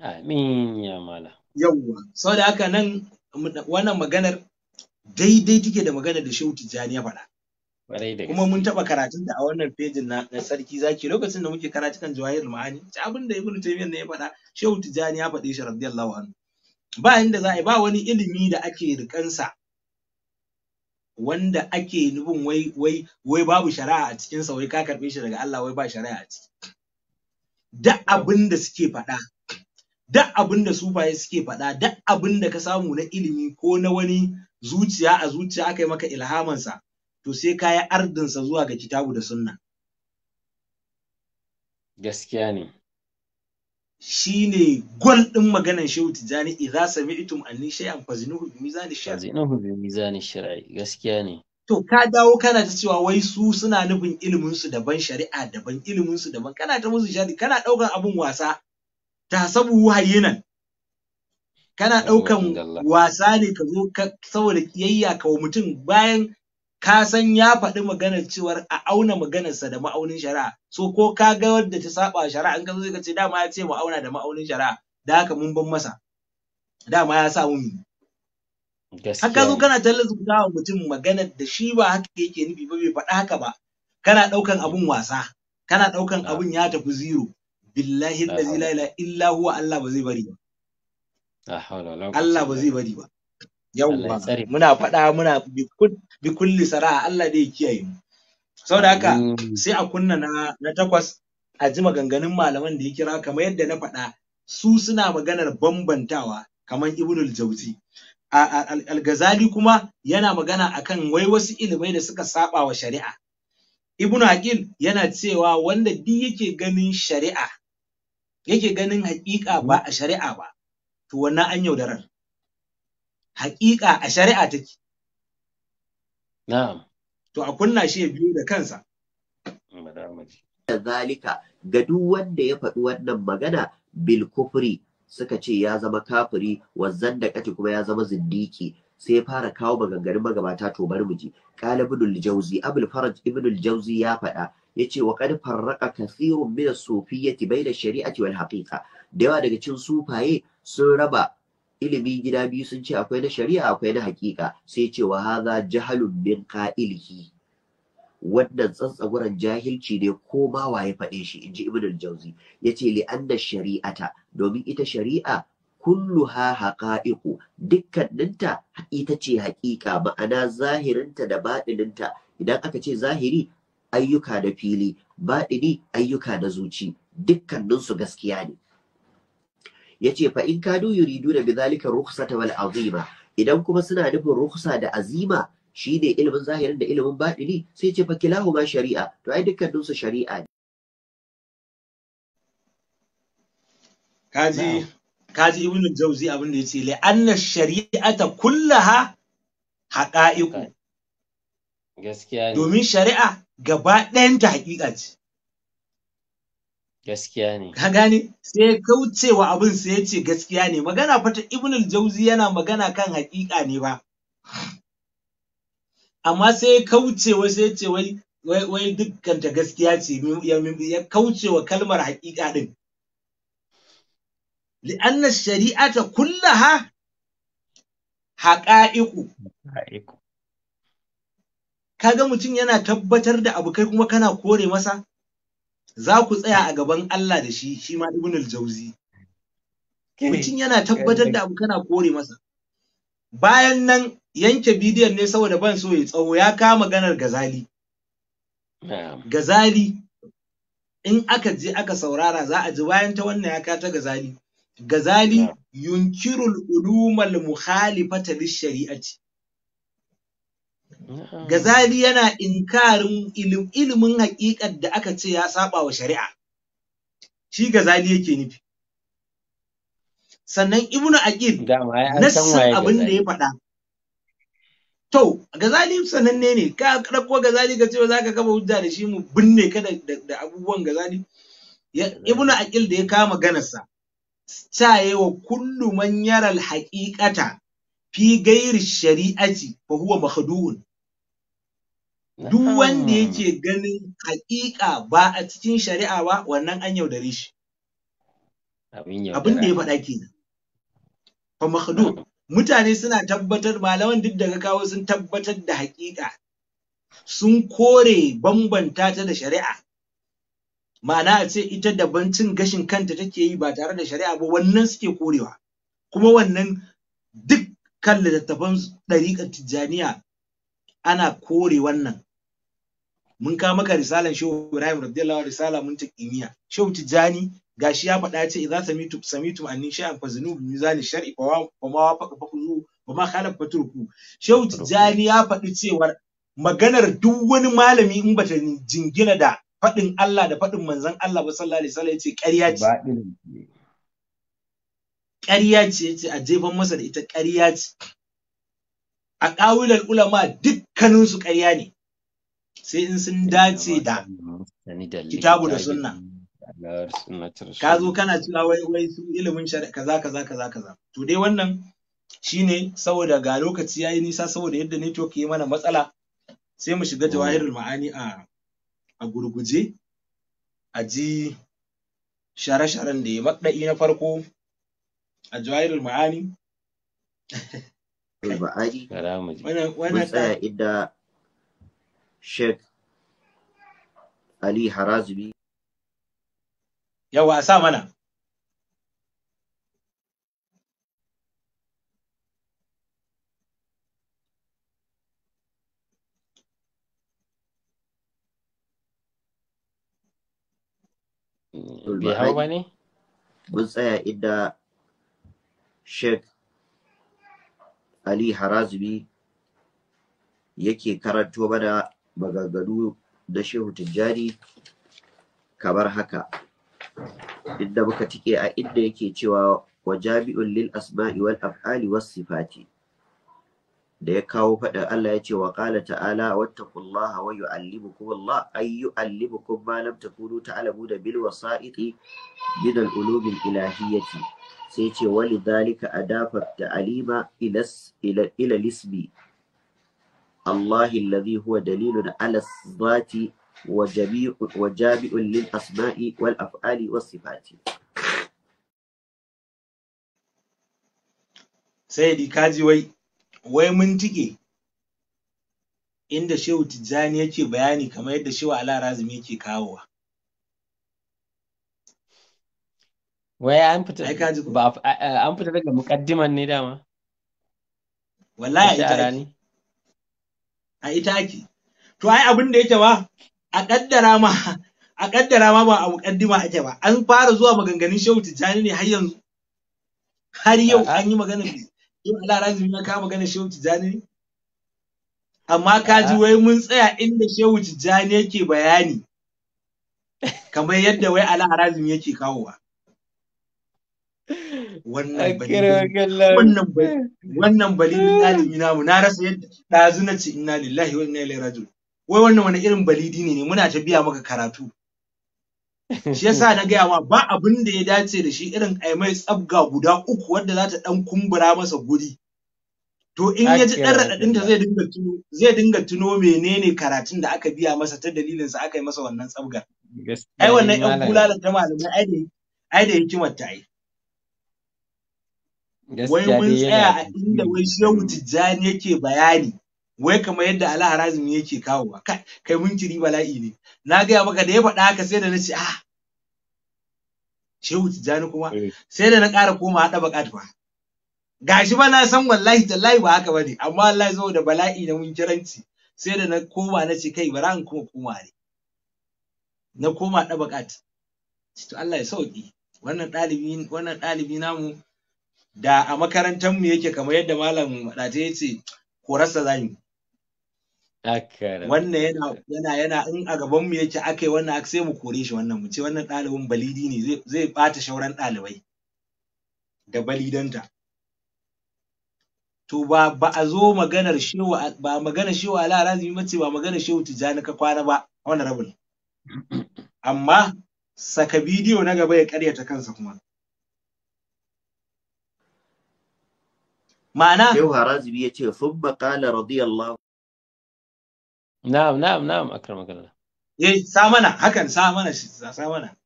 amin ya mala yawwa saboda haka nan wannan maganar daidai take da magana da Shehu Tijjani ya faɗa. Kuma mun taɓa karatun da a wannan fejin na, sarki zaki lokacin da muke karatu kan Jawahirul Ma'ani ci abin da Ibn Taymiyyah ne ya faɗa Shehu Tijjani ya faɗe shi radiyallahu anhu. Ba inda za a yi ba wani ilimi da ake rikansa wanda ake nufin wai wai wai babu shari'a a cikin sa wai ka karbe shi daga Allah wai ba shari'a a ciki. Da abin da suke faɗa duk abin da sufaye suke faɗa duk abin da ka samu na ilimi ko na wani zuciya a zuciya aka yi maka ilhamansa to sai ka yi ardinsa zuwa ga kitabu da sunna gaskiya ne shi ne gwal ɗin maganan shehu tijjani idza sami'tum ni shay'an fazinuhu bi mizani shar'i fazinuhu bi mizani shirai, gaskiya ne to ka dawo kana ta cewa wai su suna nufin ilimin su daban shari'a daban ilimin daban kana ta musu shari'a, kana ɗaukar abin wasa ta sabu nan. kana ɗaukan wasa ne ka zo saboda kiyayya ka wa mutum bayan ka san ya faɗi maganar cewar a auna maganarsa da ma'aunin shari'a so ko ka ga wadda ta saba shari'a in ka zo ka ce dama ya ce mu auna da ma'aunin shari'a da haka mun ban masa dama ya sa mun haka zo kana tallata wa mutum maganar da shi ba haka yake nufi ba bai faɗa haka ba kana ɗaukan abun wasa kana ɗaukan abun ya tafi zero billahi la ilaha illa huwa Allah ba zai bari ba Allah ba zai bari ba yawwa muna faɗa muna bi kulli sara'a Allah dai ya kiyaye mu da haka sai a kunna na, takwas a ji maganganun malaman da ya kira kamar yadda na faɗa su suna maganar bambantawa kamar ibnul jauzi al-ghazali kuma yana magana akan wai wasu ilimai da suka saba wa shari'a ibnu aqil yana cewa wanda duk yake ganin shari'a yake ganin haƙiƙa ba a shari'a ba to wannan an yaudarar haƙiƙa a shari'a take na'am to a kunna shi ya biyo da kansa da zalika ga duk wanda ya faɗi wannan magana bil kufri suka ce ya zama kafiri wazzan da kace kuma ya zama zindiki sai ya fara kawo maganganun magabata to bari mu ji qala al jawzi abul faraj al jawzi ya faɗa yace wa qad farraqa kathirun min as-sufiyyati bayna ash-shari'ati wal haqiqa da yawa daga cin sufaye sun raba ilimi gida biyu sun ce akwai na shari'a akwai na hakika sai ce wa haza jahalun min qa'ilihi wannan tsantsaguran jahilci ne ko ma wa ya faɗe shi inji ibn jauzi yace li anna shari'ata domin ita shari'a kulluha haqa'iqu dukkaninta ita ce haƙiƙa ma'ana zahirinta da baɗininta idan aka ce zahiri ayyuka da fili baɗini ayyuka da zuci dukkaninsu gaskiya ne Ya ce fa in kadu yuriduna bidhalika rukhsata wal azima idan kuma suna nufin rukhsa da azima shi ne ilimin zahirin da ilimin baɗini sai ce fa kilahu ma shari'a to ai dukkanin su shari'a ne kaji kaji ibn jauzi abin da yace la anna shari'ata kullaha haqa'iqu gaskiya domin shari'a gaba ɗayan ta haƙiƙa ce gaskiya ne ka gane sai kaucewa abin sai ya ce gaskiya ne magana fata ibnul jauzi yana magana kan haƙiƙa ne ba amma sai ya kaucewa sai ya ce wai wai dukkan ta gaskiya ce ya kaucewa kalmar haƙiƙa din li'anna shari'ata kullaha Ka kaga mutum yana tabbatar da abu kai kuma kana kore masa za ku tsaya a gaban Allah da shi shi ma ibn al-jauzi mutum yana tabbatar da abu kana kore masa bayan nan yanke bidiyon ne saboda ban so ya tsawo ya kama maganar gazali gazali in aka je aka saurara za a ji bayan ta wannan ya ta gazali gazali yunkirul ulumal mukhalifata lish shari'ati Gazali yana inkarin ilimin haƙiƙar da aka ce ya saba wa shari'a. Shi Gazali yake nufi. Sannan Ibnu Aqil nassan abin da ya faɗa. To, Gazali sananne ne, ka ɗauko Gazali ka ce za ka kafa hujja da shi mu binne ka da abubuwan Gazali. Ibnu Aqil da ya kama ganarsa. Cayewa kullu man yaral haƙiƙata fi gairi shari'ati fa huwa makhdu'un duk wanda yake ganin haƙiƙa ba a cikin shari'a ba wannan an yaudare shi abin da ya faɗa kenan fa makhdu mutane suna tabbatar malaman duk da ka kawo sun tabbatar da haƙiƙa sun kore bambanta ta da shari'a ma'ana a ce ita daban cin gashin kanta take yi ba tare da shari'a ba wannan suke korewa kuma wannan duk kan littattafan ɗariƙar tijjaniya ana kore wannan mun kawo maka risalan shehu ibrahim radiyallahu risala mun ta kimiyya shehu tijjani gashi ya faɗa ce idza samitu samitu annin shay'an fazinu bi mizani shar'i wa ma fa fakhzu fa ma turku. shehu tijjani ya faɗi cewar maganar duk wani malami in bata jingina da faɗin Allah da faɗin manzon Allah ba sallallahu alaihi wasallam yace ƙarya ce ƙarya ce ce a jefan masa da ita ƙarya ce a ƙawular ulama dukkaninsu ƙarya ne sai in sun dace da kitabu da sunna ka zo kana cewa wai wai su ilimin shari'a kaza kaza kaza kaza to dai wannan shine saboda ga lokaci yayi nisa saboda yadda network yi mana matsala sai mu shiga jawahirul ma'ani a a gurguje a ji share-sharen da ya maɗa'i na farko الجواهر المعاني المعاني وانا وانا شيخ علي حرازبي يا واسام انا mana bai hau ba Sheikh Ali Harazubi yake karanto mana maganganu da Shehu Tijjani kamar haka inda muka tike a inda yake cewa wa jami'un lil asma'i wal af'ali was sifati da ya kawo faɗin Allah ya ce wa ƙala ta'ala wattaqullaha wa yu'allimukum Allah ay yu'allimukum ma lam takunu ta'lamu da bil wasa'iqi min al ulum al ilahiyyati sai ce wali dalika a da ta'alima ila lisbi Allahin lazi huwa dalilun alas! zati wa jabi'un lil asma'i wal af'ali was sifati sai di kaji wai wai mun tike inda shehu tijjani yake bayani kamar yadda shehu ala razumi yake kawowa Wai an fita ba an fita daga mukaddiman ne dama. Wallahi ita ake. A ita ake. To ai abin da yake ba a kaddara ma a kaddara ma ba a mukaddima ake ba an fara zuwa maganganun Shehu Tijjani ne har yanzu. Har yau an yi magana yau Allah razumi na kawo magana Shehu Tijjani ne. Amma ji wai mun tsaya inda Shehu Tijjani yake bayani kamar yadda wai Allah razumi yake kawowa. wannan bali wannan na eh. ɗalibi namu na rasa yadda ɗazu na ce inna lillahi wa inna ilaihi raji'un wai wannan wani irin balidi ne muna ta biya maka karatu shi yasa na gaya ma ba abin da ya dace da shi irin ai mai tsabga guda uku wadda za ta ɗan kumbura masa guri to in ya ji ɗan raɗaɗinta zai dinga tuno zai dinga tuno menene karatun da aka biya masa ta dalilin sa aka yi masa wannan tsabgar ai wannan ƴan kulalan ta malamai ai da ai da hikimar ta ai wai mun tsaya a inda wai shehu tijjani yake bayani wai kamar yadda ala harazmi yake kawowa kai mun kiri bala'i ne na gaya maka da ya faɗa haka sai da na ce ah shehu tijjani kuma eh. sai da na ƙara koma haɗa baƙat ba gashi ba na san wallahi tallahi ba haka bane amma wallahi zo da bala'i na kiranci, sai da na koma na ce kai bara in kuma koma ne na koma ɗa baƙat to Allah ya sauƙi. wannan ɗalibi wannan ɗalibi namu da a makarantar mu yake kamar yadda malam ɗata ya ce korarsa za mu wannan yana yana yana in a gaban mu yake akai wannan sai mu kore shi wannan mu ce wannan ɗalibin balidi ne zai ɓata shauran ɗalibai da balidanta to ba ba a zo maganar shehu ba maganar shehu ala razumi mace ba maganar shehu tijani ka kwana ba honorable amma saka bidiyo na gaba ya karyata kansa kuma ma'ana shehu harazibi ya ce fubba qala radiyallahu na'am na'am na'am akramaka Allah eh sa mana hakan sa mana shi sa mana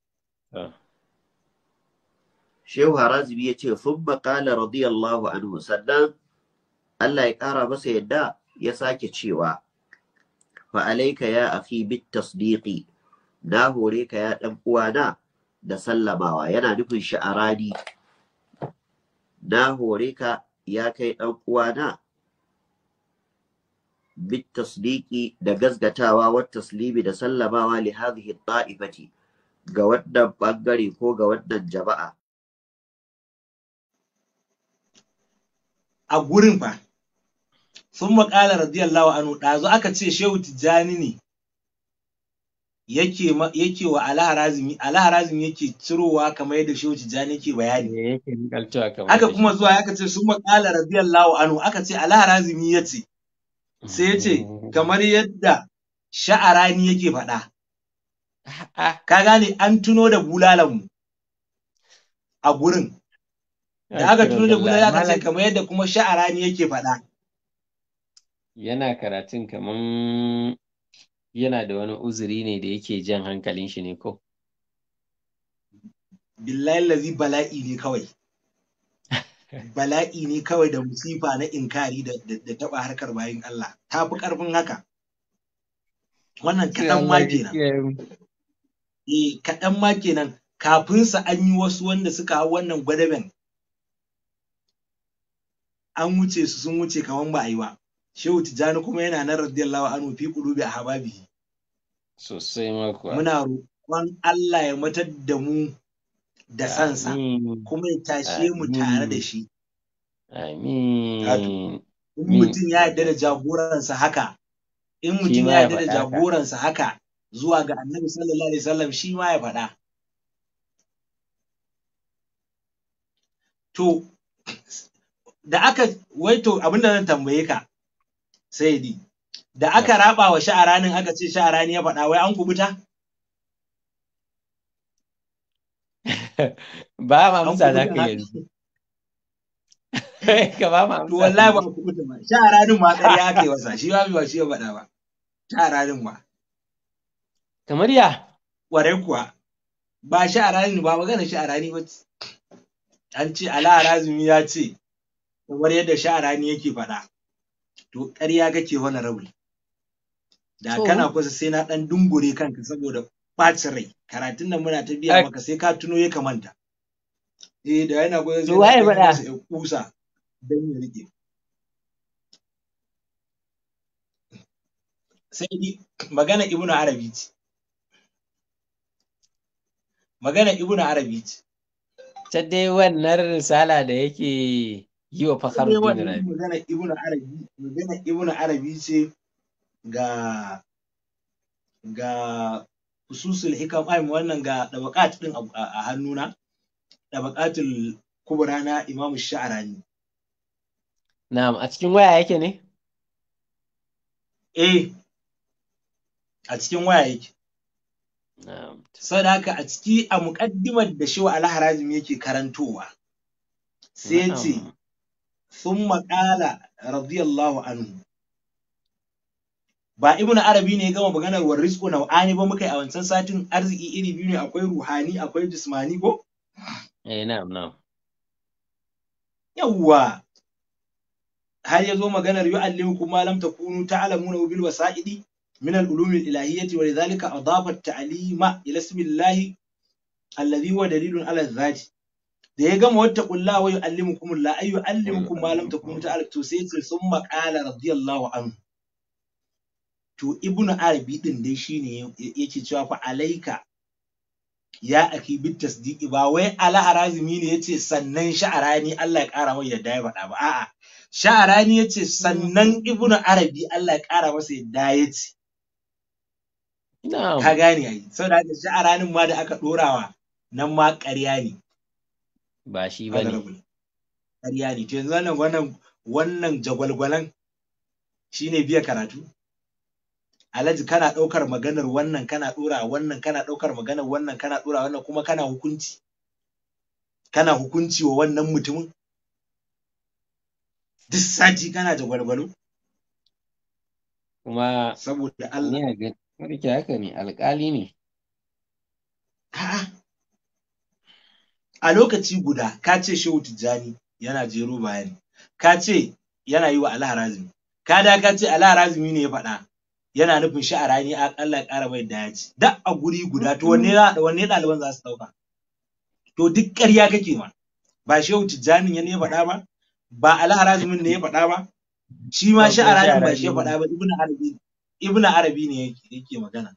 ah. shehu harazibi ya ce fubba qala radiyallahu anhu sannan Allah ya kara masa yadda ya sake cewa fa alayka ya akhi bit tasdiqi na hore ka ya dan uwana da sallamawa yana nufin sha'arani na hore ka ya kai ɗan uwana bit tasdiki da gazgatawa wa taslimi da sallamawa li hadhihi ta'ifati ga wannan bangare ko ga wannan jama'a a gurin fa sun maƙala radiyallahu anhu ɗazu aka ce shehu tijjani ne yake wa alharazimi alharazimi yake cirowa kamar yadda shehu tijjani yake bayani eh, aka kuma zuwa aka ce su makala radiyallahu anhu aka ce alharazimi ya ce sai yace ce kamar yadda sha'arani yake faɗa ah, ah. ka gane an tuno da bulalan mu a gurin da aka tuno da bulalan aka ce kamar yadda kuma sha'arani yake faɗa yana karatun kamar. yana da wani uzuri ne da yake jan hankalin shi ne ko billahi lazi bala'i ne kawai bala'i ne kawai da musifa na inkari da taɓa harkar bayan Allah ta fi ƙarfin haka wannan kaɗan ma kenan eh kaɗan ma kenan kafin sa an yi wasu wanda suka hau wannan gwadaben an wuce su sun wuce kaman ba a yi ba shehu tijjani kuma yana nan radiyallahu anhu fi qulubi ahbabihi sosai ma kuwa muna roƙon Allah ya matar da mu da sansa kuma ya tashe mu tare da shi amin in mutum ya yarda da jagoransa haka in mutum ya yarda da jagoransa haka zuwa ga annabi sallallahu alaihi wasallam shi ma ya faɗa to da aka waito abinda zan tambaye ka saidi da aka raba wa sha'aranin aka ce sha'arani ya faɗa wai an kubuta ba ma musa za ka yanzu ka ba ma musa wallahi ba kubuta ba sha'aranin ma ƙarya aka yi wasa shi ba ba shi ya faɗa ba sha'aranin ma kamar ya warai kuwa ba sha'arani ba magana sha'arani ba an ce ala razumi ya ce kamar yadda sha'arani yake faɗa to ƙarya kake wani rauni da kana kusa sai na ɗan dungure kanka saboda ɓacin rai karatun nan muna ta biya maka sai ka tuno ya kamanta eh da yana kusa sai ya kusa don ya rike sai magana ibnu arabi ce magana arabi ce ta dai wannan risala da yake yi wa fakhruddin rabi magana ibnu arabi magana ibnu arabi ce ga ga hususul hikam ai wannan ga dabaqat din a hannuna dabaqatul kubra na imamu sha'rani na'am a cikin waya yake ne eh a cikin waya yake saboda haka a ciki a muƙaddimar da shi wa alharajim yake karantowa sai ce thumma qala radiyallahu anhu ba ibn arabi ne ya gama maganar war na nau'ani ba muka yi a wancan satin arziki iri biyu ne akwai ruhani akwai jismani ko eh na'am na'am yawwa har ya zo maganar yu'allimukum kuma lam takunu ta'lamuna bil wasa'idi min al ulumi al ilahiyyati wa lidhalika adafa at ta'lima ila ismillahi alladhi huwa dalilun ala dhati da ya gama wata kulla wa yu'allimukum la ay yu'allimukum ma lam takunu ta'lam to sai ce sun maqala radiyallahu anhu to ibnu arabi din dai shine yake cewa fa alayka" ya aki bit tasdiqi ba wai ala harazimi ne yace sannan sha'arani Allah ya kara mai yadda ya faɗa ba a'a sha'arani yace sannan ibnu arabi Allah ya kara masa yadda yace ka gane ai saboda sha'aranin ma da aka dorawa nan ma ƙarya ne ba shi ba ne ƙarya ne to yanzu wannan wannan wannan jagwalgwalan shine biya karatu alhaji kana ɗaukar maganar wannan kana ɗora wannan kana ɗaukar maganar wannan kana ɗora wannan kuma kana hukunci kana hukunci wa wannan mutumin duk sati kana jagwalgwalo kuma saboda Allah ne ga ne alƙali ne a'a a lokaci guda ka ce shehu tijjani yana jero bayani ka ce yana yi wa alharazmi ka da ka ce alharazmi ne ya faɗa yana nufin shi a rani Allah ƙara bai da ya ci duk a guri guda to wanne wanne ɗaliban za su ɗauka to duk ƙarya kake ma ba shehu Tijjani ne ya faɗa ba ba alharazmin ne ya faɗa ba shi ma shi a rani ba shi ya faɗa ba ibnu arabi ibnu arabi ne yake magana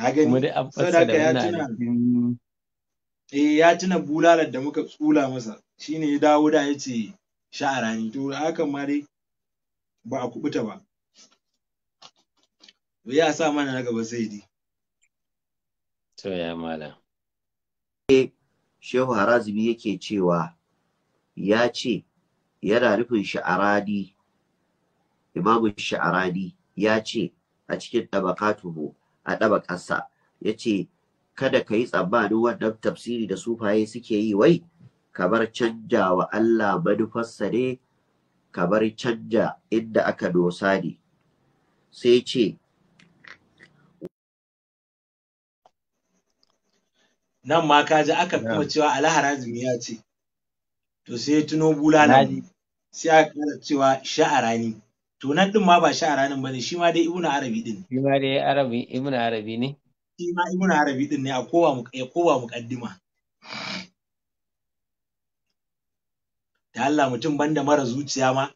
kuma dai an fassara muna da eh ya tuna bulalar da muka tsula masa shine ya dawo da ya ce sha'arani to hakan ma dai ba a kubuta ba ya sa mana na gaba sai dai to ya mala eh, Shehu Harazimi yake cewa ya ce yana nufin sha'arani Imamu sha'arani ya ce a cikin tabakatuhu a ɗaba ƙasa ya ce kada ka yi tsammanin wannan tafsiri da sufaye suke yi wai kamar canja wa Allah manufarsa ne kamar canja inda aka dosa ne sai ce nan ma ka ji aka kuma cewa alharazmi ya ce to sai tuno bulala sai aka cewa ne to nan din ma ba shi a ranar bane shi ma dai ibnu arabi din shi ma dai arabi ibnu arabi ne shi ma ibnu arabi din ne a kowa ya kowa kaddima da Allah mutum banda mara zuciya ma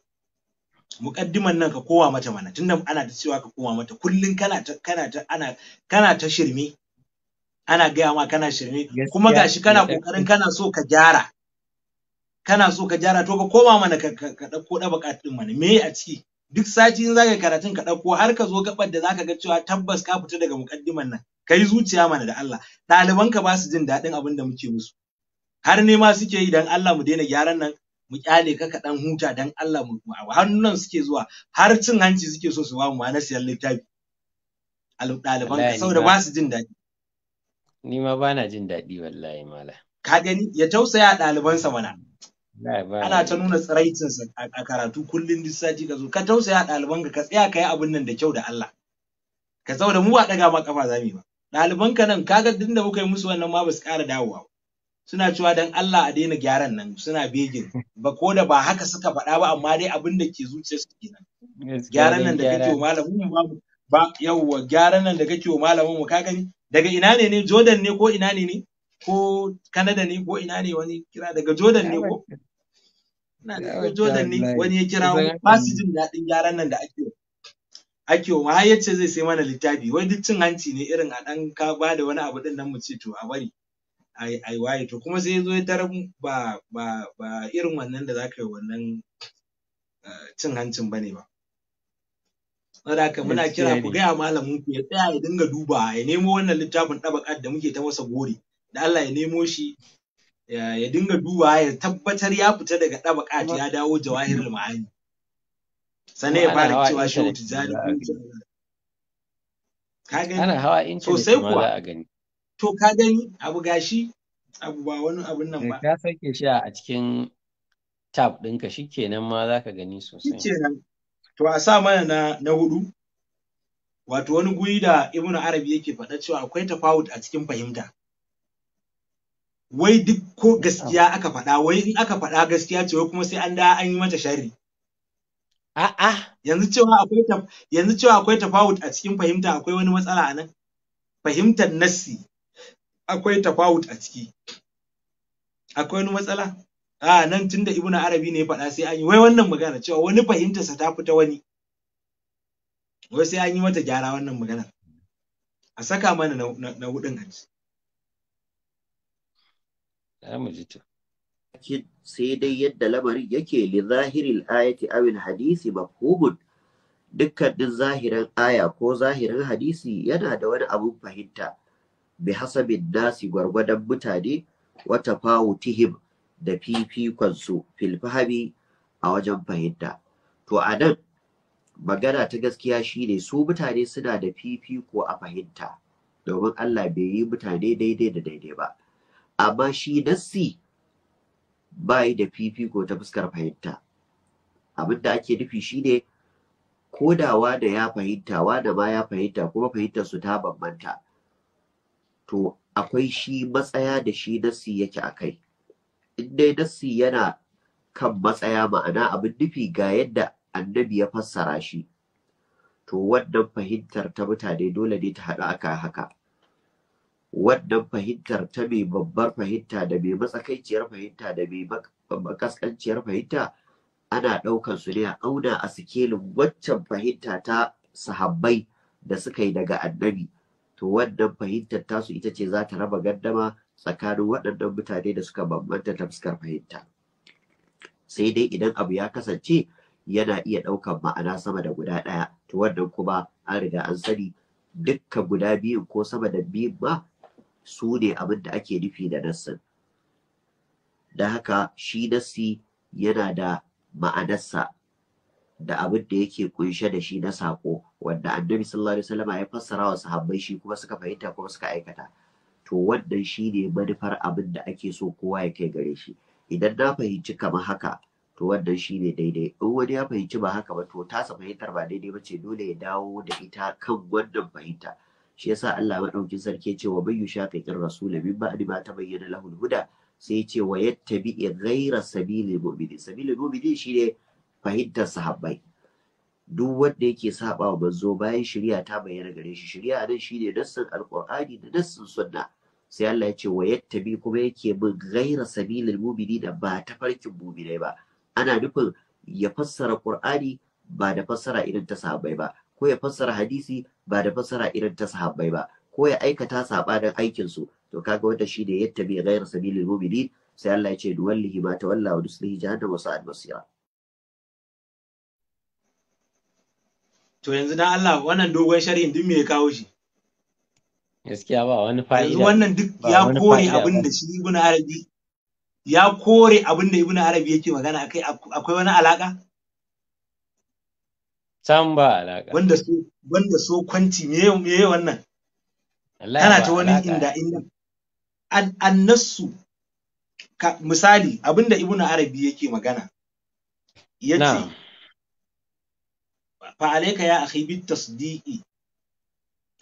Mukaddiman nan ka kowa mata mana tunda ana ta cewa ka kowa mata kullun kana ta kana ta ana kana ta shirme ana gaya ma kana shirme kuma gashi kana kokarin kana so ka gyara kana so ka gyara to ka koma mana ka ɗauko da ɗin mana me a ciki duk sati in zaka karatun ka ɗauko har ka zo gabar da zaka ga cewa tabbas ka fita daga mukaddiman nan kai zuciya mana da Allah ɗaliban ka ba su jin daɗin abin da muke musu har nema suke yi dan Allah mu daina gyaran nan mu kyale ka ka dan huta dan Allah mu nan suke zuwa har cin hanci suke so su ba mu na siyan littafi ɗaliban ka saboda ba su jin daɗi ni ma bana jin daɗi wallahi mala ka gani ya tausaya ɗalibansa mana ana ta nuna tsiraicinsa a karatu kullum duk sati ka zo ka tausaya ɗalibanka ka tsaya ka yi abin nan da kyau da Allah ka da mu ba ɗaga ma kafa zami ba ɗalibanka nan kaga duk da muka yi musu wannan ma ba su ƙara dawowa suna cewa dan Allah a daina gyaran nan suna begin ba ko da ba haka suka faɗa ba amma dai abin da ke zuciya su kenan gyaran nan da kake wa malamin mu ba yawwa gyaran nan da kake wa malamin mu ka gani daga ina ne ne Jordan ne ko ina ne ne ko Canada ne ko ina ne wani kira daga Jordan ne ko ina daga Jordan ne wani ya kira ba su jin daɗin gyaran nan da ake ake wa har yace zai sai mana littafi wai duk cin hanci ne irin a ɗan ka ba da wani abu ɗin nan mu ce to a bari ai ai waye to kuma sai ya zo ya tarar ba ba ba irin wannan da zaka yi wannan eh, cin hancin bane ba saboda haka muna kira ku gaya malamin ku ya tsaya ya dinga duba ya nemo wannan littafin ɗab'aƙar da muke ta masa gori da Allah ya nemo shi ya dinga duba ya tabbatar ya fita daga ɗab'aƙa ya dawo jawahir ma'ani sannan ya fara cewa shi wata jari ka gani ana hawa a gani. to ka gani abu gashi abu ba wani abun nan ba ka sake shi a cikin tab ɗinka shikenan ma za ka gani sosai shikenan to a sa mana na na hudu wato wani guri da ibnu arabi yake faɗa cewa akwai tafawut a cikin fahimta wai duk ko gaskiya aka faɗa wai in aka faɗa gaskiya ce wai kuma sai an da an yi mata sharri a'a yanzu cewa akwai yanzu cewa akwai tafawut a cikin fahimta akwai wani matsala a nan fahimtar nassi akwai tafawut a ciki akwai wani matsala a nan tunda ibnu arabi ne ya faɗa sai an yi wai wannan magana cewa wani fahimtarsa ta fita wani wai sai an yi mata gyara wannan maganar a saka mana na hudun hanci sai dai yadda lamarin yake li zahiril ayati awil hadisi mafhumun dukkanin zahirin aya ko zahirin hadisi yana da wani abun fahimta bi hasabin nasi gwargwadon mutane wata fawu-tihim da fifikonsu fil a wajen fahimta to a nan magana ta gaskiya shine su mutane suna da fifiko a fahimta domin Allah bai yi mutane daidai da daidai ba amma shi nassi ba yi da fifiko ta fuskar fahimta abin da ake nufi shine kodawa da ya fahimta wa da ba ya fahimta kuma fahimtar su ta bambanta to akwai shi matsaya da shi nassi yake a kai in dai nassi yana kan matsaya ma'ana abin nufi ga yadda annabi ya fassara shi to wannan fahimtar ta mutane dole ne ta haɗu aka haka wannan fahimtar ta mai babbar fahimta da mai matsakaiciyar fahimta da mai makaskanciyar fahimta ana ɗaukan su ne a auna a sikelin waccan fahimta ta sahabbai da suka yi daga annabi to wannan fahimtar tasu ita ce za ta raba gandama tsakanin waɗannan mutane da suka bambanta ta fuskar fahimta sai dai idan abu ya kasance yana iya ɗaukan ma'ana sama da guda ɗaya to wannan kuma an riga an sani dukka guda biyun ko sama da biyun ma su ne abin da ake nufi da nassin da haka shi nassi yana da ma'anarsa da abin da yake kunshe da shi na sako. wanda annabi sallallahu alaihi wasallam ya fassara wa sahabbai shi kuma suka fahimta kuma suka aikata to wannan shi ne manufar abin da ake so kowa ya kai gare shi idan na fahimci kamar haka to wannan shi ne daidai in wani ya fahimci ba haka ba to tasa fahimtar ba daidai ba ce dole ya dawo da ita kan wannan fahimta shi yasa Allah madaukin sarki ya ce wa bayyu shaqiqir rasul min ba'di ma tabayyana lahu huda sai ya ce wa yattabi ghayra sabilil mu'minin sabilil mu'minin shine fahimtar sahabbai duk wanda yake saba wa manzo bayan shari'a ta bayyana gare shi shari'a nan shine dassan alqur'ani da dassan sunna sai Allah ya ce wa yattabi kuma yake bin ghaira sabilil da ba ta farkin mu'minai ba ana nufin ya fassara qur'ani ba da fassara irin ta sahabbai ba ko ya fassara hadisi ba da fassara irin ta sahabbai ba ko ya aikata sabanin aikin su to kaga wanda shi da bi ghayr sabilil mu'minin sai Allah ya ce duwallihi ma tawalla wa duslihi jahannam wa sa'at masira to yanzu dan Allah wannan dogon sharhin duk me ya kawo shi gaskiya ba wani fa'ida yanzu wannan duk ya kore abin da shi ibnu arabi ya kore abin da ibnu arabi yake magana akai akwai wani alaka can ba alaka wanda so wanda so kwanci me me wannan tana ta wani inda inda an annasu ka misali abinda ibnu arabi yake magana yace no. fa alayka ya akhi bit tasdiqi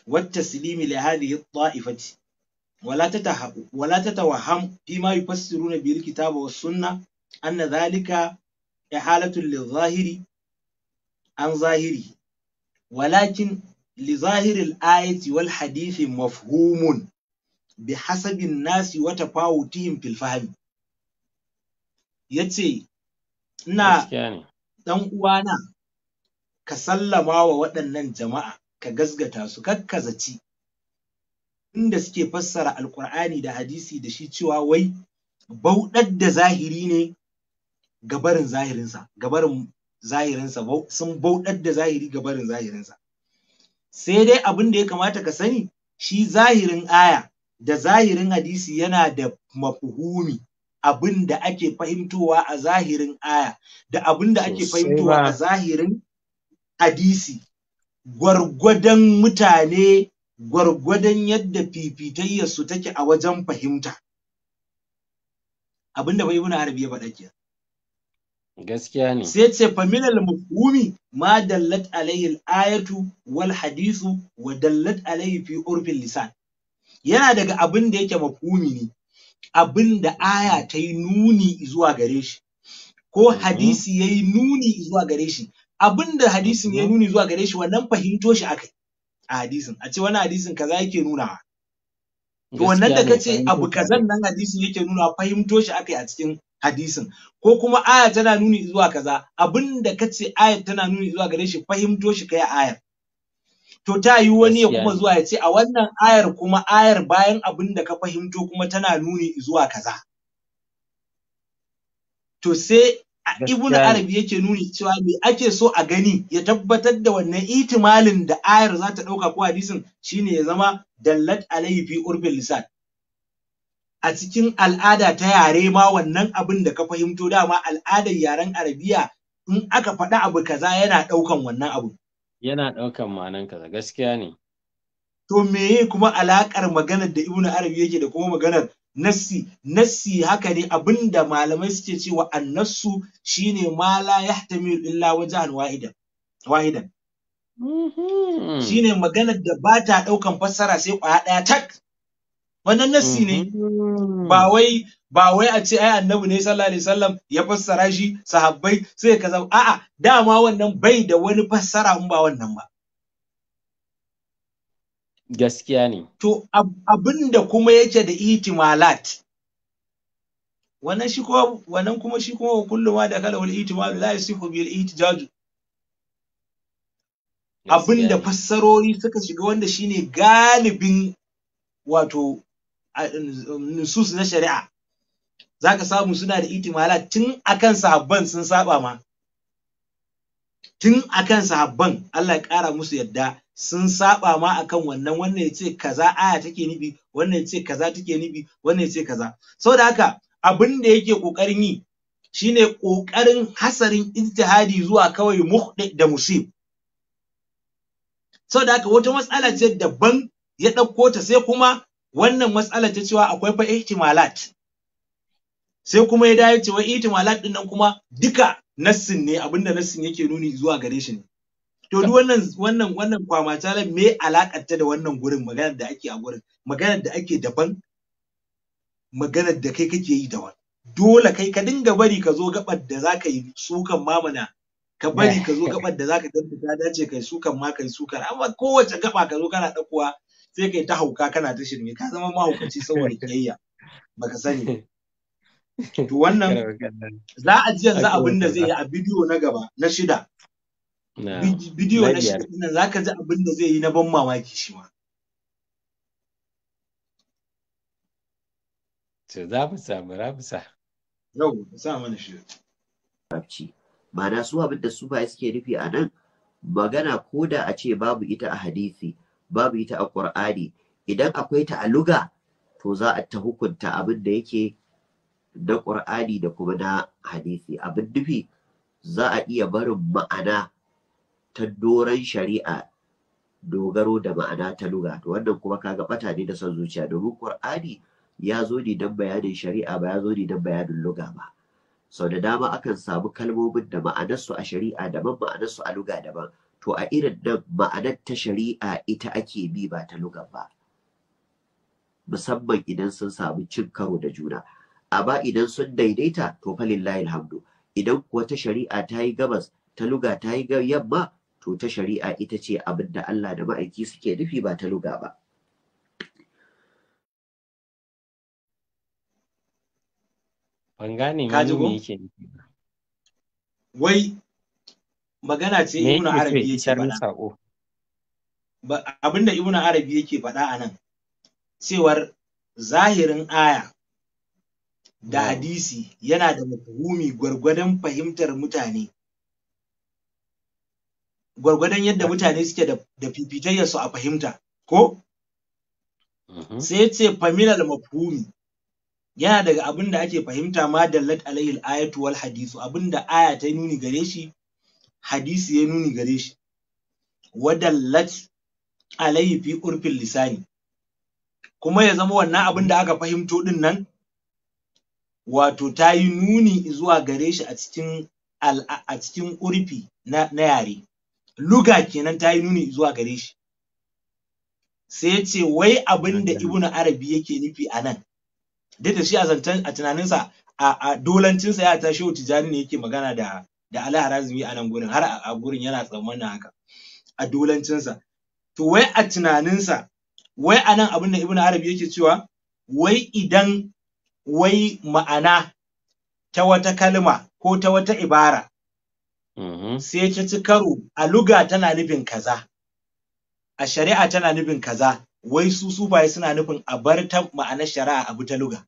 wat taslim li hadhihi at-ta'ifati wala tatahabu wala tatawaham fi ma yufassiruna bil kitabi was sunnah anna dhalika ihalatun lil zahiri an zahiri walakin li zahiril ayati wal hadithi mafhumun bi hasabin nasi wa tafawutihim fil fahmi yace ina dan uwana ka sallama wa waɗannan jama'a ka gasgata su zaci inda suke fassara Alƙur'ani da hadisi da shi cewa wai bauɗar da zahiri ne gabarin zahirinsa gabarin zahirinsa sun bauɗar da zahiri ga barin zahirinsa sai dai abin da ya kamata ka sani shi zahirin aya da zahirin hadisi yana da mafuhumi abin da ake fahimtowa a zahirin aya da abin da ake fahimtowa a zahirin hadisi gwargwadon mutane gwargwadon yadda fifitayyarsu take a wajen fahimta abin da muna harbi ya faɗa kenan gaskiya ne sai ce faminal mafhumi ma dallat alayhi ayatu wal hadisu wa dallat alayhi fi urfin lisan yana daga abin da yake mafhumi ne abin da aya ta yi nuni zuwa gare shi ko mhm. hadisi ya yi nuni zuwa gare shi abin da hadisin ya yi mhm. nuni zuwa gare shi wannan fahimto shi akai a hadisin a ce wani hadisin kaza yake wa?" to wannan da ka ce, abu kazan nan hadisin yake nuna fahimto shi akai a cikin hadisin ko kuma aya tana nuni zuwa kaza abinda da kace ayar tana nuni zuwa gare shi fahimto shi kai ayar to ta yi wani ya kuma zuwa ya ce a wannan ayar kuma ayar bayan abinda ka fahimto kuma tana nuni zuwa kaza to sai ibn arabi yake nuni cewa me ake so a gani ya tabbatar da wannan itimalin da ayar za ta ɗauka ko hadisin shine ya zama dallat alayhi fi urbil lisan a cikin al'ada ta yare ma wannan abin da ka fahimto dama al'adar yaren arabiya in aka faɗi abu kaza yana ɗaukan wannan abu. Yana ɗaukan ma'anan kaza gaskiya ne. To meye kuma alaƙar maganar da Ibn Arabi yake da kuma maganar nassi nassi haka ne abin da malamai suke cewa annassu shine ma la yahtamilu illa wajhan wahidan wahidan mhm. shine maganar da ba ta ɗaukan fassara sai ƙwaya ɗaya tak wannan nassi ne mhm. ba wai ba wai a ce ai annabi ne sallallahu alaihi wasallam ya fassara shi sahabbai sai zama a'a dama wannan bai da wani fassara in ba wannan ba gaskiya ne to abinda kuma yake da ihtimalat wannan shi kuma wannan kuma shi kuma kullu ma da wal ihtimalu la yasihu bil ihtijaju abinda fassarori suka shiga wanda shine galibin wato nusus na shari'a zaka samu suna da itimala tun akan sahabban sun saba ma tun akan sahabban Allah ya kara musu yadda sun saba ma akan wannan wannan yace kaza aya take nufi wannan yace kaza take nufi wannan yace kaza saboda haka abin da yake kokarin yi shine kokarin hasarin ijtihadi zuwa kawai muhdi da musib saboda haka wata matsala ce daban ya ɗauko ta sai kuma wannan matsalar ta cewa akwai fa ihtimalat sai kuma ya dace wa ihtimalat din nan kuma duka nassin ne abinda nassin yake nuni zuwa gare shi ne to duk wannan wannan wannan kwamata me alakar ta da wannan gurin maganar da ake a gurin maganar da ake daban maganar da kai kake yi daban dole kai ka dinga bari ka zo gabar da zaka yi sukan mamana ka bari ka zo gabar da zaka ganta ta dace kai sukan ma kai sukar amma kowace gaba ka zo kana dakuwa sai kai ta hauka kana ta shirme ka zama mahaukaci saboda kiyayya baka sani to wannan za a ji yanzu abin da zai yi a bidiyo na gaba na shida bidiyo na shida nan za ka ji abin da zai yi na ban mamaki shi ma to za mu samu za sa yau sa mana shi da su abin da su ba suke rufi a nan magana ko da a ce babu ita a hadisi babu ita a Qur'ani idan akwai ta a luga to za a ta hukunta abin da yake na ƙur'ani da kuma na hadisi abin dufi, za a iya barin ma'ana ta doron shari'a dogaro da ma'ana ta luga to wannan kuma kaga bata ne da son zuciya domin ƙur'ani ya zo ne don bayanin shari'a ba ya zo ne don bayanin luga ba sau da dama akan samu kalmomin da ma'anarsu a shari'a daban ma'anarsu a luga daban to a irin nan ma'anar ta shari'a ita ake bi ba ta lugan ba musamman idan sun samu cin karo da juna amma idan sun daidaita to fa lillahi alhamdu idan kuwa ta shari'a ta yi gabas ta luga ta yi yamma to ta shari'a ita ce abin da Allah da ma'aiki suke nufi ba ta luga ba ban gane me yake wai magana ce ibnu arabi yake faɗa abinda ibnu arabi yake faɗa anan cewar zahirin aya da hadisi yana da mafhumi gwargwadon fahimtar mutane gwargwadon yadda mutane suke da fifitayya su a fahimta ko mm-hmm. sai ya ce familial mafhumi yana daga abin da ake fahimta ma dallat alayhi ayatu wal hadisu abin aya ta nuni gare shi hadisi ya nuni gare shi wadallat alayhi fi urfin lisani kuma ya zama wannan abin da aka fahimto din nan wato ta yi nuni zuwa gare shi a cikin a cikin urfi na, yare luga kenan ta yi nuni zuwa gare shi sai ya ce wai abin da ibnu arabi yake nufi a nan duk da shi a tunaninsa a, dolancinsa ya tashi tijani ne yake magana da da ala harazmi a nan gurin har a gurin yana tsammanin haka a dolancinsa to wai a tunaninsa wai a nan abin da ibn arabi yake cewa wai idan wai ma'ana ta wata kalma ko ta wata ibara mm-hmm. sai ta ci karo a luga tana nufin kaza a shari'a tana nufin kaza wai su su baya suna nufin a bar ta ma'anar shari'a abu ta luga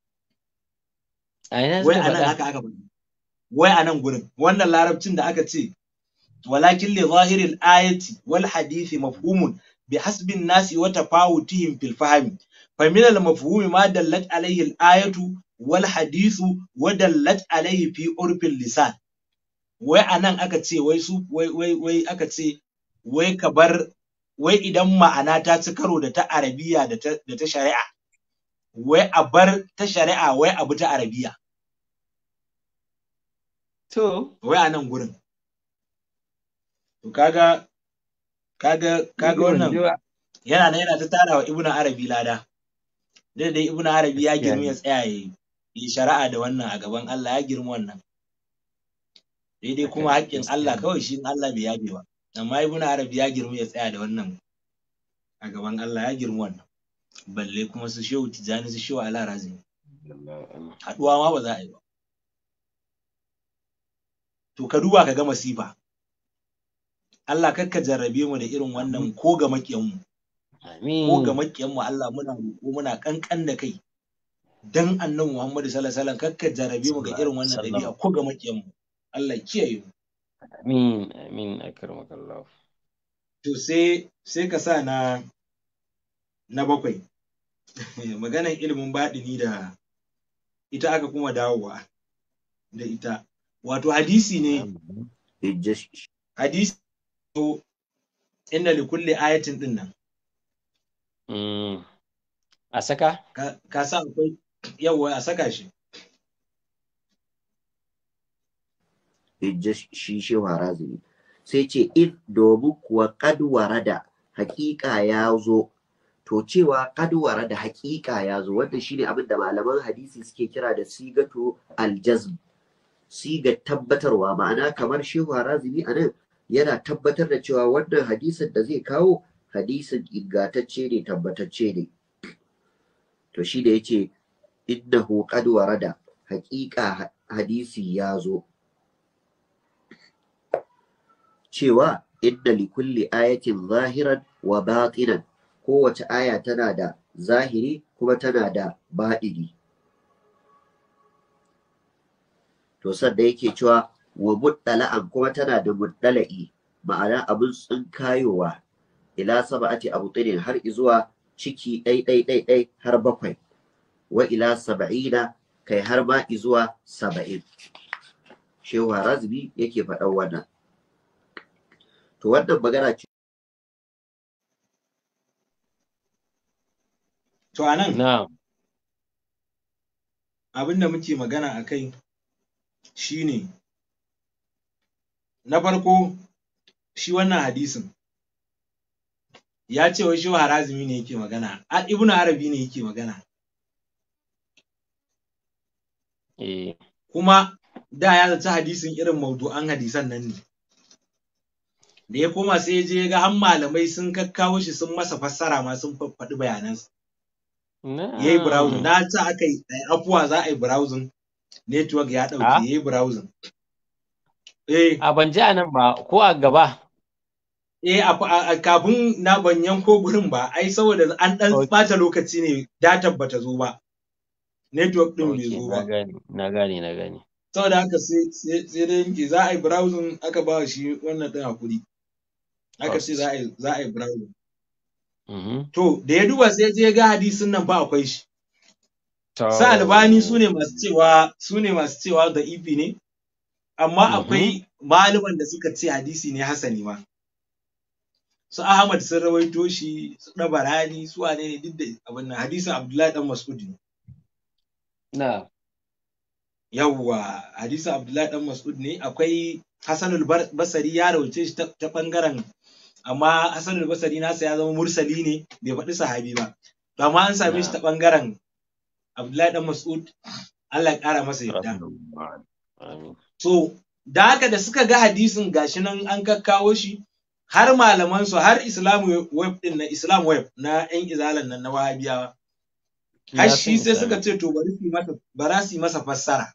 wai a nan haka aka faɗi wai a nan gurin wannan larabcin da aka ce walakin li zahiril ayati wal hadisi mafhumun bi hasbin nasi wa tafawutihim fil fahmi fa min al mafhumi ma dallat alayhi al ayatu wal hadisu wa dallat alayhi fi urfil lisan wai anan aka ce wai su wai wai aka ce wai ka bar wai idan ma'ana ta ci karo da ta arabiya da ta shari'a wai a bar ta shari'a wai abu ta arabiya to wai a nan gurin to kaga kaga kaga wannan yana nan yana ta tara wa ibnu arabi lada Dai dai ibnu arabi ya girma ya tsaya ya yi shari'a da wannan a gaban Allah ya girma wannan daidai kuma haƙƙin Allah kawai shi Allah bai yabe ba amma ibnu arabi ya girma ya tsaya da wannan a gaban Allah ya girma wannan balle kuma su shehu tijani su shehu ala razi. haɗuwa ma ba za a yi ba to ka duba ka ga masifa Allah kar ka jarrabe mu da irin wannan ko ga makiyanmu ko ga makiyanmu Allah muna roƙo muna kankan da kai dan annabi Muhammadu sallallahu alaihi wasallam kar ka jarrabe mu ga irin wannan dabi'a ko ga makiyanmu Allah kiyaye mu amin amin akramakallah to sai sai ka sa na na bakwai maganan ilimin baɗini da ita aka kuma dawowa da ita wato hadisi ne hadisi to inna li kulli ayatin din nan mm. a saka ka sa akwai yawa a saka shi shi shi harazini sai ce if domin kuwa kadwara da hakika ya zo to cewa kadwara da hakika ya zo wanda shine abin da malaman hadisi suke kira da sigatu aljazm siga tabbatarwa ma'ana kamar shehu harazimi a nan yana tabbatar da cewa wannan hadisin da zai kawo hadisin ingantacce ne tabbatacce ne to shi da yace innahu qad warada haƙiƙa hadisi ya zo cewa inna li kulli ayatin zahiran wa batinan kowace aya tana da zahiri kuma tana da baɗini to sanda yake cewa wa an kuma tana da muddala'i ma'ana abin tsinkayowa ila sab'ati abutinin har zuwa ciki ɗai ɗai ɗai dai har bakwai wa ila saba'ina kai har ma zuwa saba'in shewa razbi yake faɗan wannan to wannan magana ce to anan na'am abin da muke magana akai kai shine na farko shi wannan hadisin ya ce wai shi harazimi ne yake magana a ibnu arabi ne yake magana eh kuma da ya zata hadisin irin maudu'an hadisan nan ne da ya koma sai ya je ga an malamai sun kakkawo shi sun masa fassara ma sun faɗi bayanansa ya yi browsing na ta aka yi afuwa za a yi browsing network ya dauke ah? yayi browsing eh a ban ji anan ba ko a gaba eh a kafin na ban yanko gurin ba ai saboda an dan bata lokaci ne data bata zo ba network din bai zo ba na gane na gane saboda haka sai dai muke za a yi browsing aka ba shi wannan ɗin hakuri aka ce za a yi browsing mhm. to da ya duba sai ya ga hadisin nan ba akwai shi sa albani su ne masu cewa su ne masu cewa da ifi ne amma mhm. akwai malaman da suka ce hadisi ne hasani ma su ahmad sun rawaito shi su dabarani su wane ne duk da abin nan hadisin abdullahi dan mas'ud ne na yawwa hadisin abdullahi dan mas'ud ne akwai hasanul basari ya rawace shi ta bangaren amma hasanul basari nasa ya zama mursali ne bai faɗi sahabi ba to amma an same shi ta bangaren Abdullahi dan Mas'ud Allah ya ƙara masa yadda. So, da haka da suka ga hadisin gashi nan an kakkawo shi har malaman su har Islam web din na Islam web na ƴan izalan nan na Wahabiyawa. Har shi sai suka ce to bari su masa bara su masa fassara.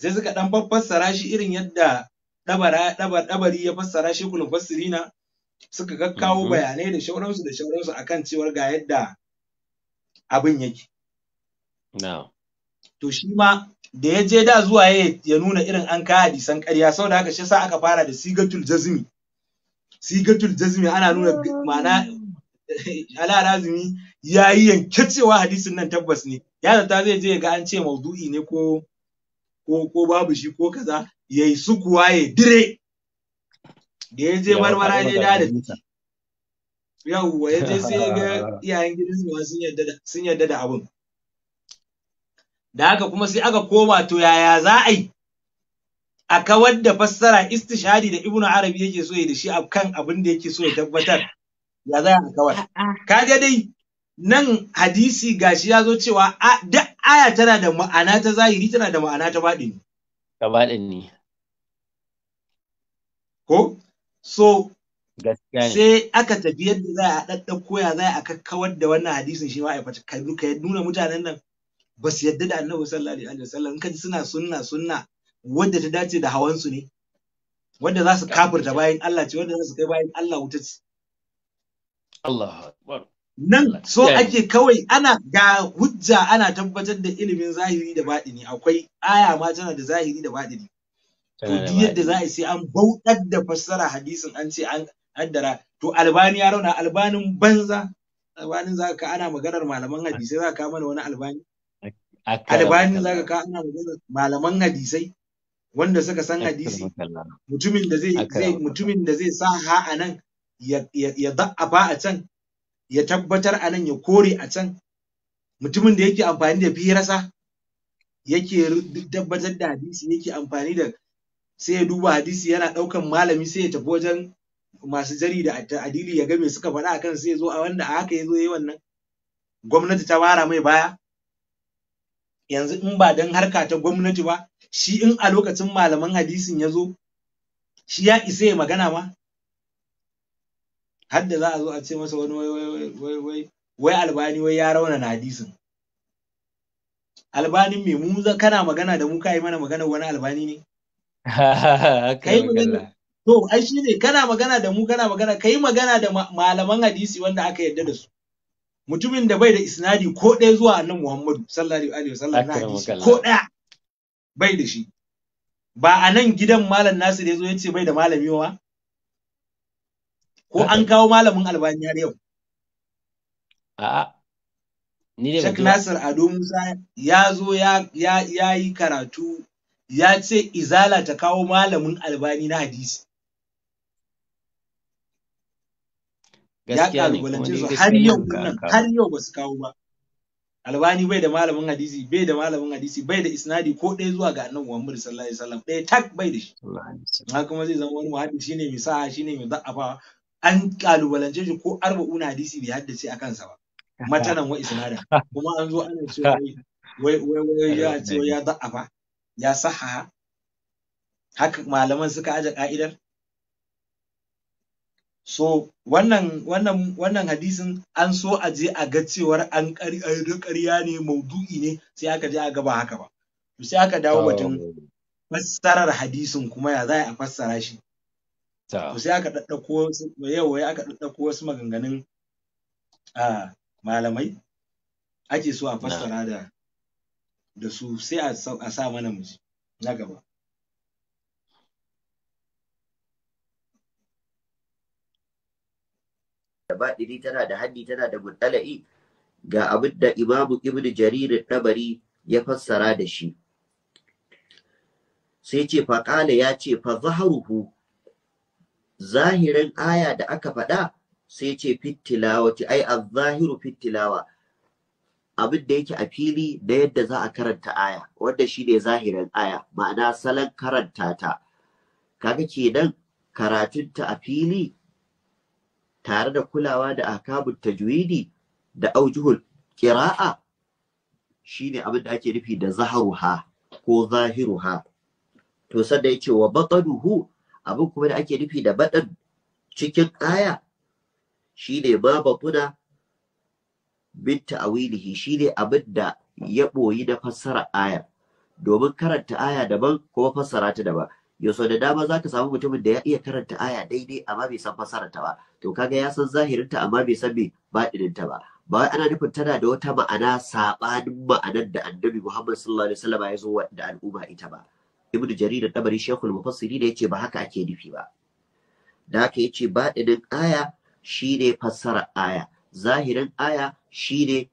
Sai suka dan fassara shi irin yadda dabara dabari ya fassara shi kulun fassirina suka kakkawo mhm. bayanai da shauransu da shauransu akan cewar ga yadda abin yake. to shi ma da ya je da zuwa ya nuna irin an kaya hadisan ƙarya da haka shi sa aka fara da sigatul jazmi sigatul jazmi ana nuna mana ala razumi ya yi yanke cewa hadisin nan tabbas ne ya zata zai je ga an ce maudu'i ne ko ko ko babu shi ko kaza yayi sukuwa ya dire da ya je marmara ne da da yawwa ya je sai ya ga iyayen gidan sun yarda da abin da haka kuma sai aka koma to yaya za a yi a kawar da fassara istishadi da ibnu arabi yake so ya da shi a kan abin da yake so ya tabbatar ya za a kawar kaga dai nan hadisi gashi ya zo cewa duk aya tana da ma'ana ta zahiri tana da ma'ana ta baɗini ta ko so sai aka tafi yadda za a ɗaɗɗauko ya za a kakkawar da wannan hadisin shi ma ka nuna mutanen nan ba su yadda da annabi sallallahu alaihi wasallam in kaji suna sunna sunna wadda ta dace da hawan su ne wadda za su kafirta bayan Allah ce wadda za su kai bayan Allah wuta ce Allah nan so ake kawai ana ga hujja ana tabbatar da ilimin zahiri da baɗini akwai aya ma tana da zahiri da baɗini to duk yadda za a yi sai an bautar da fassara hadisin an ce an addara to albani ya rauna albanin banza albanin za ka ana maganar malaman hadisi. za ka mana wani albani albani zaka ka ana magana malaman hadisai wanda suka san hadisi mutumin da zai mutumin da zai sa ha a nan ya da'afa a can ya tabbatar a nan ya kore a can mutumin da yake amfani da firasa yake tabbatar da hadisi yake amfani da sai ya duba hadisi yana ɗaukan malami sai ya tafi wajen masu jari da adili ya ga me suka faɗa akan sai ya zo a wanda a haka ya zo ya yi wannan gwamnati ta bara mai baya yanzu in ba don harka ta gwamnati ba shi in a lokacin malaman hadisin ya zo shi ya isa ya magana ma har da za a zo a ce masa wani wai wai wai albani wai ya raunana hadisin albanin me mu kana magana da mu ka yi mana magana wani albani ne kai magana to ai shine kana magana da mu kana magana kai magana da malaman hadisi wanda aka yarda da su mutumin da bai da isnadi ko ɗaya zuwa annabi Muhammadu sallallahu alaihi wasallam na hadisi ko ɗaya bai da shi ba a nan gidan malam nasu ya zo ya ce bai da malami wa ko an kawo malamin albani har yau a'a ni dai Sheikh Nasir Ado Musa ya zo ya ya yi karatu ya ce izala ta kawo malamin albani na hadisi ya kalubalance su har yau har yau ba su kawo ba albani bai da malamin hadisi bai da malamin hadisi bai da isnadi ko ɗaya zuwa ga annabi Muhammad sallallahu alaihi wasallam ɗaya tak bai da shi na kuma zai zama wani muhaddis shine mai sa'a shine mai da'afa an kalubalance shi ko arba'un hadisi bai haddace a kansa ba matanan wa isnadin kuma an zo ana cewa wai wai wai ya ce ya da'afa ya saha haka malaman suka aje ka'idar so wannan wannan wannan hadisin an so a je a ga cewar an ƙarya ne maudu'i ne sai aka je a ga ba haka ba to sai aka dawo batun fassarar hadisin kuma ya za a fassara shi to sai aka daddako yau wai aka daddako wasu maganganun a malamai ake so a fassara da da su sai a sa mana mu na gaba da baɗiri tana da haddi tana da muttala'i ga abin da imamu ibn Jaririn Ɗabari ya fassara da shi sai ce faƙala ya ce fa zaharuhu zahirin aya da aka faɗa sai ce ce ai az-zahiru fittilawa abin da yake a fili da yadda za a karanta aya wanda shi ne zahirin aya ma'ana salon karanta ta kaga kenan karatunta a fili tare da kulawa da akabun tajwidi da aujuhul qira'a shine abin da ake nufi da zaharuha ko zahiruha to ya ce wa bataduhu abin kuma da ake nufi da baɗan cikin aya shine ma batuna bin ta'awilihi shine abin da ya boyi da fassara aya domin karanta aya daban kuma fassara ta daban yau sau da dama za ka samu mutumin da ya iya karanta aya daidai amma bai san fasararta ba to kaga ya san zahirinta amma bai san me baɗininta ba ba wai ana nufin tana da wata ma'ana saɓanin ma'anar da annabi Muhammad sallallahu alaihi wasallam ya zo da al'umma ita ba Ibnu Jarir da Tabari shekul Mufassiri da yace ba haka ake nufi ba da haka yace baɗinin aya shine fassara aya zahirin aya shine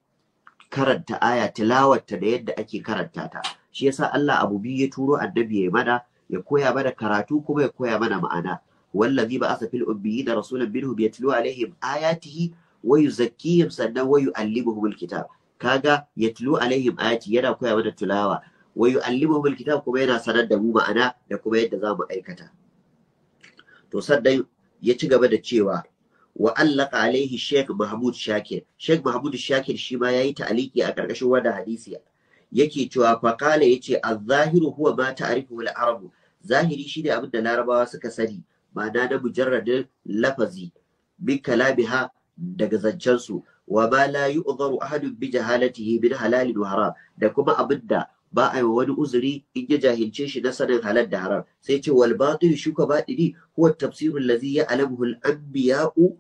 karanta aya tilawarta da yadda ake karanta ta shi yasa Allah abu biyu ya turo annabi ya yi mana ya koya mana karatu kuma ya koya mana ma'ana wallazi ba asa fil ummiyina rasulan minhum yatlu alaihim ayatihi wa yuzakkihim sannan wa yu'allimuhum alkitab kaga yatlu alaihim ayati yana koya mana tilawa wa yu'allimuhum alkitab kuma yana sanar da mu ma'ana da kuma yadda za mu aikata to sannan ya ci gaba da cewa wa allaka alaihi sheikh mahmud shakir sheikh mahmud shakir shi ma yayi ta'aliki a karkashin wannan hadisi yake cewa faqala yace az-zahiru huwa ma ta'rifu al-arab zahiri shine abin da larabawa suka sani ma'ana na mujarradin lafazi bi kalabiha daga zancen su wa ma la yu'dharu ahadun bi jahalatihi min halal wa haram da kuma abin da ba a yi wani uzuri in ya jahilce shi na sanin halal da haram sai ce wal batil shuka batili huwa tafsirul ladhi ya'lamuhu al-anbiya'u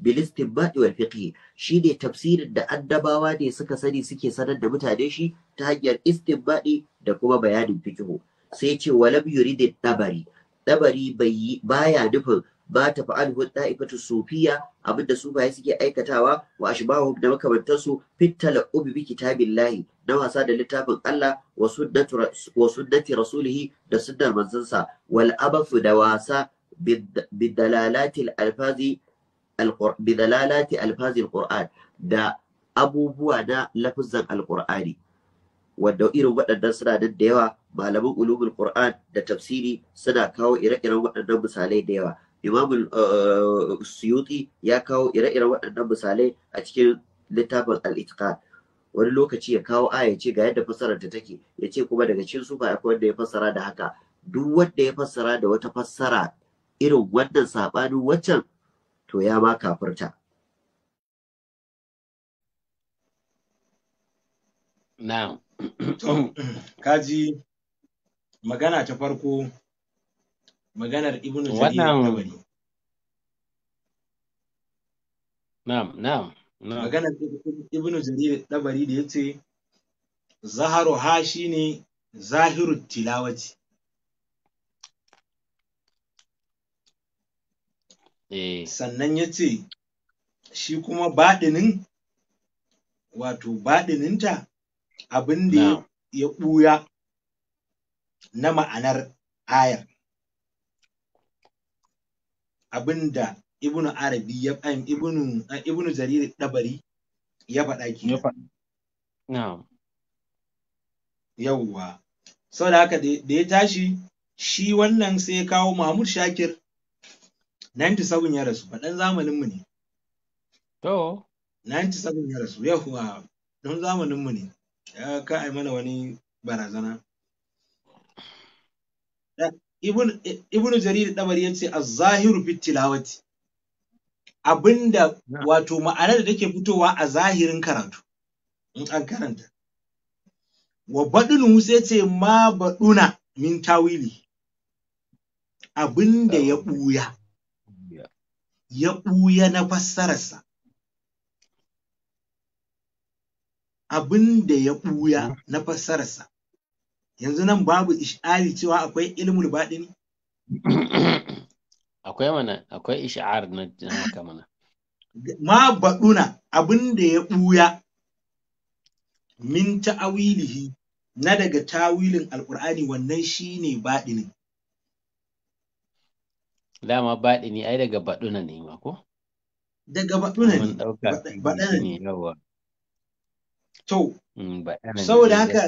Bilistin istinbati wal shi shine tafsirin da addabawa ne suka sani suke sanar da mutane shi ta hanyar istinbati da kuma bayanin fiqh sai ce walam yurid ɗabari ɗabari. bai baya nufin ba ta fa'al hun sufiya abinda sufaye suke aikatawa wa ashbahum da makamantansu fit talaqqubi bi kitabillahi na wasa da littafin Allah wa sunnati rasulihi da sunnar manzansa wal abafu da wasa bidalalatil alfazi bi dalalati alfazil qur'an da abubuwa na lafazan alqur'ani wanda irin waɗannan suna da yawa malaman ulumul qur'an da tafsiri suna kawo ire-iren waɗannan misalai da yawa imam eh, suyuti ya kawo ire-iren waɗannan misalai a cikin littafin al-itqan wani lokaci ya kawo aya ce ga yadda fassarar ta take ya ce kuma daga cikin sufa akwai wanda ya fassara da haka duk wanda ya fassara da wata fassara irin wannan sabanin waccan to ya ba kafirta na'am kaji magana ta farko maganar ibnu jarir na'am na'am maganar ibnu jarir dabari da yace zaharu ha shine zahiru tilawati Eh. sannan ya ce shi kuma baɗinin wato baɗininta abin da ya ɓuya na ma'anar ayar abin da ibnu arabi ya ibnu ibnu jarir dabari ya faɗa ki yawwa saboda haka da ya tashi shi wannan sai ya kawo mahmud shakir 97 ya rasu faɗan zamaninmu ne to 97 ya rasu yahuwa don zamaninmu ne ya ka ai mana wani barazana ibn jarir dabari ya ce az-zahiru fit tilawati abinda wato ma'anar da take fitowa a zahirin karatu in an karanta wa baɗinu sai ce ma baɗuna min tawili abin da ya ɓuya ya ɓuya na fassararsa abin da ya ɓuya na fassararsa yanzu nan babu ish'ari cewa akwai ilmul ne? akwai mana akwai ish'ar na haka mana ma baɗuna abin da ya ɓuya min ta'awilihi na daga tawilin alƙur'ani wannan shi shine baɗinin Dama baɗi ne ai daga baɗuna ne ma ko? Daga baɗuna ne. Mun ɗauka ne yawa. To, mm, saboda haka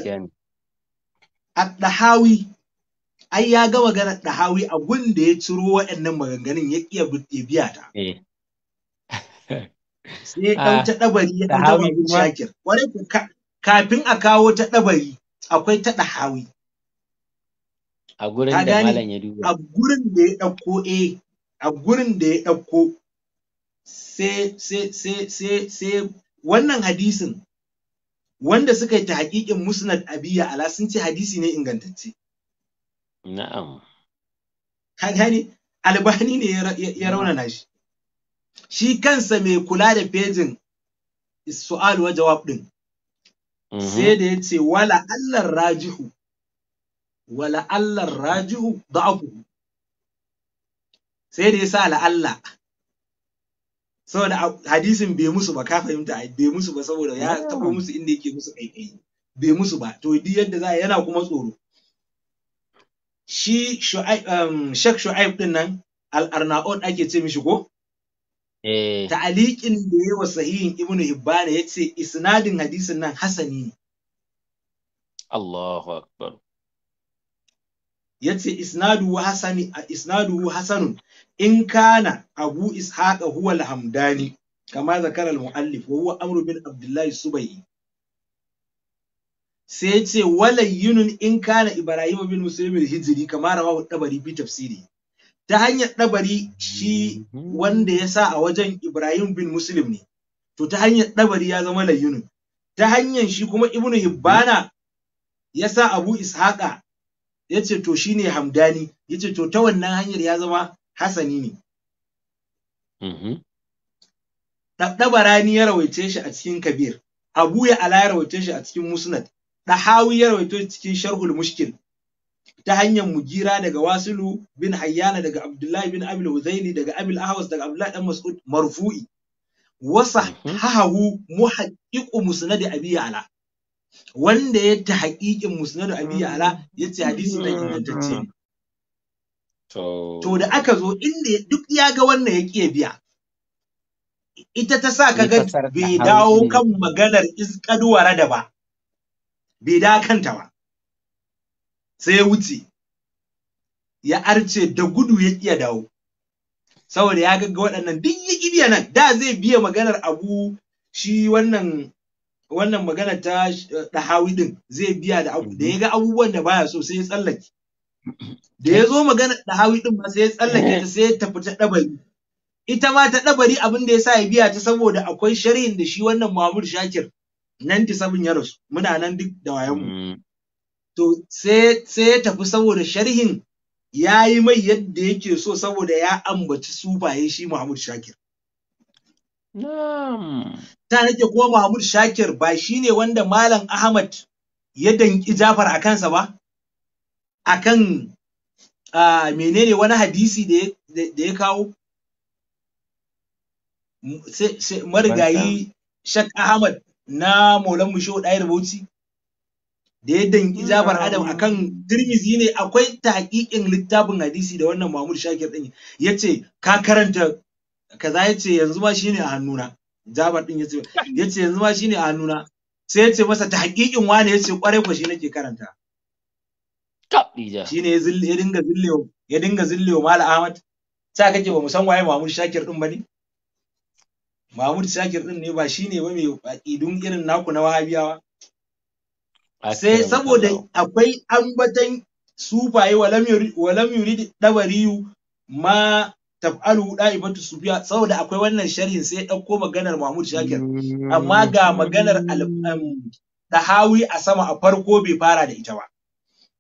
Addahawi ai ya ga maganar ɗahawi a da ya ciro waɗannan maganganun ya iya biya ta. Eh. Sai ya ɗau ah, ta ɗabari ya ɗau ta shakir. Wani kafin a kawo ta ɗabari akwai ta ɗahawi. a gurin da malam ya duba a gurin da ya ɗauko eh a gurin da ya ɗauko sai sai sai sai sai wannan hadisin wanda suka yi tahqiqin musnad abiya ala sun ce hadisi ne ingantacce na'am ka gane albani ne ya raunana shi shi kansa mai kula da fejin su'al wa jawab din mhm. sai da ya ce wala allar rajihu wala Allah raji'u da'afu sai da ya sa Allah saboda hadisin bai musu ba ka fahimta bai musu ba saboda ya ah. taɓa musu inda yake musu kaikayi bai musu ba to duk yadda za yana kuma tsoro shi shek shu'aib din um, nan al ake ce mishi ko eh. ta'aliqin da yawa sahihin ibnu hibbana ya ce, isnadin hadisin nan hasani ne Allahu akbar Ya ce hasani isnaduhu hasanun in kana abu ishaqa huwa alhamdani kama zakara almuallif muallif wa huwa amru bin abdullahi subayi sai yace walayyunun in kana ibrahim bin muslim al-hijri kama rawahu dabari bi tafsiri ta hanyar dabari shi wanda ya sa a wajen ibrahim bin muslim ne to ta hanyar dabari ya zama layyunun ta hanyar shi kuma ibnu hibbana ya sa abu ishaqa ya ce to shine hamdani ya ce to ta wannan hanyar ya zama hasani ne mm-hmm. rani ya rawaice shi a cikin kabir abu ya ala ya rawaice shi a cikin musnad ɗahawi ya rawaito shi cikin sharhul mushkil ta hanyar mugira daga wasilu bin hayyana daga abdullahi bin abil huzaili daga abil ahwas daga abdullahi dan mas'ud marfu'i wasa mm-hmm. hahahu muhaqqiqu musnad abi ala wanda ya ta haƙiƙin musnadu abi mm. ala ya ce hadisi na mm. ingantacce ne to da aka zo inda duk ya ga wannan ya ƙiya biya ita ta sa ka ga bai dawo kan maganar iskaduwara da ba bai da kanta ba sai ya wuce ya arce da gudu ya iya dawo saboda ya ga waɗannan duk ya biya nan da zai biya maganar abu shi wannan wannan magana ta eh, ɗahawi din zai biya da abu da ya ga abubuwan da baya so sai ya tsallake da ya zo magana ɗahawi din ma sai ya tsallake ta sai ya tafi ta ɗabari ita ma ta ɗabari abin da ya sa ya biya ta saboda akwai sharhin da shi wannan Mahmud Shakir 97 ya rasu muna nan duk da wayanmu mm. to sai ya tafi saboda sharhin ya yi mai yadda yake so saboda ya ambaci sufaye shi Mahmud Shakir ta nake kuma Mahmud Shakir ba shi ne wanda Malam Ahmad ya danki Jafar a kansa ba akan menene wani hadisi da ya kawo marigayi Shak Ahmad na Maulan Musho Ɗayar Bauchi da ya danki Jafar Adam akan Tirmizi ne akwai ta tahqiqin littafin hadisi da wannan Mahmud Shakir din yace ka karanta kaza yace yanzu ba! shine a hannuna jabar din yace yace yanzu ma shine a nuna Sai yace masa ta hakikin wane yace kwarai ko shi nake karanta. Shine ya zille ya dinga zille ya dinga zille Mal Ahmad. Sai kake ba mu san waye Mahmud Shakir din bane. Mahmud Shakir din ne ba shine ba mai aqidun irin naku na Wahabiyawa. Sai saboda akwai ambatan sufaye walam yuri walam yuri dabariyu ma taf'alu su sufiya saboda akwai wannan sharhin sai ɗauko maganar Mahmud Shakir mm. amma ga maganar um, Dahawi a sama a farko bai fara da ita ba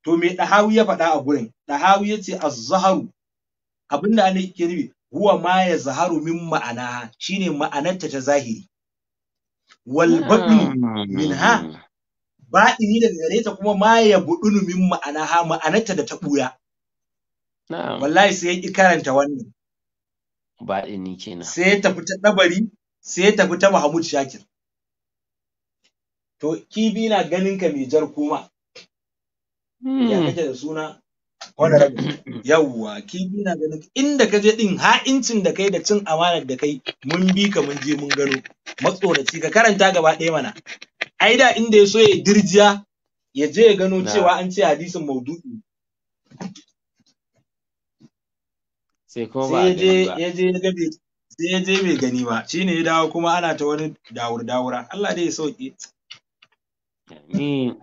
to me Dahawi ya faɗa a gurin Dahawi ya ce az-zaharu abinda ne ke nufi huwa ma ya zaharu min ma'ana shine ma'anarta ta zahiri wal hmm. batnu minha ba'ini da gare ta kuma ma ya budunu min ma'ana ma'anarta da ta buya wallahi sai ya ki karanta wannan baɗini kenan sai tafi ta ɗabari sai tafi ta Mahmud Shakir to kibi na ganin ka mai jar kuma ya hmm. kake da suna yawwa kibi na ganin inda ka je ɗin ha'incin da kai da cin amanar da kai mun bi ka mun je mun gano matsoraci ka karanta gaba ɗaya mana ai da inda ya so ya dirjiya ya je ya gano cewa an ce hadisin maudu'i sai kuma ba je ya je ya sai ya je bai gani ba shine ya dawo kuma ana ta wani dawur dawura Allah dai ya sauke amin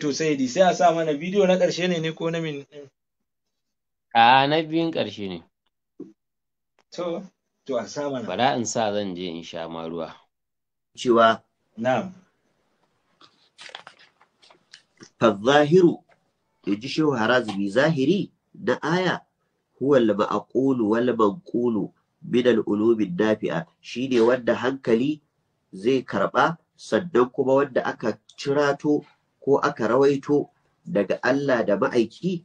to sai di sai a sa mana bidiyo na ƙarshe ne ne ko na min a na biyun ƙarshe ne to to a sa mana bara in sa zan je in sha ma ruwa cewa na'am fa zahiru ji shehu harazimi zahiri da aya Huwal al-ma'qulu wal manqulu min al-ulumi dafi'a shine wanda hankali zai karba sannan kuma wanda aka cirato ko aka rawaito daga Allah da ma'aiki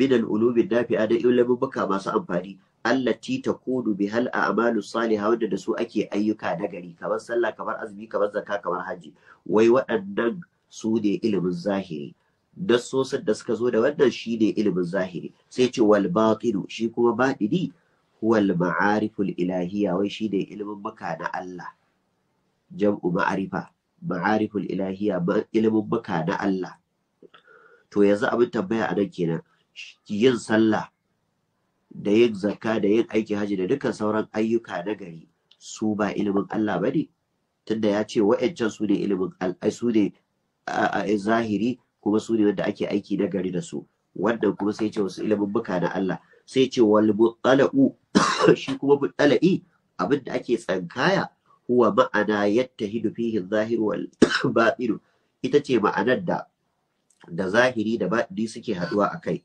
min al-ulumi dafi'a da ilimin baka masu amfani Allah allati takunu bi hal a'malu salihah wanda da su ake ayyuka na gari kamar sallah kamar azumi kamar zakka kamar haji wai waɗannan su ne ilimin zahiri dassosar da suka zo da wannan shi ne ilimin zahiri sai ce wal batilu shi kuma batili huwal ma'ariful ilahiyya wai shi ne ilimin maka na Allah jam'u ma'arifa ma'ariful ilahiyya ilimin maka na Allah to yanzu abin tambaya a nan kenan yin sallah da yin zakka da yin aiki haji da dukkan sauran ayyuka na gari su ba ilimin Allah bane tunda ya ce wa'ancan su ne ilimin su ne a zahiri kuma su ne wanda ake aiki na gari da su wannan kuma sai ce wasu ilimubbuka na Allah sai ce wal tsala'u shi kuma mutsala'i abin da ake tsankaya huwa ma'ana yattahidu fihi zahir wal batin ita ce ma'anar da da zahiri da batini suke haduwa kai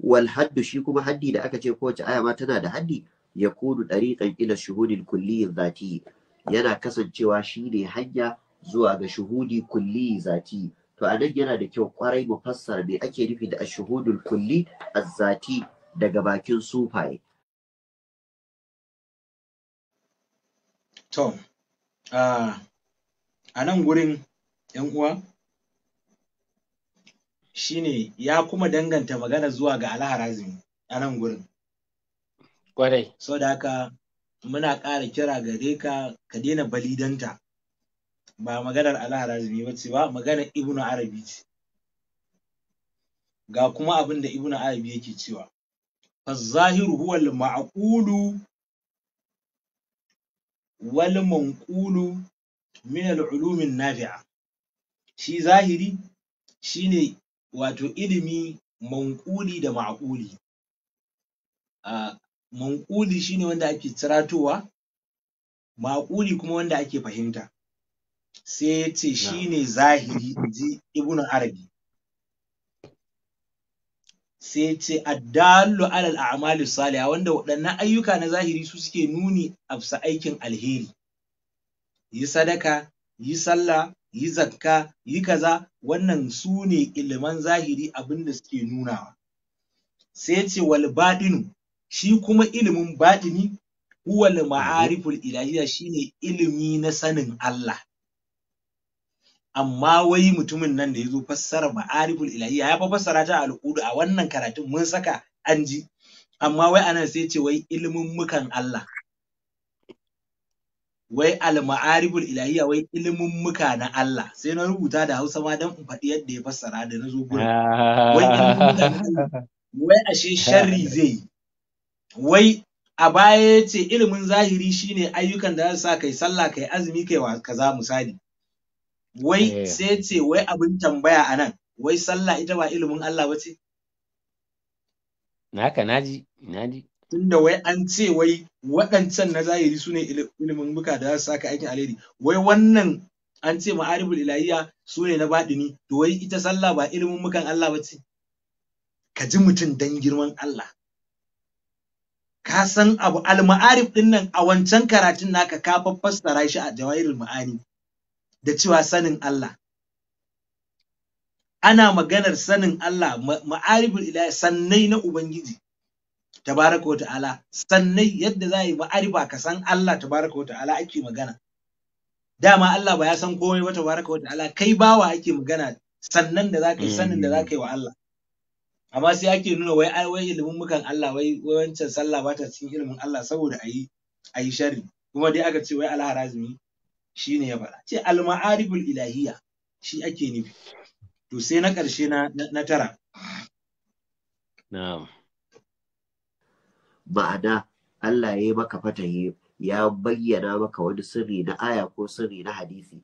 wal haddu shi kuma haddi da aka ce kowace aya ma tana da haddi ya kudu dariqan ila shuhudil kulli zati yana kasancewa shi ne hanya zuwa ga shahudi kulli zati to a nan yana da kyau kwarai mu fassara me ake nufi da ashuhudul kulli azzati daga bakin sufaye to a nan gurin yan uwa shine ya kuma danganta magana zuwa ga alharazin a nan gurin kwarai so da haka muna ƙara kira gare ka ka daina balidanta ba maganar alharazmi ba ce ba maganar ibnu arabi ce ga kuma abin da ibnu arabi yake cewa fazzahiru huwa al-ma'qulu wal munqulu min al-ulum an-nafi'a shi zahiri shine wato ilimi munquli da ma'quli a shi shine wanda ake ciratowa ma'quli kuma wanda ake fahimta sai ya ce shi ne zahiri ji ibn arabi sai ya ce addallu alal a'mali salih wanda waɗannan ayyuka na zahiri su suke nuni a aikin alheri yi sadaka yi sallah yi zakka yi kaza wannan su ne iliman zahiri abinda suke nunawa sai ya ce wal baɗinu shi kuma ilimin baɗini huwal ma'ariful ilahiyya shine ilimi na sanin Allah amma wai mutumin nan da ya zo fassara ma'ariful ilahiyya ya fa fassara ta al'udu a wannan karatun mun saka an ji amma wai anan sai ce wai ilimin mukan Allah wai al-ma'ariful ilahiyya wai ilimin muka na Allah sai na rubuta da Hausa ma dan in faɗi yadda ya fassara da na zo gurin wai wai ashe sharri zai wai a baya ya ce ilimin zahiri shine ayyukan da za su sa kai sallah kai azumi kai kaza misali wai eh. sai ce wai abin tambaya a nan wai sallah ita ba ilimin Allah ba ce? Haka naji, naji. Tunda wai an ce wai waɗancan na zahiri su ne ilimin buka da za su saka aikin alheri. Wai wannan an ce ma'aribul ilahiya su ne na baɗini, to wai ita sallah ba ilimin bukan Allah ba ce? Ka ji mutum dan girman Allah. Ka san abu al-ma'arif ɗin nan a wancan karatun naka ka fassara shi a jawahirul ma'ani. da cewa sanin Allah ana maganar sanin Allah ma'aribul ilahi sannai na ubangiji tabaraka wa ta'ala sannai yadda za a yi ma'ariba ka san Allah tabaraka wa ta'ala ake magana dama Allah ba ya san komai ba tabaraka wa ta'ala kai bawa ake magana sannan da za ka yi sanin da za ka yi wa Allah amma sai ake nuna wai wai ilimin mukan Allah wai wancan sallah ba ta cikin ilimin Allah saboda a yi sharri kuma dai aka ce wai alharazmi shi ne ya faɗa ce al-ma'ariful ilahiyya shi ake nufi to sai na ƙarshe na na tara na'am ma'ana Allah ya yi maka fatahi ya bayyana maka wani sirri na aya ko sirri na hadisi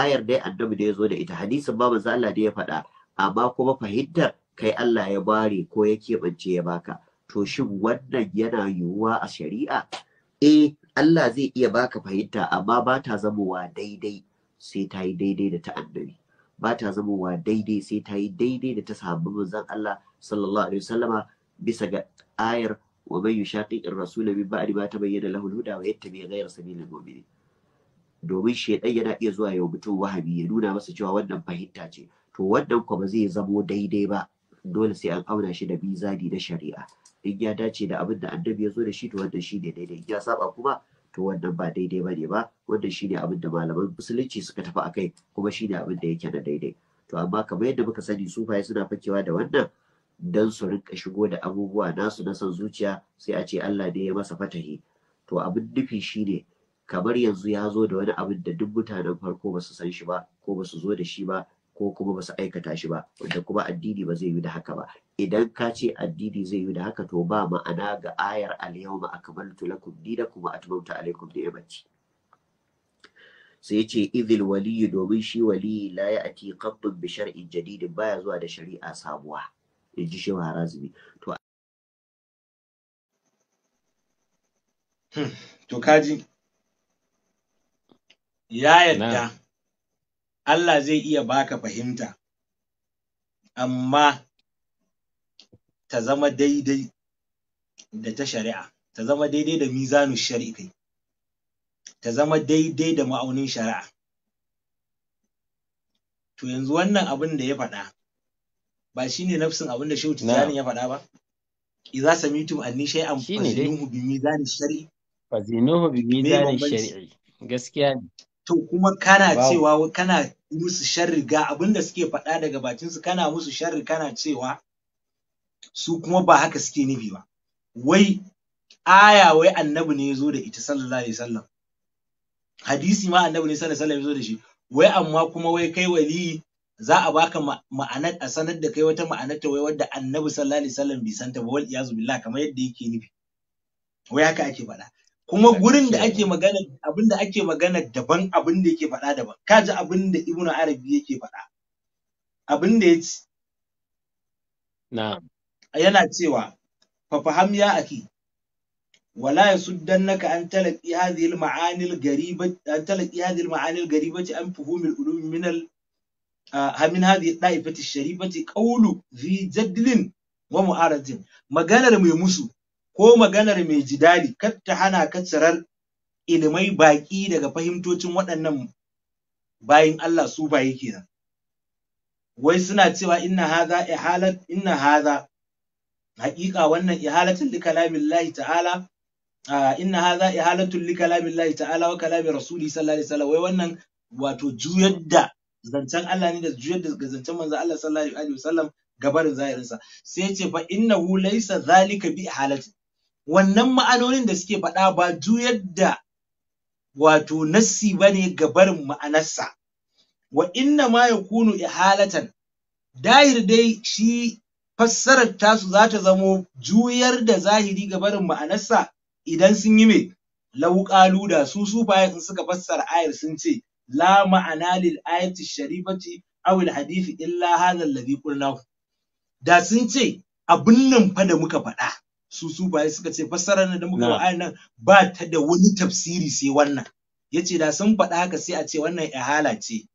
ayar dai annabi da ya zo da ita hadisin ba manzo Allah da ya faɗa amma kuma fahimtar kai Allah ya bare ko ya keɓance ya baka to shin wannan yana yiwuwa a shari'a eh Allah zai iya baka fahimta amma ba ta zamowa daidai sai ta yi daidai da ta annabi ba ta zamowa daidai sai ta yi daidai da ta samu manzon Allah sallallahu alaihi wasallama bisa ga ayar wa man ar rasul min ba'di ma tabayyana lahu al-huda wa yattabi ghayra sabilil mu'minin domin shedan yana iya zuwa ya mutum wahabi ya nuna masa cewa wannan fahimta ce to wannan kuma ba zai zamo daidai ba dole sai an auna shi da mizani na shari'a in ya dace da abin da annabi ya zo da shi to wannan shi ne daidai in ya saba kuma to wannan ba daidai ba ne ba wannan shi ne abin da malaman musulunci suka tafi akai kuma shi ne abin da yake na daidai to amma kamar yadda muka sani sufaye suna fakewa da wannan dan su rinka shigo da abubuwa nasu na son zuciya sai a ce Allah ne ya masa fatahi to abin nufi shi ne kamar yanzu ya zo da wani abin da duk mutanen farko ba su san shi ba ko ba su zo da shi ba ko kuma ba su aikata shi ba wanda kuma addini ba zai yi da haka ba idan ka ce addini zai yi da haka to ba ma'ana ga ayar al a akmaltu lakum dinakum wa atmamtu alaykum ni'mati sai ya ce idil waliyu domin shi waliyu la ya ati bi shar'in jadidin baya zuwa da shari'a sabuwa in ji to hmm, to kaji ya yadda Allah zai iya baka fahimta amma ta zama daidai da ta shari'a ta zama daidai da mizanu shari'i kai ta zama daidai da ma'aunin shari'a to yanzu wannan abin da ya faɗa ba shi ne nafsin abin da shehu tijjani ya faɗa ba idza samitum anni shay'an fazinuhu bi mizani shari'i fazinuhu bi mizani shari'i gaskiya ne to kuma kana cewa kana musu sharri ga abin da suke faɗa daga bakin su kana musu sharri kana cewa su kuma ba haka suke nufi ba wai aya wai annabi ne ya zo da ita sallallahu alaihi wasallam hadisi ma annabi ne sallallahu alaihi wasallam ya zo da shi wai amma kuma wai kai wali za a baka ma'anar a sanar da kai wata ma'anar ta wai wadda annabi sallallahu alaihi wasallam bai santa ba wal iyazu billah kamar yadda yake nufi wai haka ake faɗa kuma gurin da ake magana abin da ake magana daban abin da yake faɗa daban kaji abin da ibnu arabi yake faɗa abin da ya ci na'am yana cewa fafaham ya aki wala yasuddannaka an talaqi hadhihi al-ma'ani an talaqi hadhihi al-ma'ani al an fuhum al-ulum min al min hadhihi daifati al-sharifati qawlu fi jaddin wa mu'aradin maganar mai musu ko maganar mai jidali kar ta hana katsarar ilimai baƙi daga fahimtocin waɗannan bayin Allah su baye kenan wai suna cewa inna hadha ihalat inna hadha haƙiƙa wannan ihalatul li kalamillahi ta'ala inna hadha ihalatul li kalamillahi ta'ala wa kalami rasuli sallallahu alaihi wasallam wai wannan wato juyar da zancen Allah ne da juyar da zancen manzon Allah sallallahu alaihi wasallam gabarin zahirin sa sai ce fa innahu laysa zalika bi ihalati wannan ma'anonin da suke faɗa ba juyar da wato nassi bane gabarin ma'anarsa wa inna ma yakunu ihalatan dahir dai shi fassarar tasu za ta zamo juyar da zahiri ga barin ma'anarsa idan sun yi me lau da su su bayan in suka fassara ayar sun ce la ma'ana lil ayati sharifati aw al hadith illa hadha alladhi qulna da sun ce abun nan fa da muka faɗa su baya suka ce fassarar nan da muka faɗa ayar nan ba ta da wani tafsiri sai wannan yace da sun faɗa haka sai a ce wannan ihala ce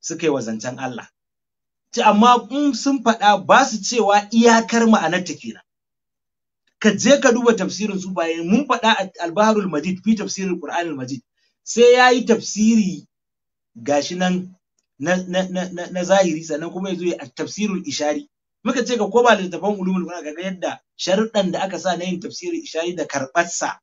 suka yi wa zancen Allah ci amma in sun faɗa ba su cewa iyakar ma'anar ta kenan ka je ka duba tafsirin su bayan mun faɗa albaharul majid fi tafsirin qur'anul majid sai yayi tafsiri gashi nan na, na, zahiri sannan kuma yazo ya tafsirul ishari muka ce ka koma littafan ulumul qur'an ga yadda sharuɗan da aka sa na yin tafsirin ishari da karɓarsa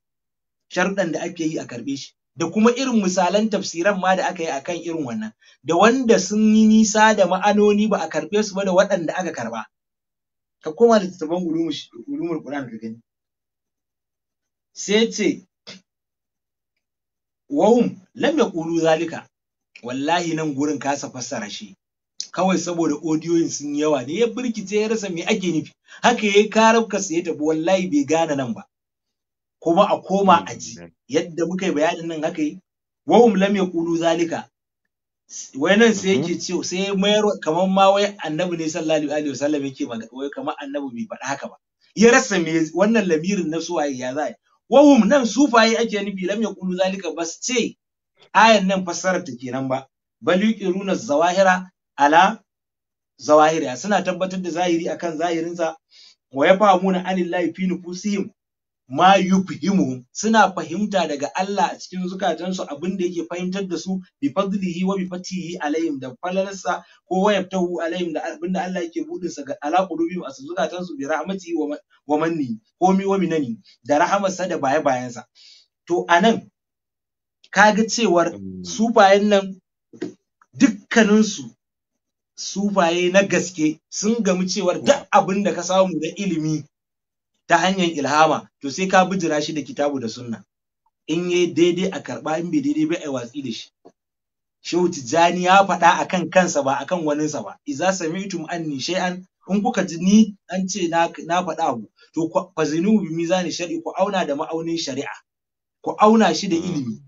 sharuɗan da ake yi a karɓe shi da kuma irin misalan tafsiran ma da aka yi akan irin wannan da wanda sun yi nisa da ma'anoni ba a karɓe su ba da waɗanda aka karba. ka koma da tattaban ulumul Qur'an ka gani sai ce wahum lam yaqulu zalika wallahi nan gurin kasa fassara shi kawai saboda odiyoyin sun yawa da ya birkice ya rasa me ake nufi haka yayi karabka ka ta tafi wallahi bai gane nan ba kuma a koma a ji yadda muka yi bayanin nan haka yi wahum lam yaqulu zalika wai nan sai yake mhm. ce sai mayar kamar ma wai annabi ne sallallahu alaihi wasallam yake wai kamar annabi bai faɗa haka ba ya rasa me wannan lamirin na waye ya zai wahum nan sufaye ake nufi lam yaqulu zalika bas ce ayan nan fassarar ta kenan ba bal yuqiruna zawahira ala zawahiriya suna tabbatar da zahiri akan zahirinsa wa yafhamuna anillahi fi nufusihim ma yufhimu suna fahimta daga Allah a cikin zukatansu abin da yake fahimtar da su bi fadlihi wa bi fatihi alaihim da falalarsa ko wa yaftahu alaihim da abin da Allah yake budin sa ga ala qulubihim a zukatansu bi rahmati wa manni ko mi wa minani da rahamarsa da baye bayansa to anan kaga cewar bayan mm. nan dukkaninsu sufaye na gaske sun gamu cewar duk abin da ka samu na ilimi ta hanyar ilhama to sai ka bijira shi da kitabu da sunna in yayi daidai a karba in bai daidai ba a watsi da shi shehu tijjani ya faɗa akan kansa ba akan waninsa ba iza sami'tum anni shay'an in kuka ji ni an ce na faɗa abu to fa zinu bi mizani shari'a? ku auna da ma'aunin shari'a ku auna shi da ilimi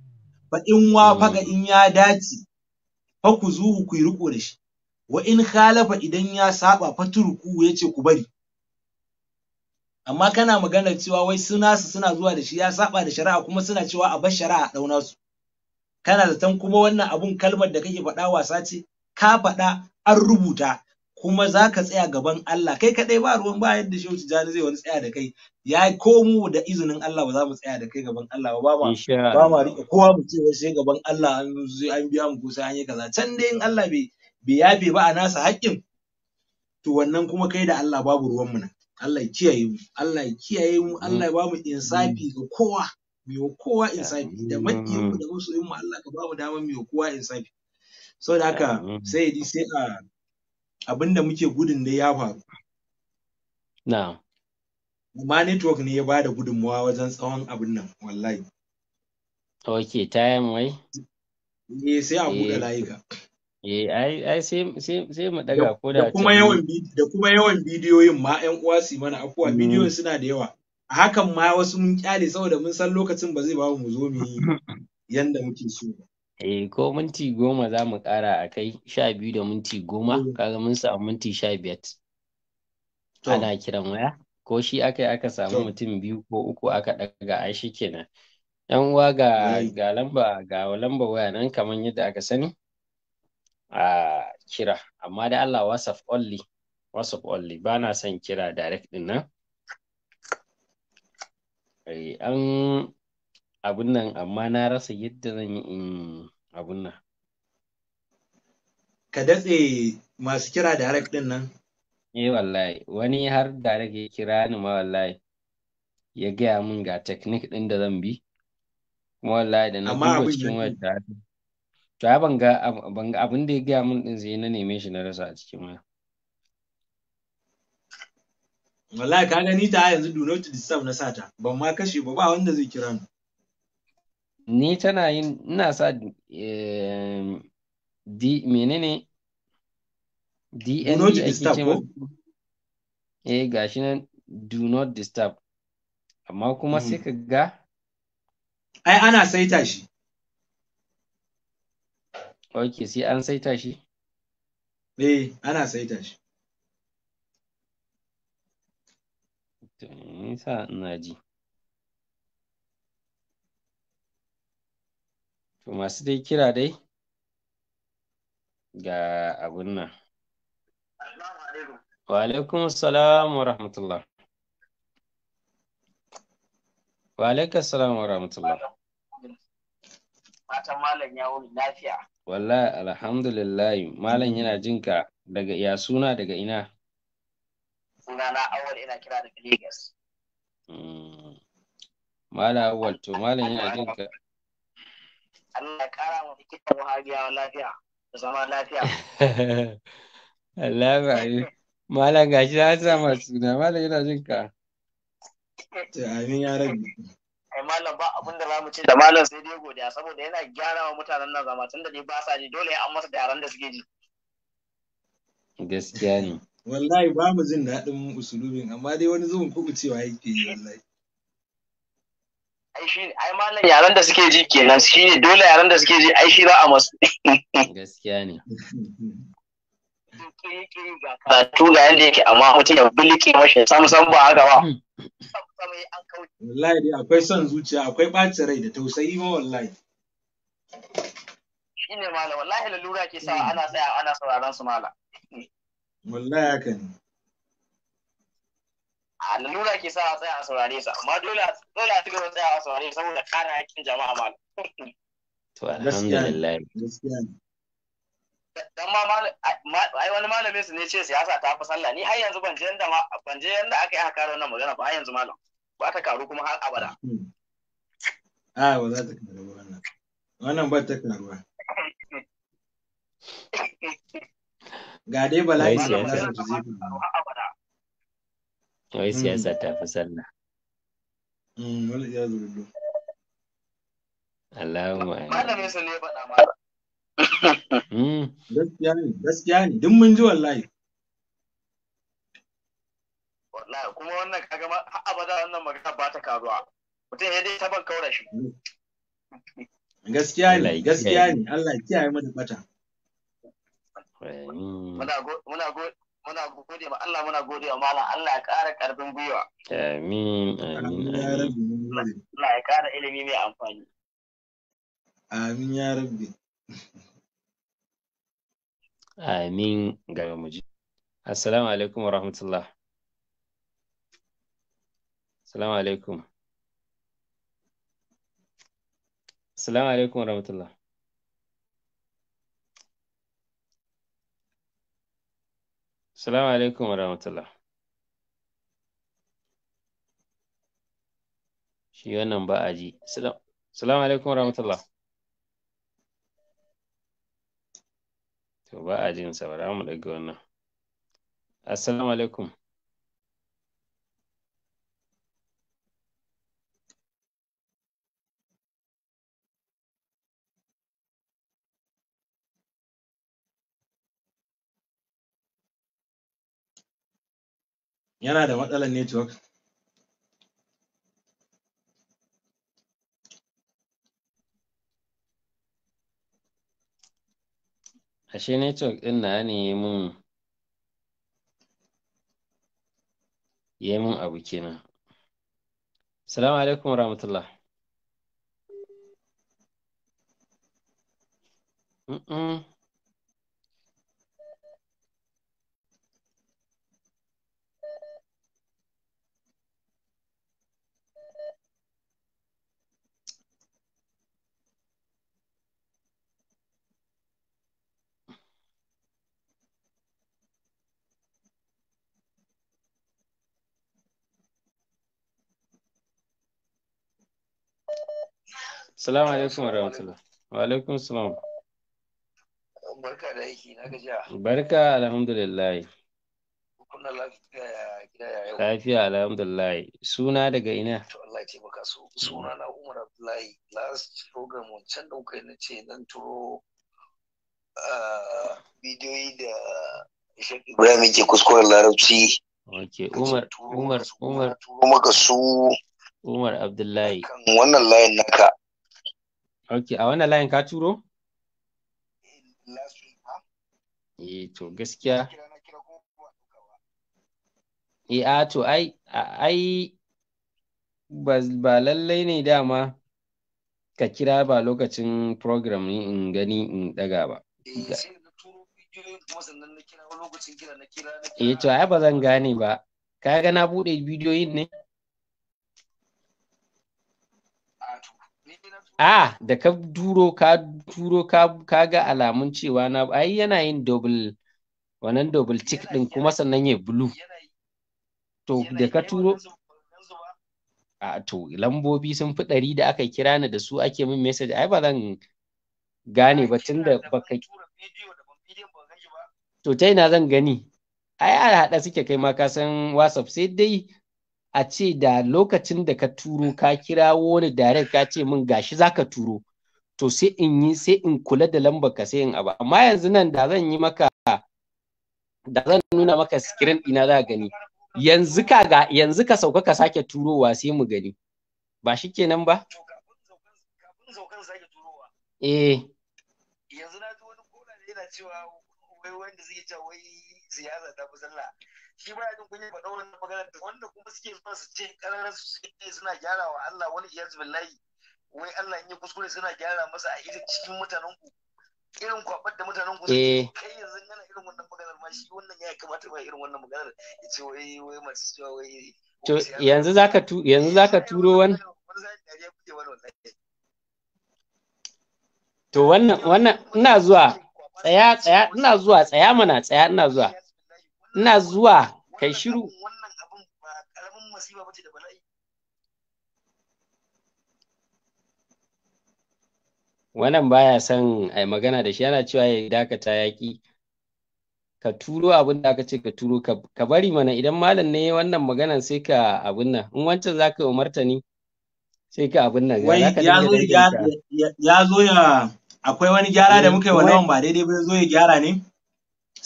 fa in wa faga in ya dace fa ku zuhu ku yi riko da shi wa in khalafa idan ya saba fa turku yace ku bari amma kana magana cewa wai suna su suna zuwa da shi ya saba da shari'a kuma suna cewa a bar shari'a dauna su kana zaton kuma wannan abun kalmar da kake faɗa wasa ce ka faɗa an rubuta kuma za ka tsaya gaban Allah kai kaɗai ba ruwan ba yadda shi wuce jani zai wani tsaya da kai ya komo da izinin Allah ba za mu tsaya da kai gaban Allah ba ma ba ma riƙe kowa mu ce sai gaban Allah an an biya mu ko sai an yi kaza can dai in Allah bai bai yabe ba a nasa haƙƙin to wannan kuma kai da Allah babu ruwan mu nan Allah ya kiyaye mu Allah ya kiyaye mu mm. Allah ya ba mu insafi ga kowa mai kowa insafi da maƙiyin mu da masoyin mu Allah ka ba mu mai mu kowa insafi saboda haka sai ji sai a abinda muke gudun dai ya faru na'am amma network ne ya bada gudunmawa wajen tsawon abin nan wallahi ok time wai eh sai a buɗe eh, layuka Eh, ai sai sai mu daga ko da kuma yawan da kuma yawan bidiyoyin ma ƴan uwa su mana afuwa mm. bidiyoyin suna da yawa. A hakan ma wasu mun kyale saboda mun san lokacin ba zai ba mu zo mu yanda muke so ba. Eh, ko minti goma za mu ƙara a kai sha biyu da minti goma mm. kaga mun samu minti sha biyar. Ana kiran waya ko shi aka aka samu mutum biyu ko uku aka daga ai shi kenan. ‘Yan uwa ga lamba ga lamba waya nan kamar yadda aka sani. a kira amma da Allah whatsapp only whatsapp only ba na son kira direct din nan eh, an abun nan amma na rasa yadda zan yi in abun nan ka datse masu kira direct din nan eh wallahi wani har direct ya kira ni ma wallahi ya gaya min ga technique din da zan bi kuma wallahi da na duba cikin wadda to ai ban ga abin da ya gaya min din zai na neme shi na rasa a cikin waya wallahi ka gani ta yanzu do not disturb na sata ban ma kashe ba ba wanda zai kira ni ni tana yin ina sa eh, di menene DND ake ce eh gashi nan do not disturb amma kuma hmm. sai ka ga ai ana saita shi ok sai an saita shi eh ana saita shi nisa ina ji to masu dai kira dai ga abun nan wa alaikum salam wa rahmatullah wa alaikum salam wa rahmatullah fatan malam ya wuni lafiya Wallahi alhamdulillah malam yana jinka daga ya suna daga ina. Suna na awal ina kira daga Lagos. Hmm. Malam awal to malam yana jinka. Allah kara mu likitan wa lafiya da zama lafiya. Allah ya Malam gashi na sa suna malam yana jinka. Amin ya rabi. Ai malam ba abin da zamu ce da malam sai dai godiya saboda yana gyara wa mutanen nan zama tunda dai ba sa ji dole an masa da yaran da suke ji gaskiya ne wallahi ba mu jin daɗin usulubin amma dai wani zuwan kuɗi cewa yake yi wallahi ai shi ai malam yaran da suke ji kenan shi ne dole yaran da suke ji ai shi za a masu gaskiya ne karatu ga yanda yake amma mutum ya bilike mashi sam ba haka ba hmm. wallahi akwai son zuciya akwai ɓacin rai da tausayi ma wallahi shine malam wallahi lalura ke sa ana hmm. tsaya ana sauraron su malam wallahi haka ne a lalura ke sa a tsaya a saurare sa amma dole dole a ci gaba tsaya a saurare saboda kare hakkin jama'a malam to alhamdulillah gaskiya ne dan ma ai wani malamin su ne ce siyasa ta fi sallah ni har yanzu ban je yanda ban je yanda aka yi aka karo wannan magana ba har yanzu malam ba ta karu kuma har abada a ah, ba za ta karu wannan wannan ba ta karu ga dai bala'i za ta zai wai hmm. siyasa ta fi sallah hmm, Allahumma. Malamin su ne faɗa mara. Hmm. Gaskiya ne, gaskiya ne, duk mun ji wallahi. Wallahi kuma wannan kaga ma har abada wannan magana ba ta karuwa. Mutum ya dai taban kaura shi. Gaskiya ne, gaskiya ne, Allah kiyaye bata. Muna gode ma Allah muna gode wa Allah ya ƙara ƙarfin gwiwa. Amin, amin, amin. Allah ya ƙara ilimi mai amfani. Amin ya rabbi. amin ga ji assalamu alaikum wa rahmatullah assalamu alaikum assalamu alaikum wa rahmatullah assalamu alaikum wa rahmatullah shi wannan ba a ji assalamu alaikum wa rahmatullah to ba a jin sa bari mu daga wannan assalamu alaikum yana da matsalar network Ashe network ɗin na ne ya mun ya mun abu kenan. Salamu alaikum wa rahmatullah. Salamu alaikum warahmatullah. Wa alaikum salam. Barka da aiki na gajiya. Barka alhamdulillah. Kuna lafiya gida ya yau. Lafiya alhamdulillah. Suna daga ina? To Allah ya taimaka su. Suna na Umar Abdullahi. Last program wancan da kuka yi na ce nan turo ah, bidiyoyi da Sheikh Ibrahim yake kuskuren larabci. Okay, Umar, Umar, Umar. Turo maka su. Umar Abdullahi. Kan wannan layin naka. Ok, a wannan layin ka turo? Eh, to gaskiya. Eh, a to ai, ai ba lallai ne dama ka kira ba lokacin program ne in gani in daga ba. Eh, eh, to ai ba zan gane ba. Ka ga na buɗe bidiyoyin ne? a da ka duro ka duro ka ga alamun cewa na ai yana yin double wannan double tick din kuma sannan ya blue to da ka turo a to lambobi sun fi ɗari da aka kira ni da su ake min message ai ba zan gane ba tun da baka to ta ina zan gani ai a haɗa suke kai ma ka san whatsapp sai dai a ce da lokacin da ka turo ka kirawo wani direct ka ce min gashi za ka turo to sai in yi sai in kula da lambar ka sai in abu amma yanzu nan da zan yi maka da zan nuna maka screen ɗina za gani yanzu ka ga yanzu ka sauka ka sake turowa sai mu gani ba shi kenan ba eh yanzu na ji wani kona da yana cewa wai wanda zai ja wai ziyara ta musalla shi ba ya jin kunya faɗa wannan magana da wanda kuma suke son su ce ƙararar su suke suna gyara wa Allah wani iyaz billahi wai Allah in yi kuskure suna gyara masa a irin cikin mutanen ku irin kwabar da mutanen ku suke eh. kai yanzu yana irin wannan maganar ma shi wannan ya kamata ba irin wannan maganar ya ce wai wai masu cewa wai to yanzu zaka tu yanzu zaka turo wani to wannan wannan ina zuwa tsaya tsaya ina zuwa tsaya mana tsaya ina zuwa ina zuwa kai shiru wannan ba baya son a magana da shi yana cewa ya dakata yaƙi ka turo abin da aka ce ka turo ka bari mana idan malam ne wannan maganar sai ka abin nan in wancan za ka yi ni? sai ka abin nan ya zo ya akwai wani gyara da eh, muka yi wannan ba daidai ba zo ya gyara ne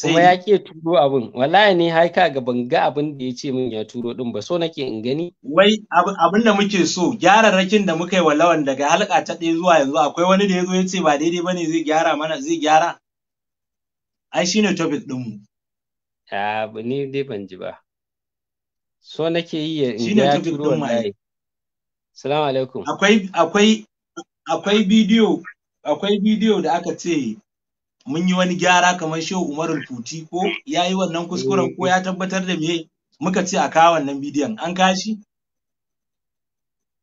kuma ya ke turo abin wallahi ne ka ga ban ga abin da ya ce min ya turo din ba so nake in gani wai abin da muke so gyararrakin da muka yi wallawan daga halka ta ɗaya zuwa yanzu akwai wani da ya zo ya ce ba daidai bane zai gyara mana zai gyara ai shine topic din mu a ni dai ban ji ba so nake yi ya in turo wallahi assalamu alaikum akwai akwai akwai bidiyo akwai bidiyo da aka ce mun yi wani gyara kamar shehu al kuti ko ya yi wannan kuskuren ko ya tabbatar da me muka ce a kawo wannan bidiyon an kashi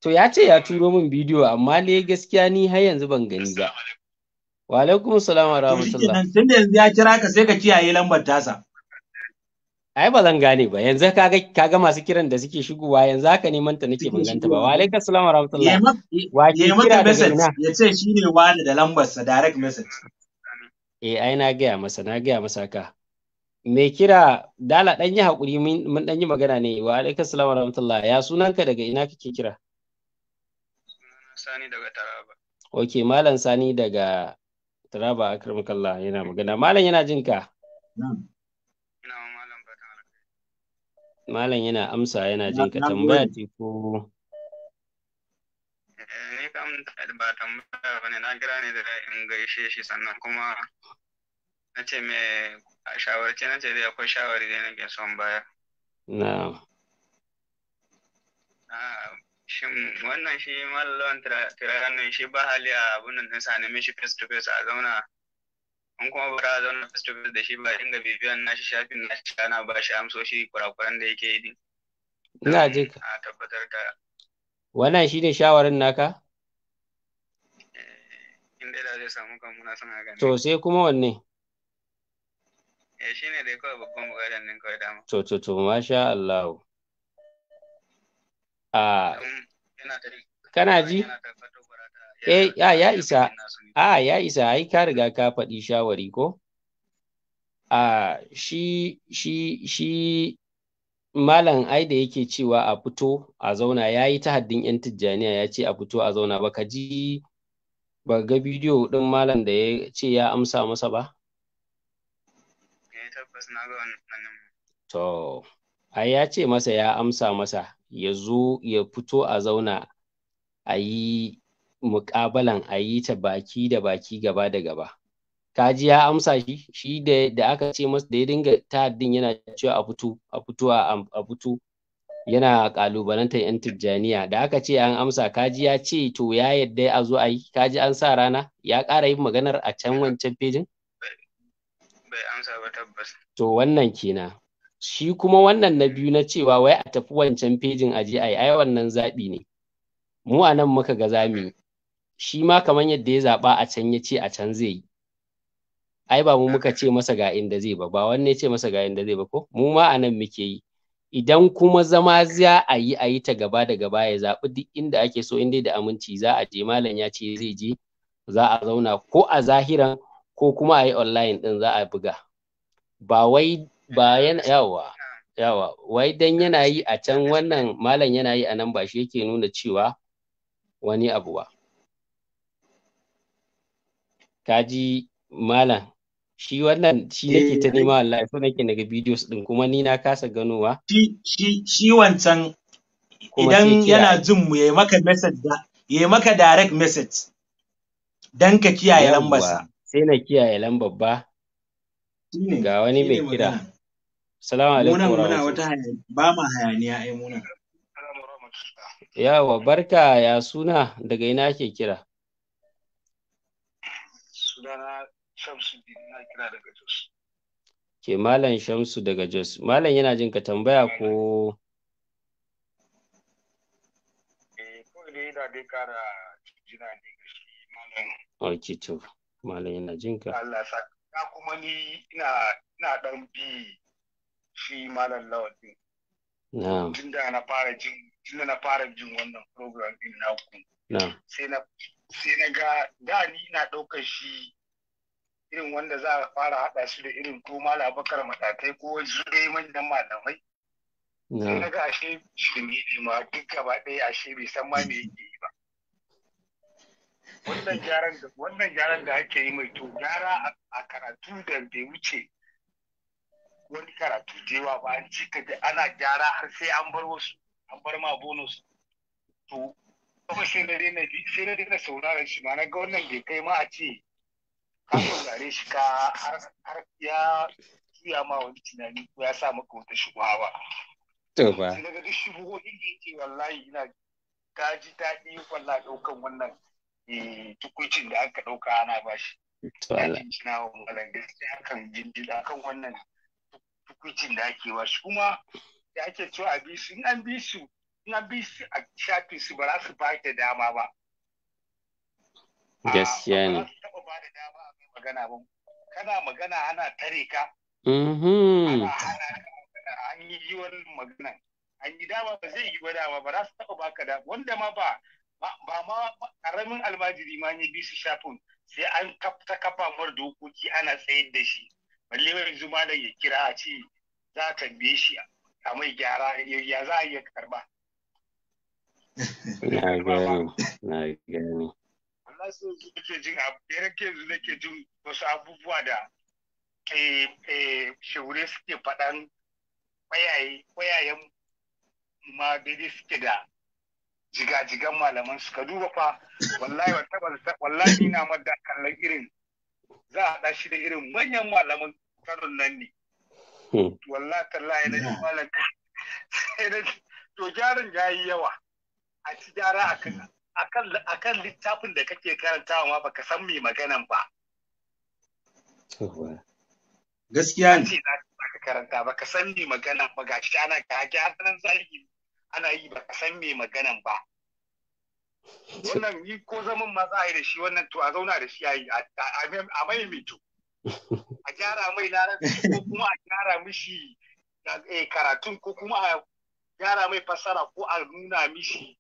to ya ce ya turo min bidiyo amma ne gaskiya ni har yanzu ban gani ba wa alaikum salam wa rahmatullah tun da yanzu ya kira ka sai ka kiyaye lambar tasa ai ba zan gane ba yanzu kaga kaga masu kiran da suke shigowa yanzu haka neman ta nake banganta ba wa alaikum salam wa rahmatullah wa ke kira da ya ce shine wani da lambar sa direct message E, ai na gaya masa na gaya masa ka Me kira dala dan yi hakuri mun dan yi magana ne wa alaikum salam wa rahmatullah ya sunanka daga ina kake kira sani daga taraba okay malam sani daga taraba akramakallah yana magana malam yana jin ka malam yana amsa yana jin ka tambaya ko ba tambaya ba ne na gira ne da in gaishe shi sannan kuma na ce me a shawarci na ce dai akwai shawari da yanayin son baya. Na. Shin wannan shi mallon tirayen shi ba hali a abunan ɗinsa neme shi face to face a zauna an kuma bara a zauna face to face da shi ba inga bibiyan na shi shafin na shi ana ba shi amsoshi kurakuran da yake yi. Ina jin ka. A tabbatar da. Wannan shi ne shawarin naka? ɗaya zai samu kan muna suna gani. to sai kuma wanne eh shi ne dai kawai babban buƙatar nan kawai dama to to to masha Allah Ah. kana ji eh ya ya isa Ah ya isa ai ka riga ka faɗi shawari ko a shi shi shi Malam ai da yake cewa a fito a zauna ya yi ta haddin 'yan Tijjaniya ya ce a fito a zauna ba ka ji ba ga bidiyo ɗin malam da ya ce ya amsa masa ba? Eh, to, ai ya ce masa ya amsa masa ya zo ya fito a zauna a yi muƙabalan a yi ta baki da baki gaba da gaba. Ka ji ya amsa shi, shi da aka ce masa da ya dinga ta'addin yana cewa a fito, a fito, a fito, yana kalubalantar yan tijjaniya da aka ce an amsa kaji ya ce to ya yadda a zo a yi kaji an sa rana ya ƙara yin maganar a can wancan fejin? bai amsa ba tabbas to wannan kina shi kuma wannan na biyu na cewa wai a tafi wancan fejin a je a yi ai wannan zaɓi ne mu a nan muka ga zami shi ma kamar yadda ya zaɓa a can ya ce a can zai yi ai ba mu muka ce masa ga inda zai ba ba wanne ya ce masa ga inda zai ba ko mu ma a nan muke yi idan kuma zama za a yi a yi ta gaba da gaba ya zaɓi duk inda ake so in dai da aminci za a je malam ya ce zai je za a zauna ko a zahiran ko kuma a yi online ɗin za a buga ba wai ba yana yawa yawa wai dan yana yi a can wannan malam yana yi a nan ba shi yake nuna cewa wani abu ba kaji malam shi wannan shi nake ta eh, nema wallahi so nake daga videos din kuma ni na kasa ganowa shi shi shi wancan idan yana jin mu yayi maka message da yayi maka direct message dan ka kiyaye lambar sa sai na kiyaye lambar ba ga wani mai kira assalamu alaikum muna wata ba ma hayaniya ai muna yawa barka ya suna daga ina ke kira suna Shamsu Ke Malam Shamsu daga Jos. Malam yana jin ka tambaya ko eh, kara jina ne ga shi na kuma ni ina ina dan shi malam lawan na fara na fara jin wannan program din na sai na ga da ni ina ɗaukar shi irin wanda za a fara haɗa shi da irin ko mala bakar matakai ko zuge dai manyan malamai na daga ashe shirme ne ma duk gaba ɗaya ashe bai san ma me yake yi ba wannan gyaran da wannan gyaran da ake yi mai to gyara a karatu da bai wuce wani karatu da yawa ba an ci da ana gyara har sai an bar wasu an bar ma bonus to kuma sai na daina sai na daina sauraron shi ma na ga wannan bai kai ma a ce ka har ya ma wani tunani ko ya sa maka wata shubuha to ba daga duk shubuhohin da yake wallahi ina ka ji daɗi wallahi ɗaukan wannan eh, tukucin da aka ɗauka ana ba shi to gaskiya jinjina wannan tukucin da ake ba shi kuma da ake cewa a bi in an in an a su ba za su ba da dama ba gaskiya ne ba da dama a mai magana ba kana magana ana tare ka mm-hmm. an yi yiwuwar magana an yi dama ba zai yi dama ba za su taɓa baka da wanda ma ba ba ma ƙaramin almajiri ma ne bisu shafin sai an ta kafa mar dokoki ana tsayar da shi balle zuma da ya kira a ce za a tambaye shi a mai gyara ya za a iya karba. Na gani, na gani. nake jin yanke yanzu nake jin wasu abubuwa da shaure suke faɗan kwayayen ma daidai suke da jigajigan malaman ka duba fa wallahi wallahi na madda kallon irin za a haɗa shi da irin manyan malaman karon nan ne hmm. wallahi tallahi na ji malam to jarin ya yi yawa a ci gyara a kan akan littafin da kake karantawa ma baka san me maganan ba gaskiya ne ka karanta baka san me maganan ba ga shi ana ga nan zagi ana yi baka san me maganan ba wannan yi ko zaman ma za a yi da shi wannan to a zauna da shi a yi a mai to. a gyara mai larabci ko kuma a gyara mishi eh, karatun ko kuma a gyara mai fassara ko a nuna mishi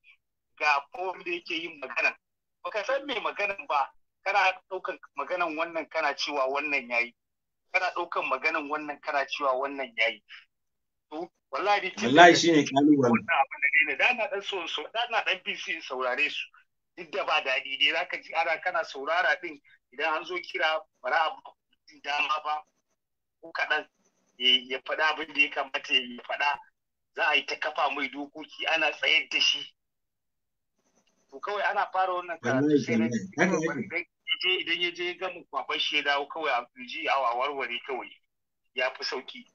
ga kowane da yake yin maganan baka san me maganan ba kana ɗaukan maganan wannan kana cewa wannan yayi kana ɗaukan maganan wannan kana cewa wannan yayi to wallahi shi ne kalubale da ne na ɗan so so da na bisi saurare su duk da ba daɗi dai ka ji ana kana saurara din idan an zo kira bara abu dama ba ko kaɗan ya faɗa abin da ya kamata ya faɗa za a yi ta kafa mai dokoki ana tsayar da shi karatu kawai ana fara wannan karatu idan ya je gama kwaban shi kawai a ji a warware kawai ya fi sauki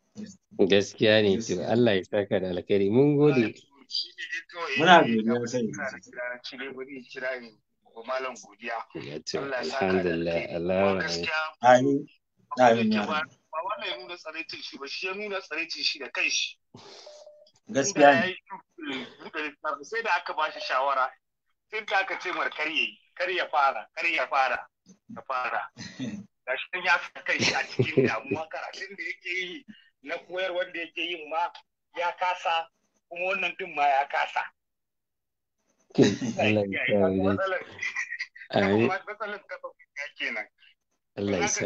gaskiya ne to Allah ya saka da alkhairi mun gode muna godiya sai malam godiya Alhamdulillah Allah ya saka da alkhairi amin amin ba wannan ya nuna tsaraitin shi ba shi ya nuna tsaraitin shi da kai shi gaskiya ne sai da aka ba shi shawara tun da aka ce mar kar kar ya fara kar ya fara ya fara ya sa kai a cikin damuwa karatun da yake yi na koyar wanda yake yin ma ya kasa kuma wannan din ma ya kasa Allah ya sa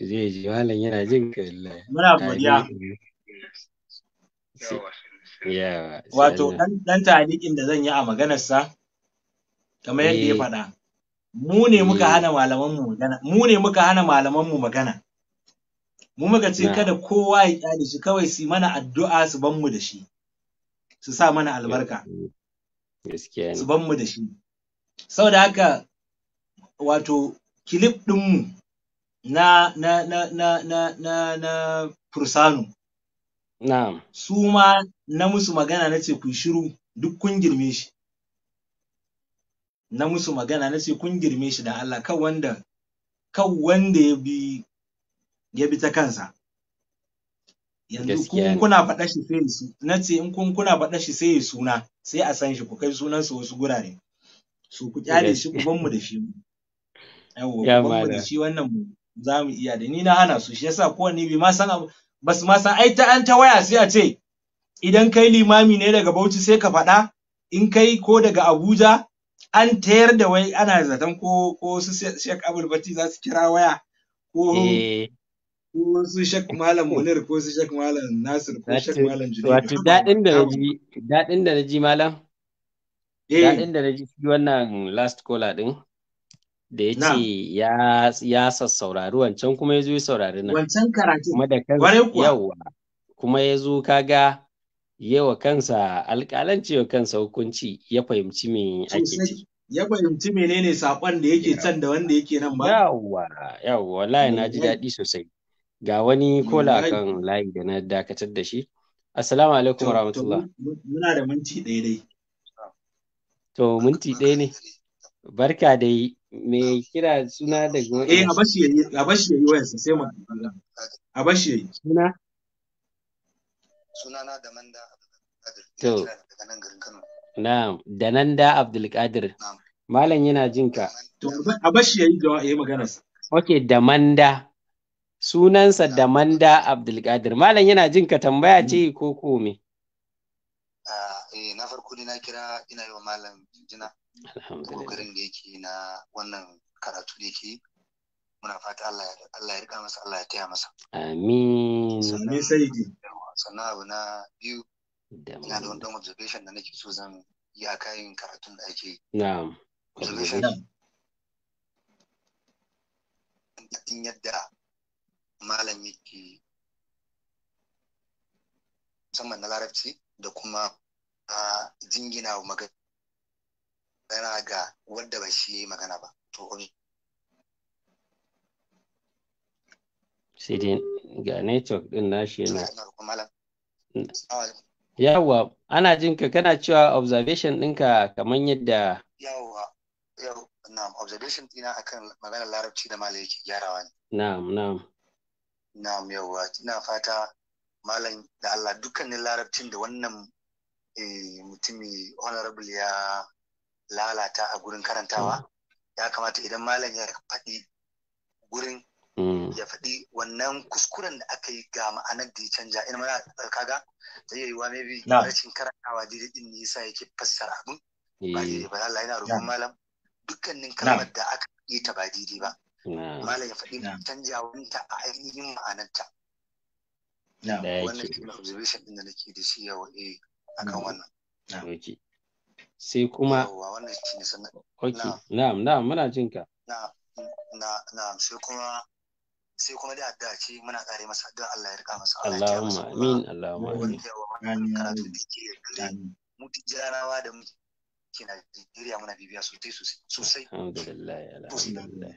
zai ji malam yana jin ka Allah muna godiya Wato ɗan talikin da zan yi a maganarsa kamar yadda ya eh. faɗa. Eh. Mu ne muka hana malamanmu magana. Mu ne muka hana magana. Mu muka ce kada kowa ya ƙyale shi kawai su mana addu'a su ban mu da shi. Su sa mana albarka. Su ban mu da shi. Saboda haka wato kilif ɗinmu na na na na na na na Fursano Suma Su ma na musu magana na ce ku shiru duk kun girme shi. Na musu magana na ce kun girme shi da Allah kan wanda kan wanda ya bi ya bi ta kansa. Yanzu kuna faɗa shi sai su na ce in kun kuna faɗa shi sai suna sai a san shi ku kai sunan su wasu gurare. Su ku kyale shi ku ban mu da shi. Yawwa ku ban mu da shi wannan mu za mu iya da ni na hana su shi yasa kowanne bi ma san abu ba su masa ai ta an ta waya sai a ce idan kai limami ne daga Bauchi sai ka faɗa in kai ko daga Abuja an tayar da wai ana zaton ko ko su Sheikh Abdul Bati za su kira waya ko eh. ko su Sheikh Malam Munir ko su Sheikh Malam Nasir ko Sheikh Malam Junaidu wato dadin da naji dadin da naji malam eh. dadin da naji wannan last caller din da ya ce ya sassaurari wancan kuma ya zo ya saurari nan. Wancan karatu. Kuma da yawa. Kuma ya zo kaga yawa kansa alƙalanci wa kansa hukunci ya fahimci me ake ciki. Ya fahimci menene saƙon da yake can da wanda yake nan ba. Yawwa yawwa layi na ji daɗi sosai. Ga wani mm, kola kan layi da na dakatar da shi. Assalamu alaikum wa rahmatullah. Muna da minti ɗaya dai. To minti ɗaya ne. Barka dai me kira suna da goma eh a bashi yayi a bashi yayi wayansa sai mu Allah a bashi yayi suna suna na da manda to na'am da nan da Qadir. malam yana jin ka to a bashi yayi da yayi magana okay da manda sunansa da manda Qadir. malam yana jin ka tambaya ce ko ko me ah, eh na farko ne na kira ina yi wa malam jinjina kokarin da yake na wannan karatu da yake muna fata Allah ya rika masa Allah ya taya masa amin sannan abu na biyu na da wannan observation da nake so zan yi a kayan karatun da ake yi na'am observation in yadda malam yake musamman na larabci da kuma a ah, jingina wa magana magana ga wanda ba shi magana ba to sai dai ga network din nashi yana yawwa ana jin ka kana cewa observation ɗinka kamar yadda yawwa yau na'am observation ɗina akan maganar larabci da malam yake gyarawa ne na'am na'am na'am yawwa ina fata malam da Allah dukkanin larabcin da wannan eh, mutumi honorable ya lalata a gurin karantawa ya kamata idan malam ya faɗi gurin mm. ya faɗi wannan kuskuren da aka yi ga ma'anar da ya canja ina mana kaga zai yi wa maybe rashin karantawa daidai din ne yasa yake fassara abin ba eh. daidai ba Allah yana roƙon malam dukkanin kalmar da aka yi ta ba daidai ba malam ya faɗi wanta a ainihin ma'anarta wannan shi ne observation din da nake da shi yau eh akan wannan sai kuma ok na'am na'am muna jin ka na'am sai kuma sai kuma da addu'a ce muna kare masa addu'a Allah ya rika masa Allahumma amin Allahumma amin karatu da ke mu jarawa da mu ke Najeriya muna bibiya sosai sosai alhamdulillah alhamdulillah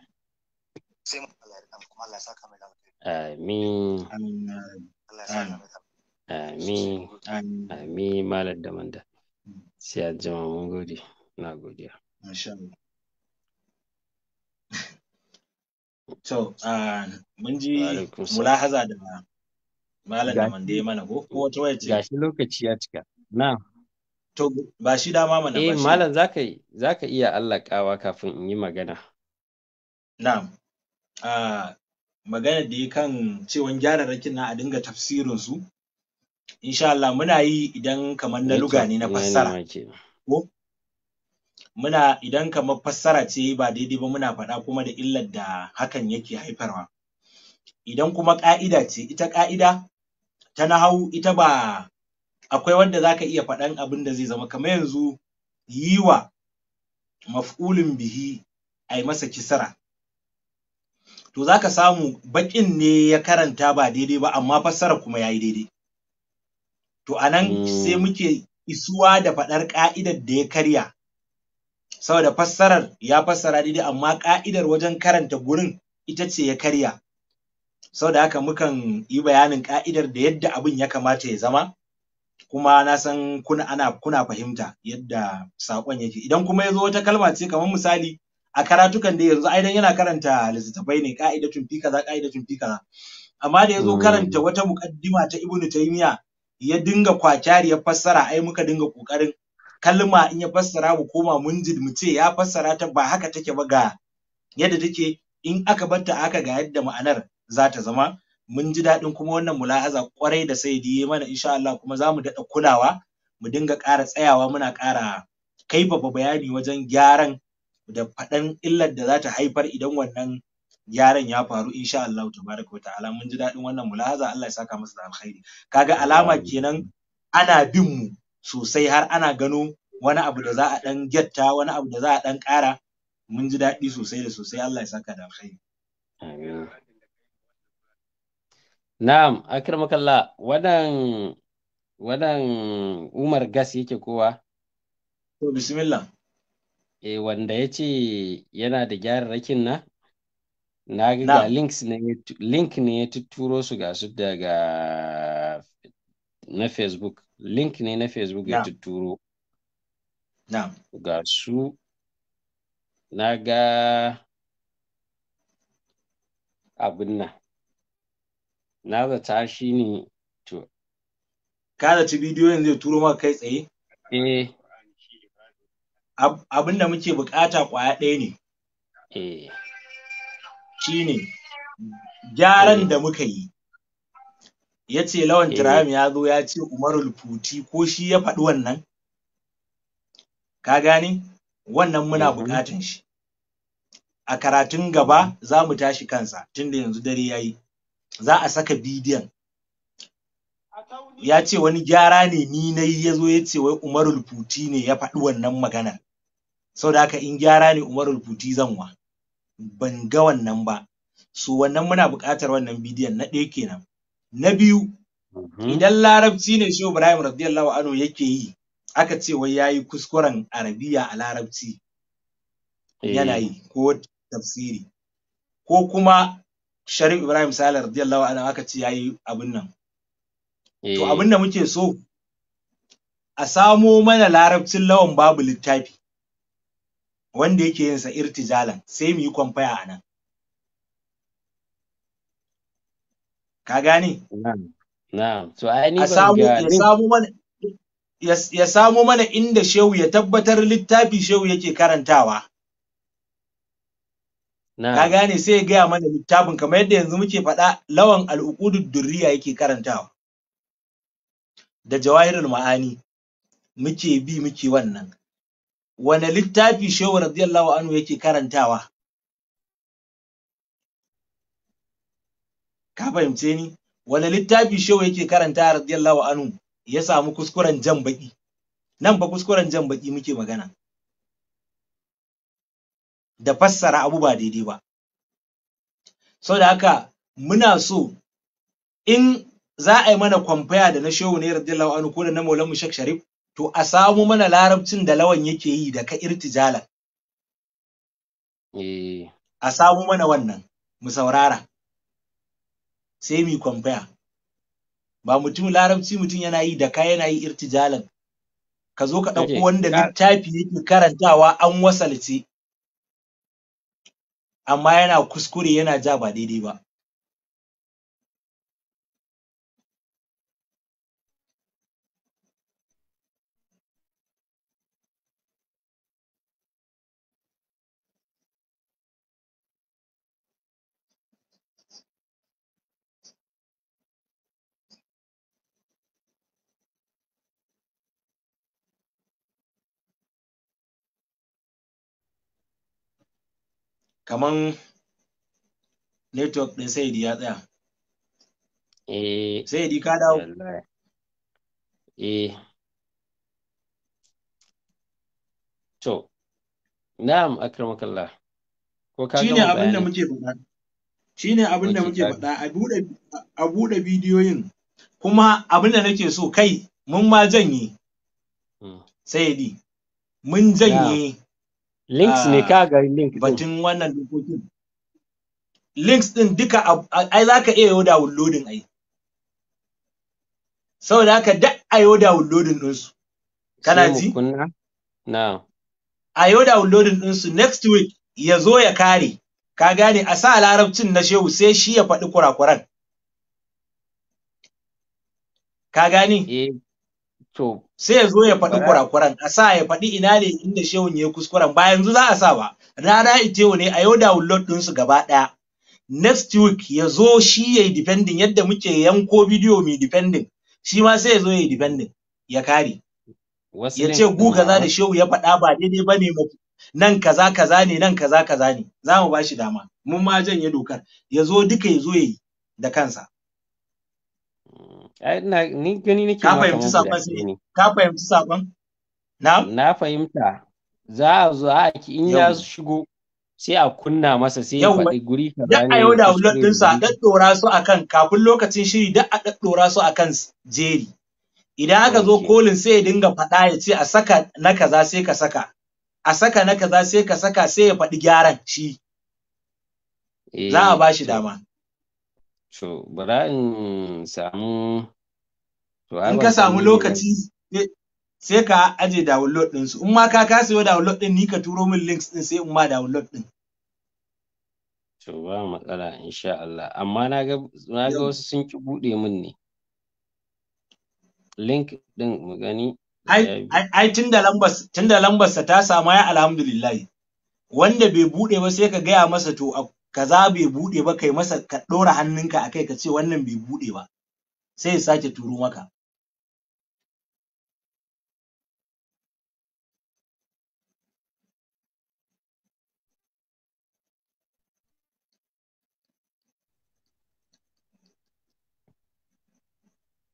sai mu Allah ya rika kuma Allah ya saka mai lafiya amin Allah ya saka mai lafiya amin amin malam da manda sai an jima mun gode na godiya masha Allah to mun ji mulahaza da malam da mande mana ko ko wata waya ce gashi lokaci ya cika na to ba shi dama mana ba eh malam za ka iya Allah kawa kafin in yi magana Na. magana da ya kan cewa gyararrakin na a dinga tafsirinsu. su insha Allah muna yi idan kamar na luga ne na fassara ko muna idan kamar fassara ce ba daidai ba muna faɗa kuma da illar da hakan yake haifarwa idan kuma ƙa'ida ce ita ƙa'ida ta nahawu ita ba akwai wanda zaka iya faɗan abin da zai zama kamar yanzu yi wa maf'ulin bihi ai masa kisara, to zaka samu baƙin ne ya karanta ba daidai ba amma fassara kuma ya yi daidai to a nan sai mm. muke isuwa da faɗar ƙa'idar da ya karya saboda fassarar ya fassara daidai amma ƙa'idar wajen karanta gurin ita ce ya karya saboda haka mukan yi bayanin ƙa'idar da yadda abin ya kamata ya zama kuma na san kuna ana kuna fahimta yadda saƙon yake idan kuma ya zo wata kalma ce kamar misali a karatukan da yanzu ai dan yana karanta littattafai ne ka'idatun fi kaza ka'idatun fi kaza amma da ya zo mm. karanta wata muqaddima ta ibnu Taymiyyah ya dinga ya fassara ai muka dinga kokarin kalma in ya fassara mu koma munjid mu ce ya fassara ta ba haka take ba ga yadda take in aka batta aka ga yadda ma'anar za ta zama mun ji daɗin kuma wannan mula'aza kwarai da sai diye mana insha Allah kuma za mu daɗa kulawa mu dinga ƙara tsayawa muna ƙara kaifafa bayani wajen gyaran da faɗan illar da za ta haifar idan wannan gyaran ya faru insha Allah tabaraka wa ta'ala mun ji daɗin wannan mulahaza Allah ya saka masa da alkhairi kaga alama kenan ana bin mu sosai har ana gano wani abu da za a ɗan getta wani abu da za a ɗan ƙara mun ji daɗi sosai da sosai Allah ya saka da alkhairi Na'am, akramakallah, wannan wannan Umar Gas yake kowa? To, bismillah. E, wanda ya ce yana da gyararrakin na, na ga links ne link ne ya tuturo su ga su daga na facebook link ne na facebook ya tuturo ga su na ga abin nan na zata shi ne to ka zaci bidiyoyin zai turo maka kai tsaye eh abin da muke bukata kwaya ɗaya ne eh shine gyaran da muka yi ya ce lawan tiram eh. ya zo ya ce umarul futi ko shi ya faɗi wannan ka gane wannan muna mhm. buƙatan shi a karatun gaba za mu tashi kansa tunda yanzu dare ya yi za a saka bidiyon ya ce wani gyara ne ni na yi ya zo ya ce wai umarul futi ne ya faɗi wannan maganar sau da haka in gyara ne umarul futi zan wa ban ga wannan ba so wannan muna buƙatar wannan bidiyon na ɗaya kenan na biyu mhm. idan larabci ne shi Ibrahim radiyallahu anhu yake yi aka ce wai yayi kuskuren arabiya a larabci eh. yana yi ko tafsiri ko kuma Sharif Ibrahim Sale radiyallahu anhu aka ce yayi abin nan to eh. abin da muke so a samo mana larabcin lawan babu littafi wanda yake yin sa irtijalan sai mu yi kwamfaya a nan ka gane ya samu mana samo mana inda shehu ya tabbatar littafi shehu yake karantawa ka gane sai ya gaya mana littafin kamar yadda yanzu muke faɗa lawan al'uqudud durriya yake karantawa da jawahirul ma'ani muke bi muke wannan wane littafi shehu radiyallahu anhu yake karantawa ka fahimce ni wane littafi shehu yake karanta radiyallahu anhu ya samu kuskuren jan baki nan ba kuskuren jan baki muke magana da fassara abu ba daidai ba saboda da haka muna so in za a yi mana kwamfaya da na shehu ne radiyallahu anhu ko da na maulan mushak sharif to a samu mana larabcin da lawan yake yi da ka irtijala. Eh. a samu mana wannan mu saurara sai mu compare ba mutum larabci mutum yana yi da ka yana yi irtijalan ka zo ka ɗauko wanda littafi yake karantawa an wasalce amma yana kuskure yana ja ba daidai ba kaman network ɗin sai ya tsaya eh sai ka dawo eh to na'am akramakallah ko ka shine abin da muke faɗa shine abin da muke faɗa a bude a bude bidiyoyin kuma abin da nake so kai mun ma janye hmm. sayidi mun janye links ne ah, ka ga link batun wannan dokokin links din duka ai za ka iya yoda downloading ai saboda haka duk a yau downloading ɗinsu kana ji na a yau downloading ɗinsu next week ya zo ya kare ka gane a sa larabcin na shehu sai shi ya faɗi kurakuran ka gane eh, To. Sai ya zo ya faɗi kurakuran, a sa ya faɗi ina ne inda shehun ya kuskuren ba yanzu za a sa ba. Rana itewo ne a yau da download ɗinsu gaba ɗaya. Next week ya zo shi ya yi defending yadda muke yanko bidiyo mai defending. Shi ma sai ya zo ya yi defending ya kare. Ya ce gu kaza da shehu ya faɗa ba daidai ba ne mafi. Nan kaza kaza ne nan kaza kaza ne. Za mu ba shi dama. Mun ma janye dokar. Ya zo duka ya zo ya yi da kansa. ni gani nake ka fahimci sakon sai ka fahimci sakon na na fahimta za a zo a ki in ya shigo sai a kunna masa sai ya faɗi guri ka bani da yau da wulon din su a daddora su akan kafin lokacin shiri da a daddora su akan jeri idan aka zo kolin sai ya dinga faɗa ya ce a saka na kaza sai ka saka a saka na kaza sai ka saka sai ya faɗi gyaran shi za a eh, ba shi dama To, bara in samu. In ka samu lokaci sai ka aje download din su. In ma ka kasa yau download ɗin ni ka turo min links ɗin sai in ma download ɗin. To, ba matsala insha Allah. Amma na ga wasu sun ki bude min ne. Link ɗin mu gani. Ai, tunda da lambarsa ta samu ya alhamdulillahi. Wanda bai buɗe ba sai ka gaya masa to kaza bai buɗe ba kai masa ka ɗora hannunka a kai ka ce wannan bai buɗe ba sai ya sake turo maka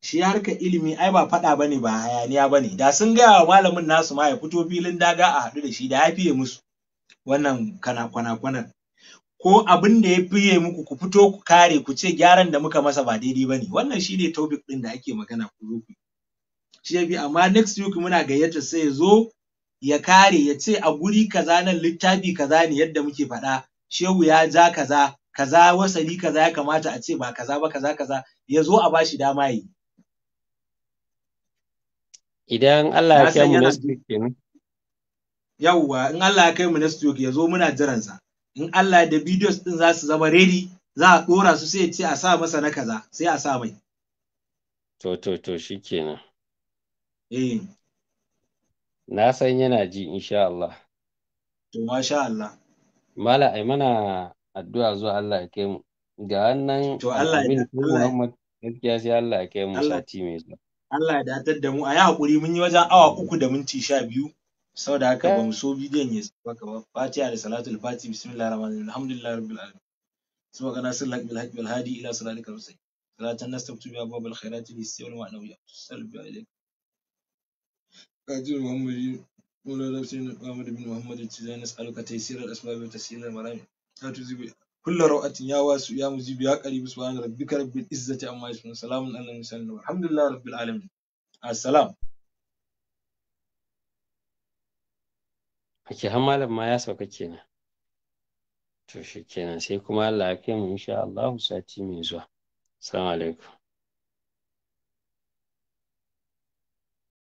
shi harka ilimi ai ba faɗa bane ba hayaniya bane da sun gaya wa malamin nasu ma ya fito filin daga a haɗu da shi da ya fiye musu wannan kana kwana kwanan ko abin da ya fiye muku ku fito ku kare ku ce gyaran da muka masa ba daidai ba ne, wannan shi ne topic ɗin da ake magana ku zo shi ya amma next week muna gayyata sai ya zo ya kare ya ce a guri kaza nan littafi kaza ne yadda muke faɗa shehu ya ja kaza kaza wasali kaza ya kamata a ce ba kaza ba kaza kaza ya zo a bashi dama yi idan Allah ya kai mu next week kenan yawwa in Allah ya kai mu next week ya zo muna jiransa in Allah da videos din za su zama ready za a dora su sai ce a sa masa na kaza sai a sa mai to to to shikenan eh na san yana ji insha Allah to masha Allah mala ai mana addu'a zuwa Allah ya kai mu ga wannan to Allah ya Muhammad gaskiya sai Allah ya kai mu sati mai Allah ya datar da mu a yi haƙuri mun yi wajen awa uku da minti sha biyu saboda haka ba eh. mu so bidiyon ya baka ba fatiha da salatul fati bismillahir rahmanir rahim alhamdulillahi rabbil alamin subhana nasrul haqqi bil haqqi wal hadi ila siratikal mustaqim salatan nastabtu bi abwabil khairati lissi wal ma'nawi sallu alayka ajil muhammadin مولانا سيدنا محمد بن محمد التجاني نسألك تيسير الأسباب وتسهيل المرامي لا تزيب كل روعة يا ya يا مجيب يا قريب سبحان ربك رب العزة عما يصفون سلام على المرسلين والحمد لله رب العالمين السلام ake har malam ma ya sauka kenan to shi kenan sai kuma Allah ya kai mu insha Allah sati mai zuwa assalamu alaikum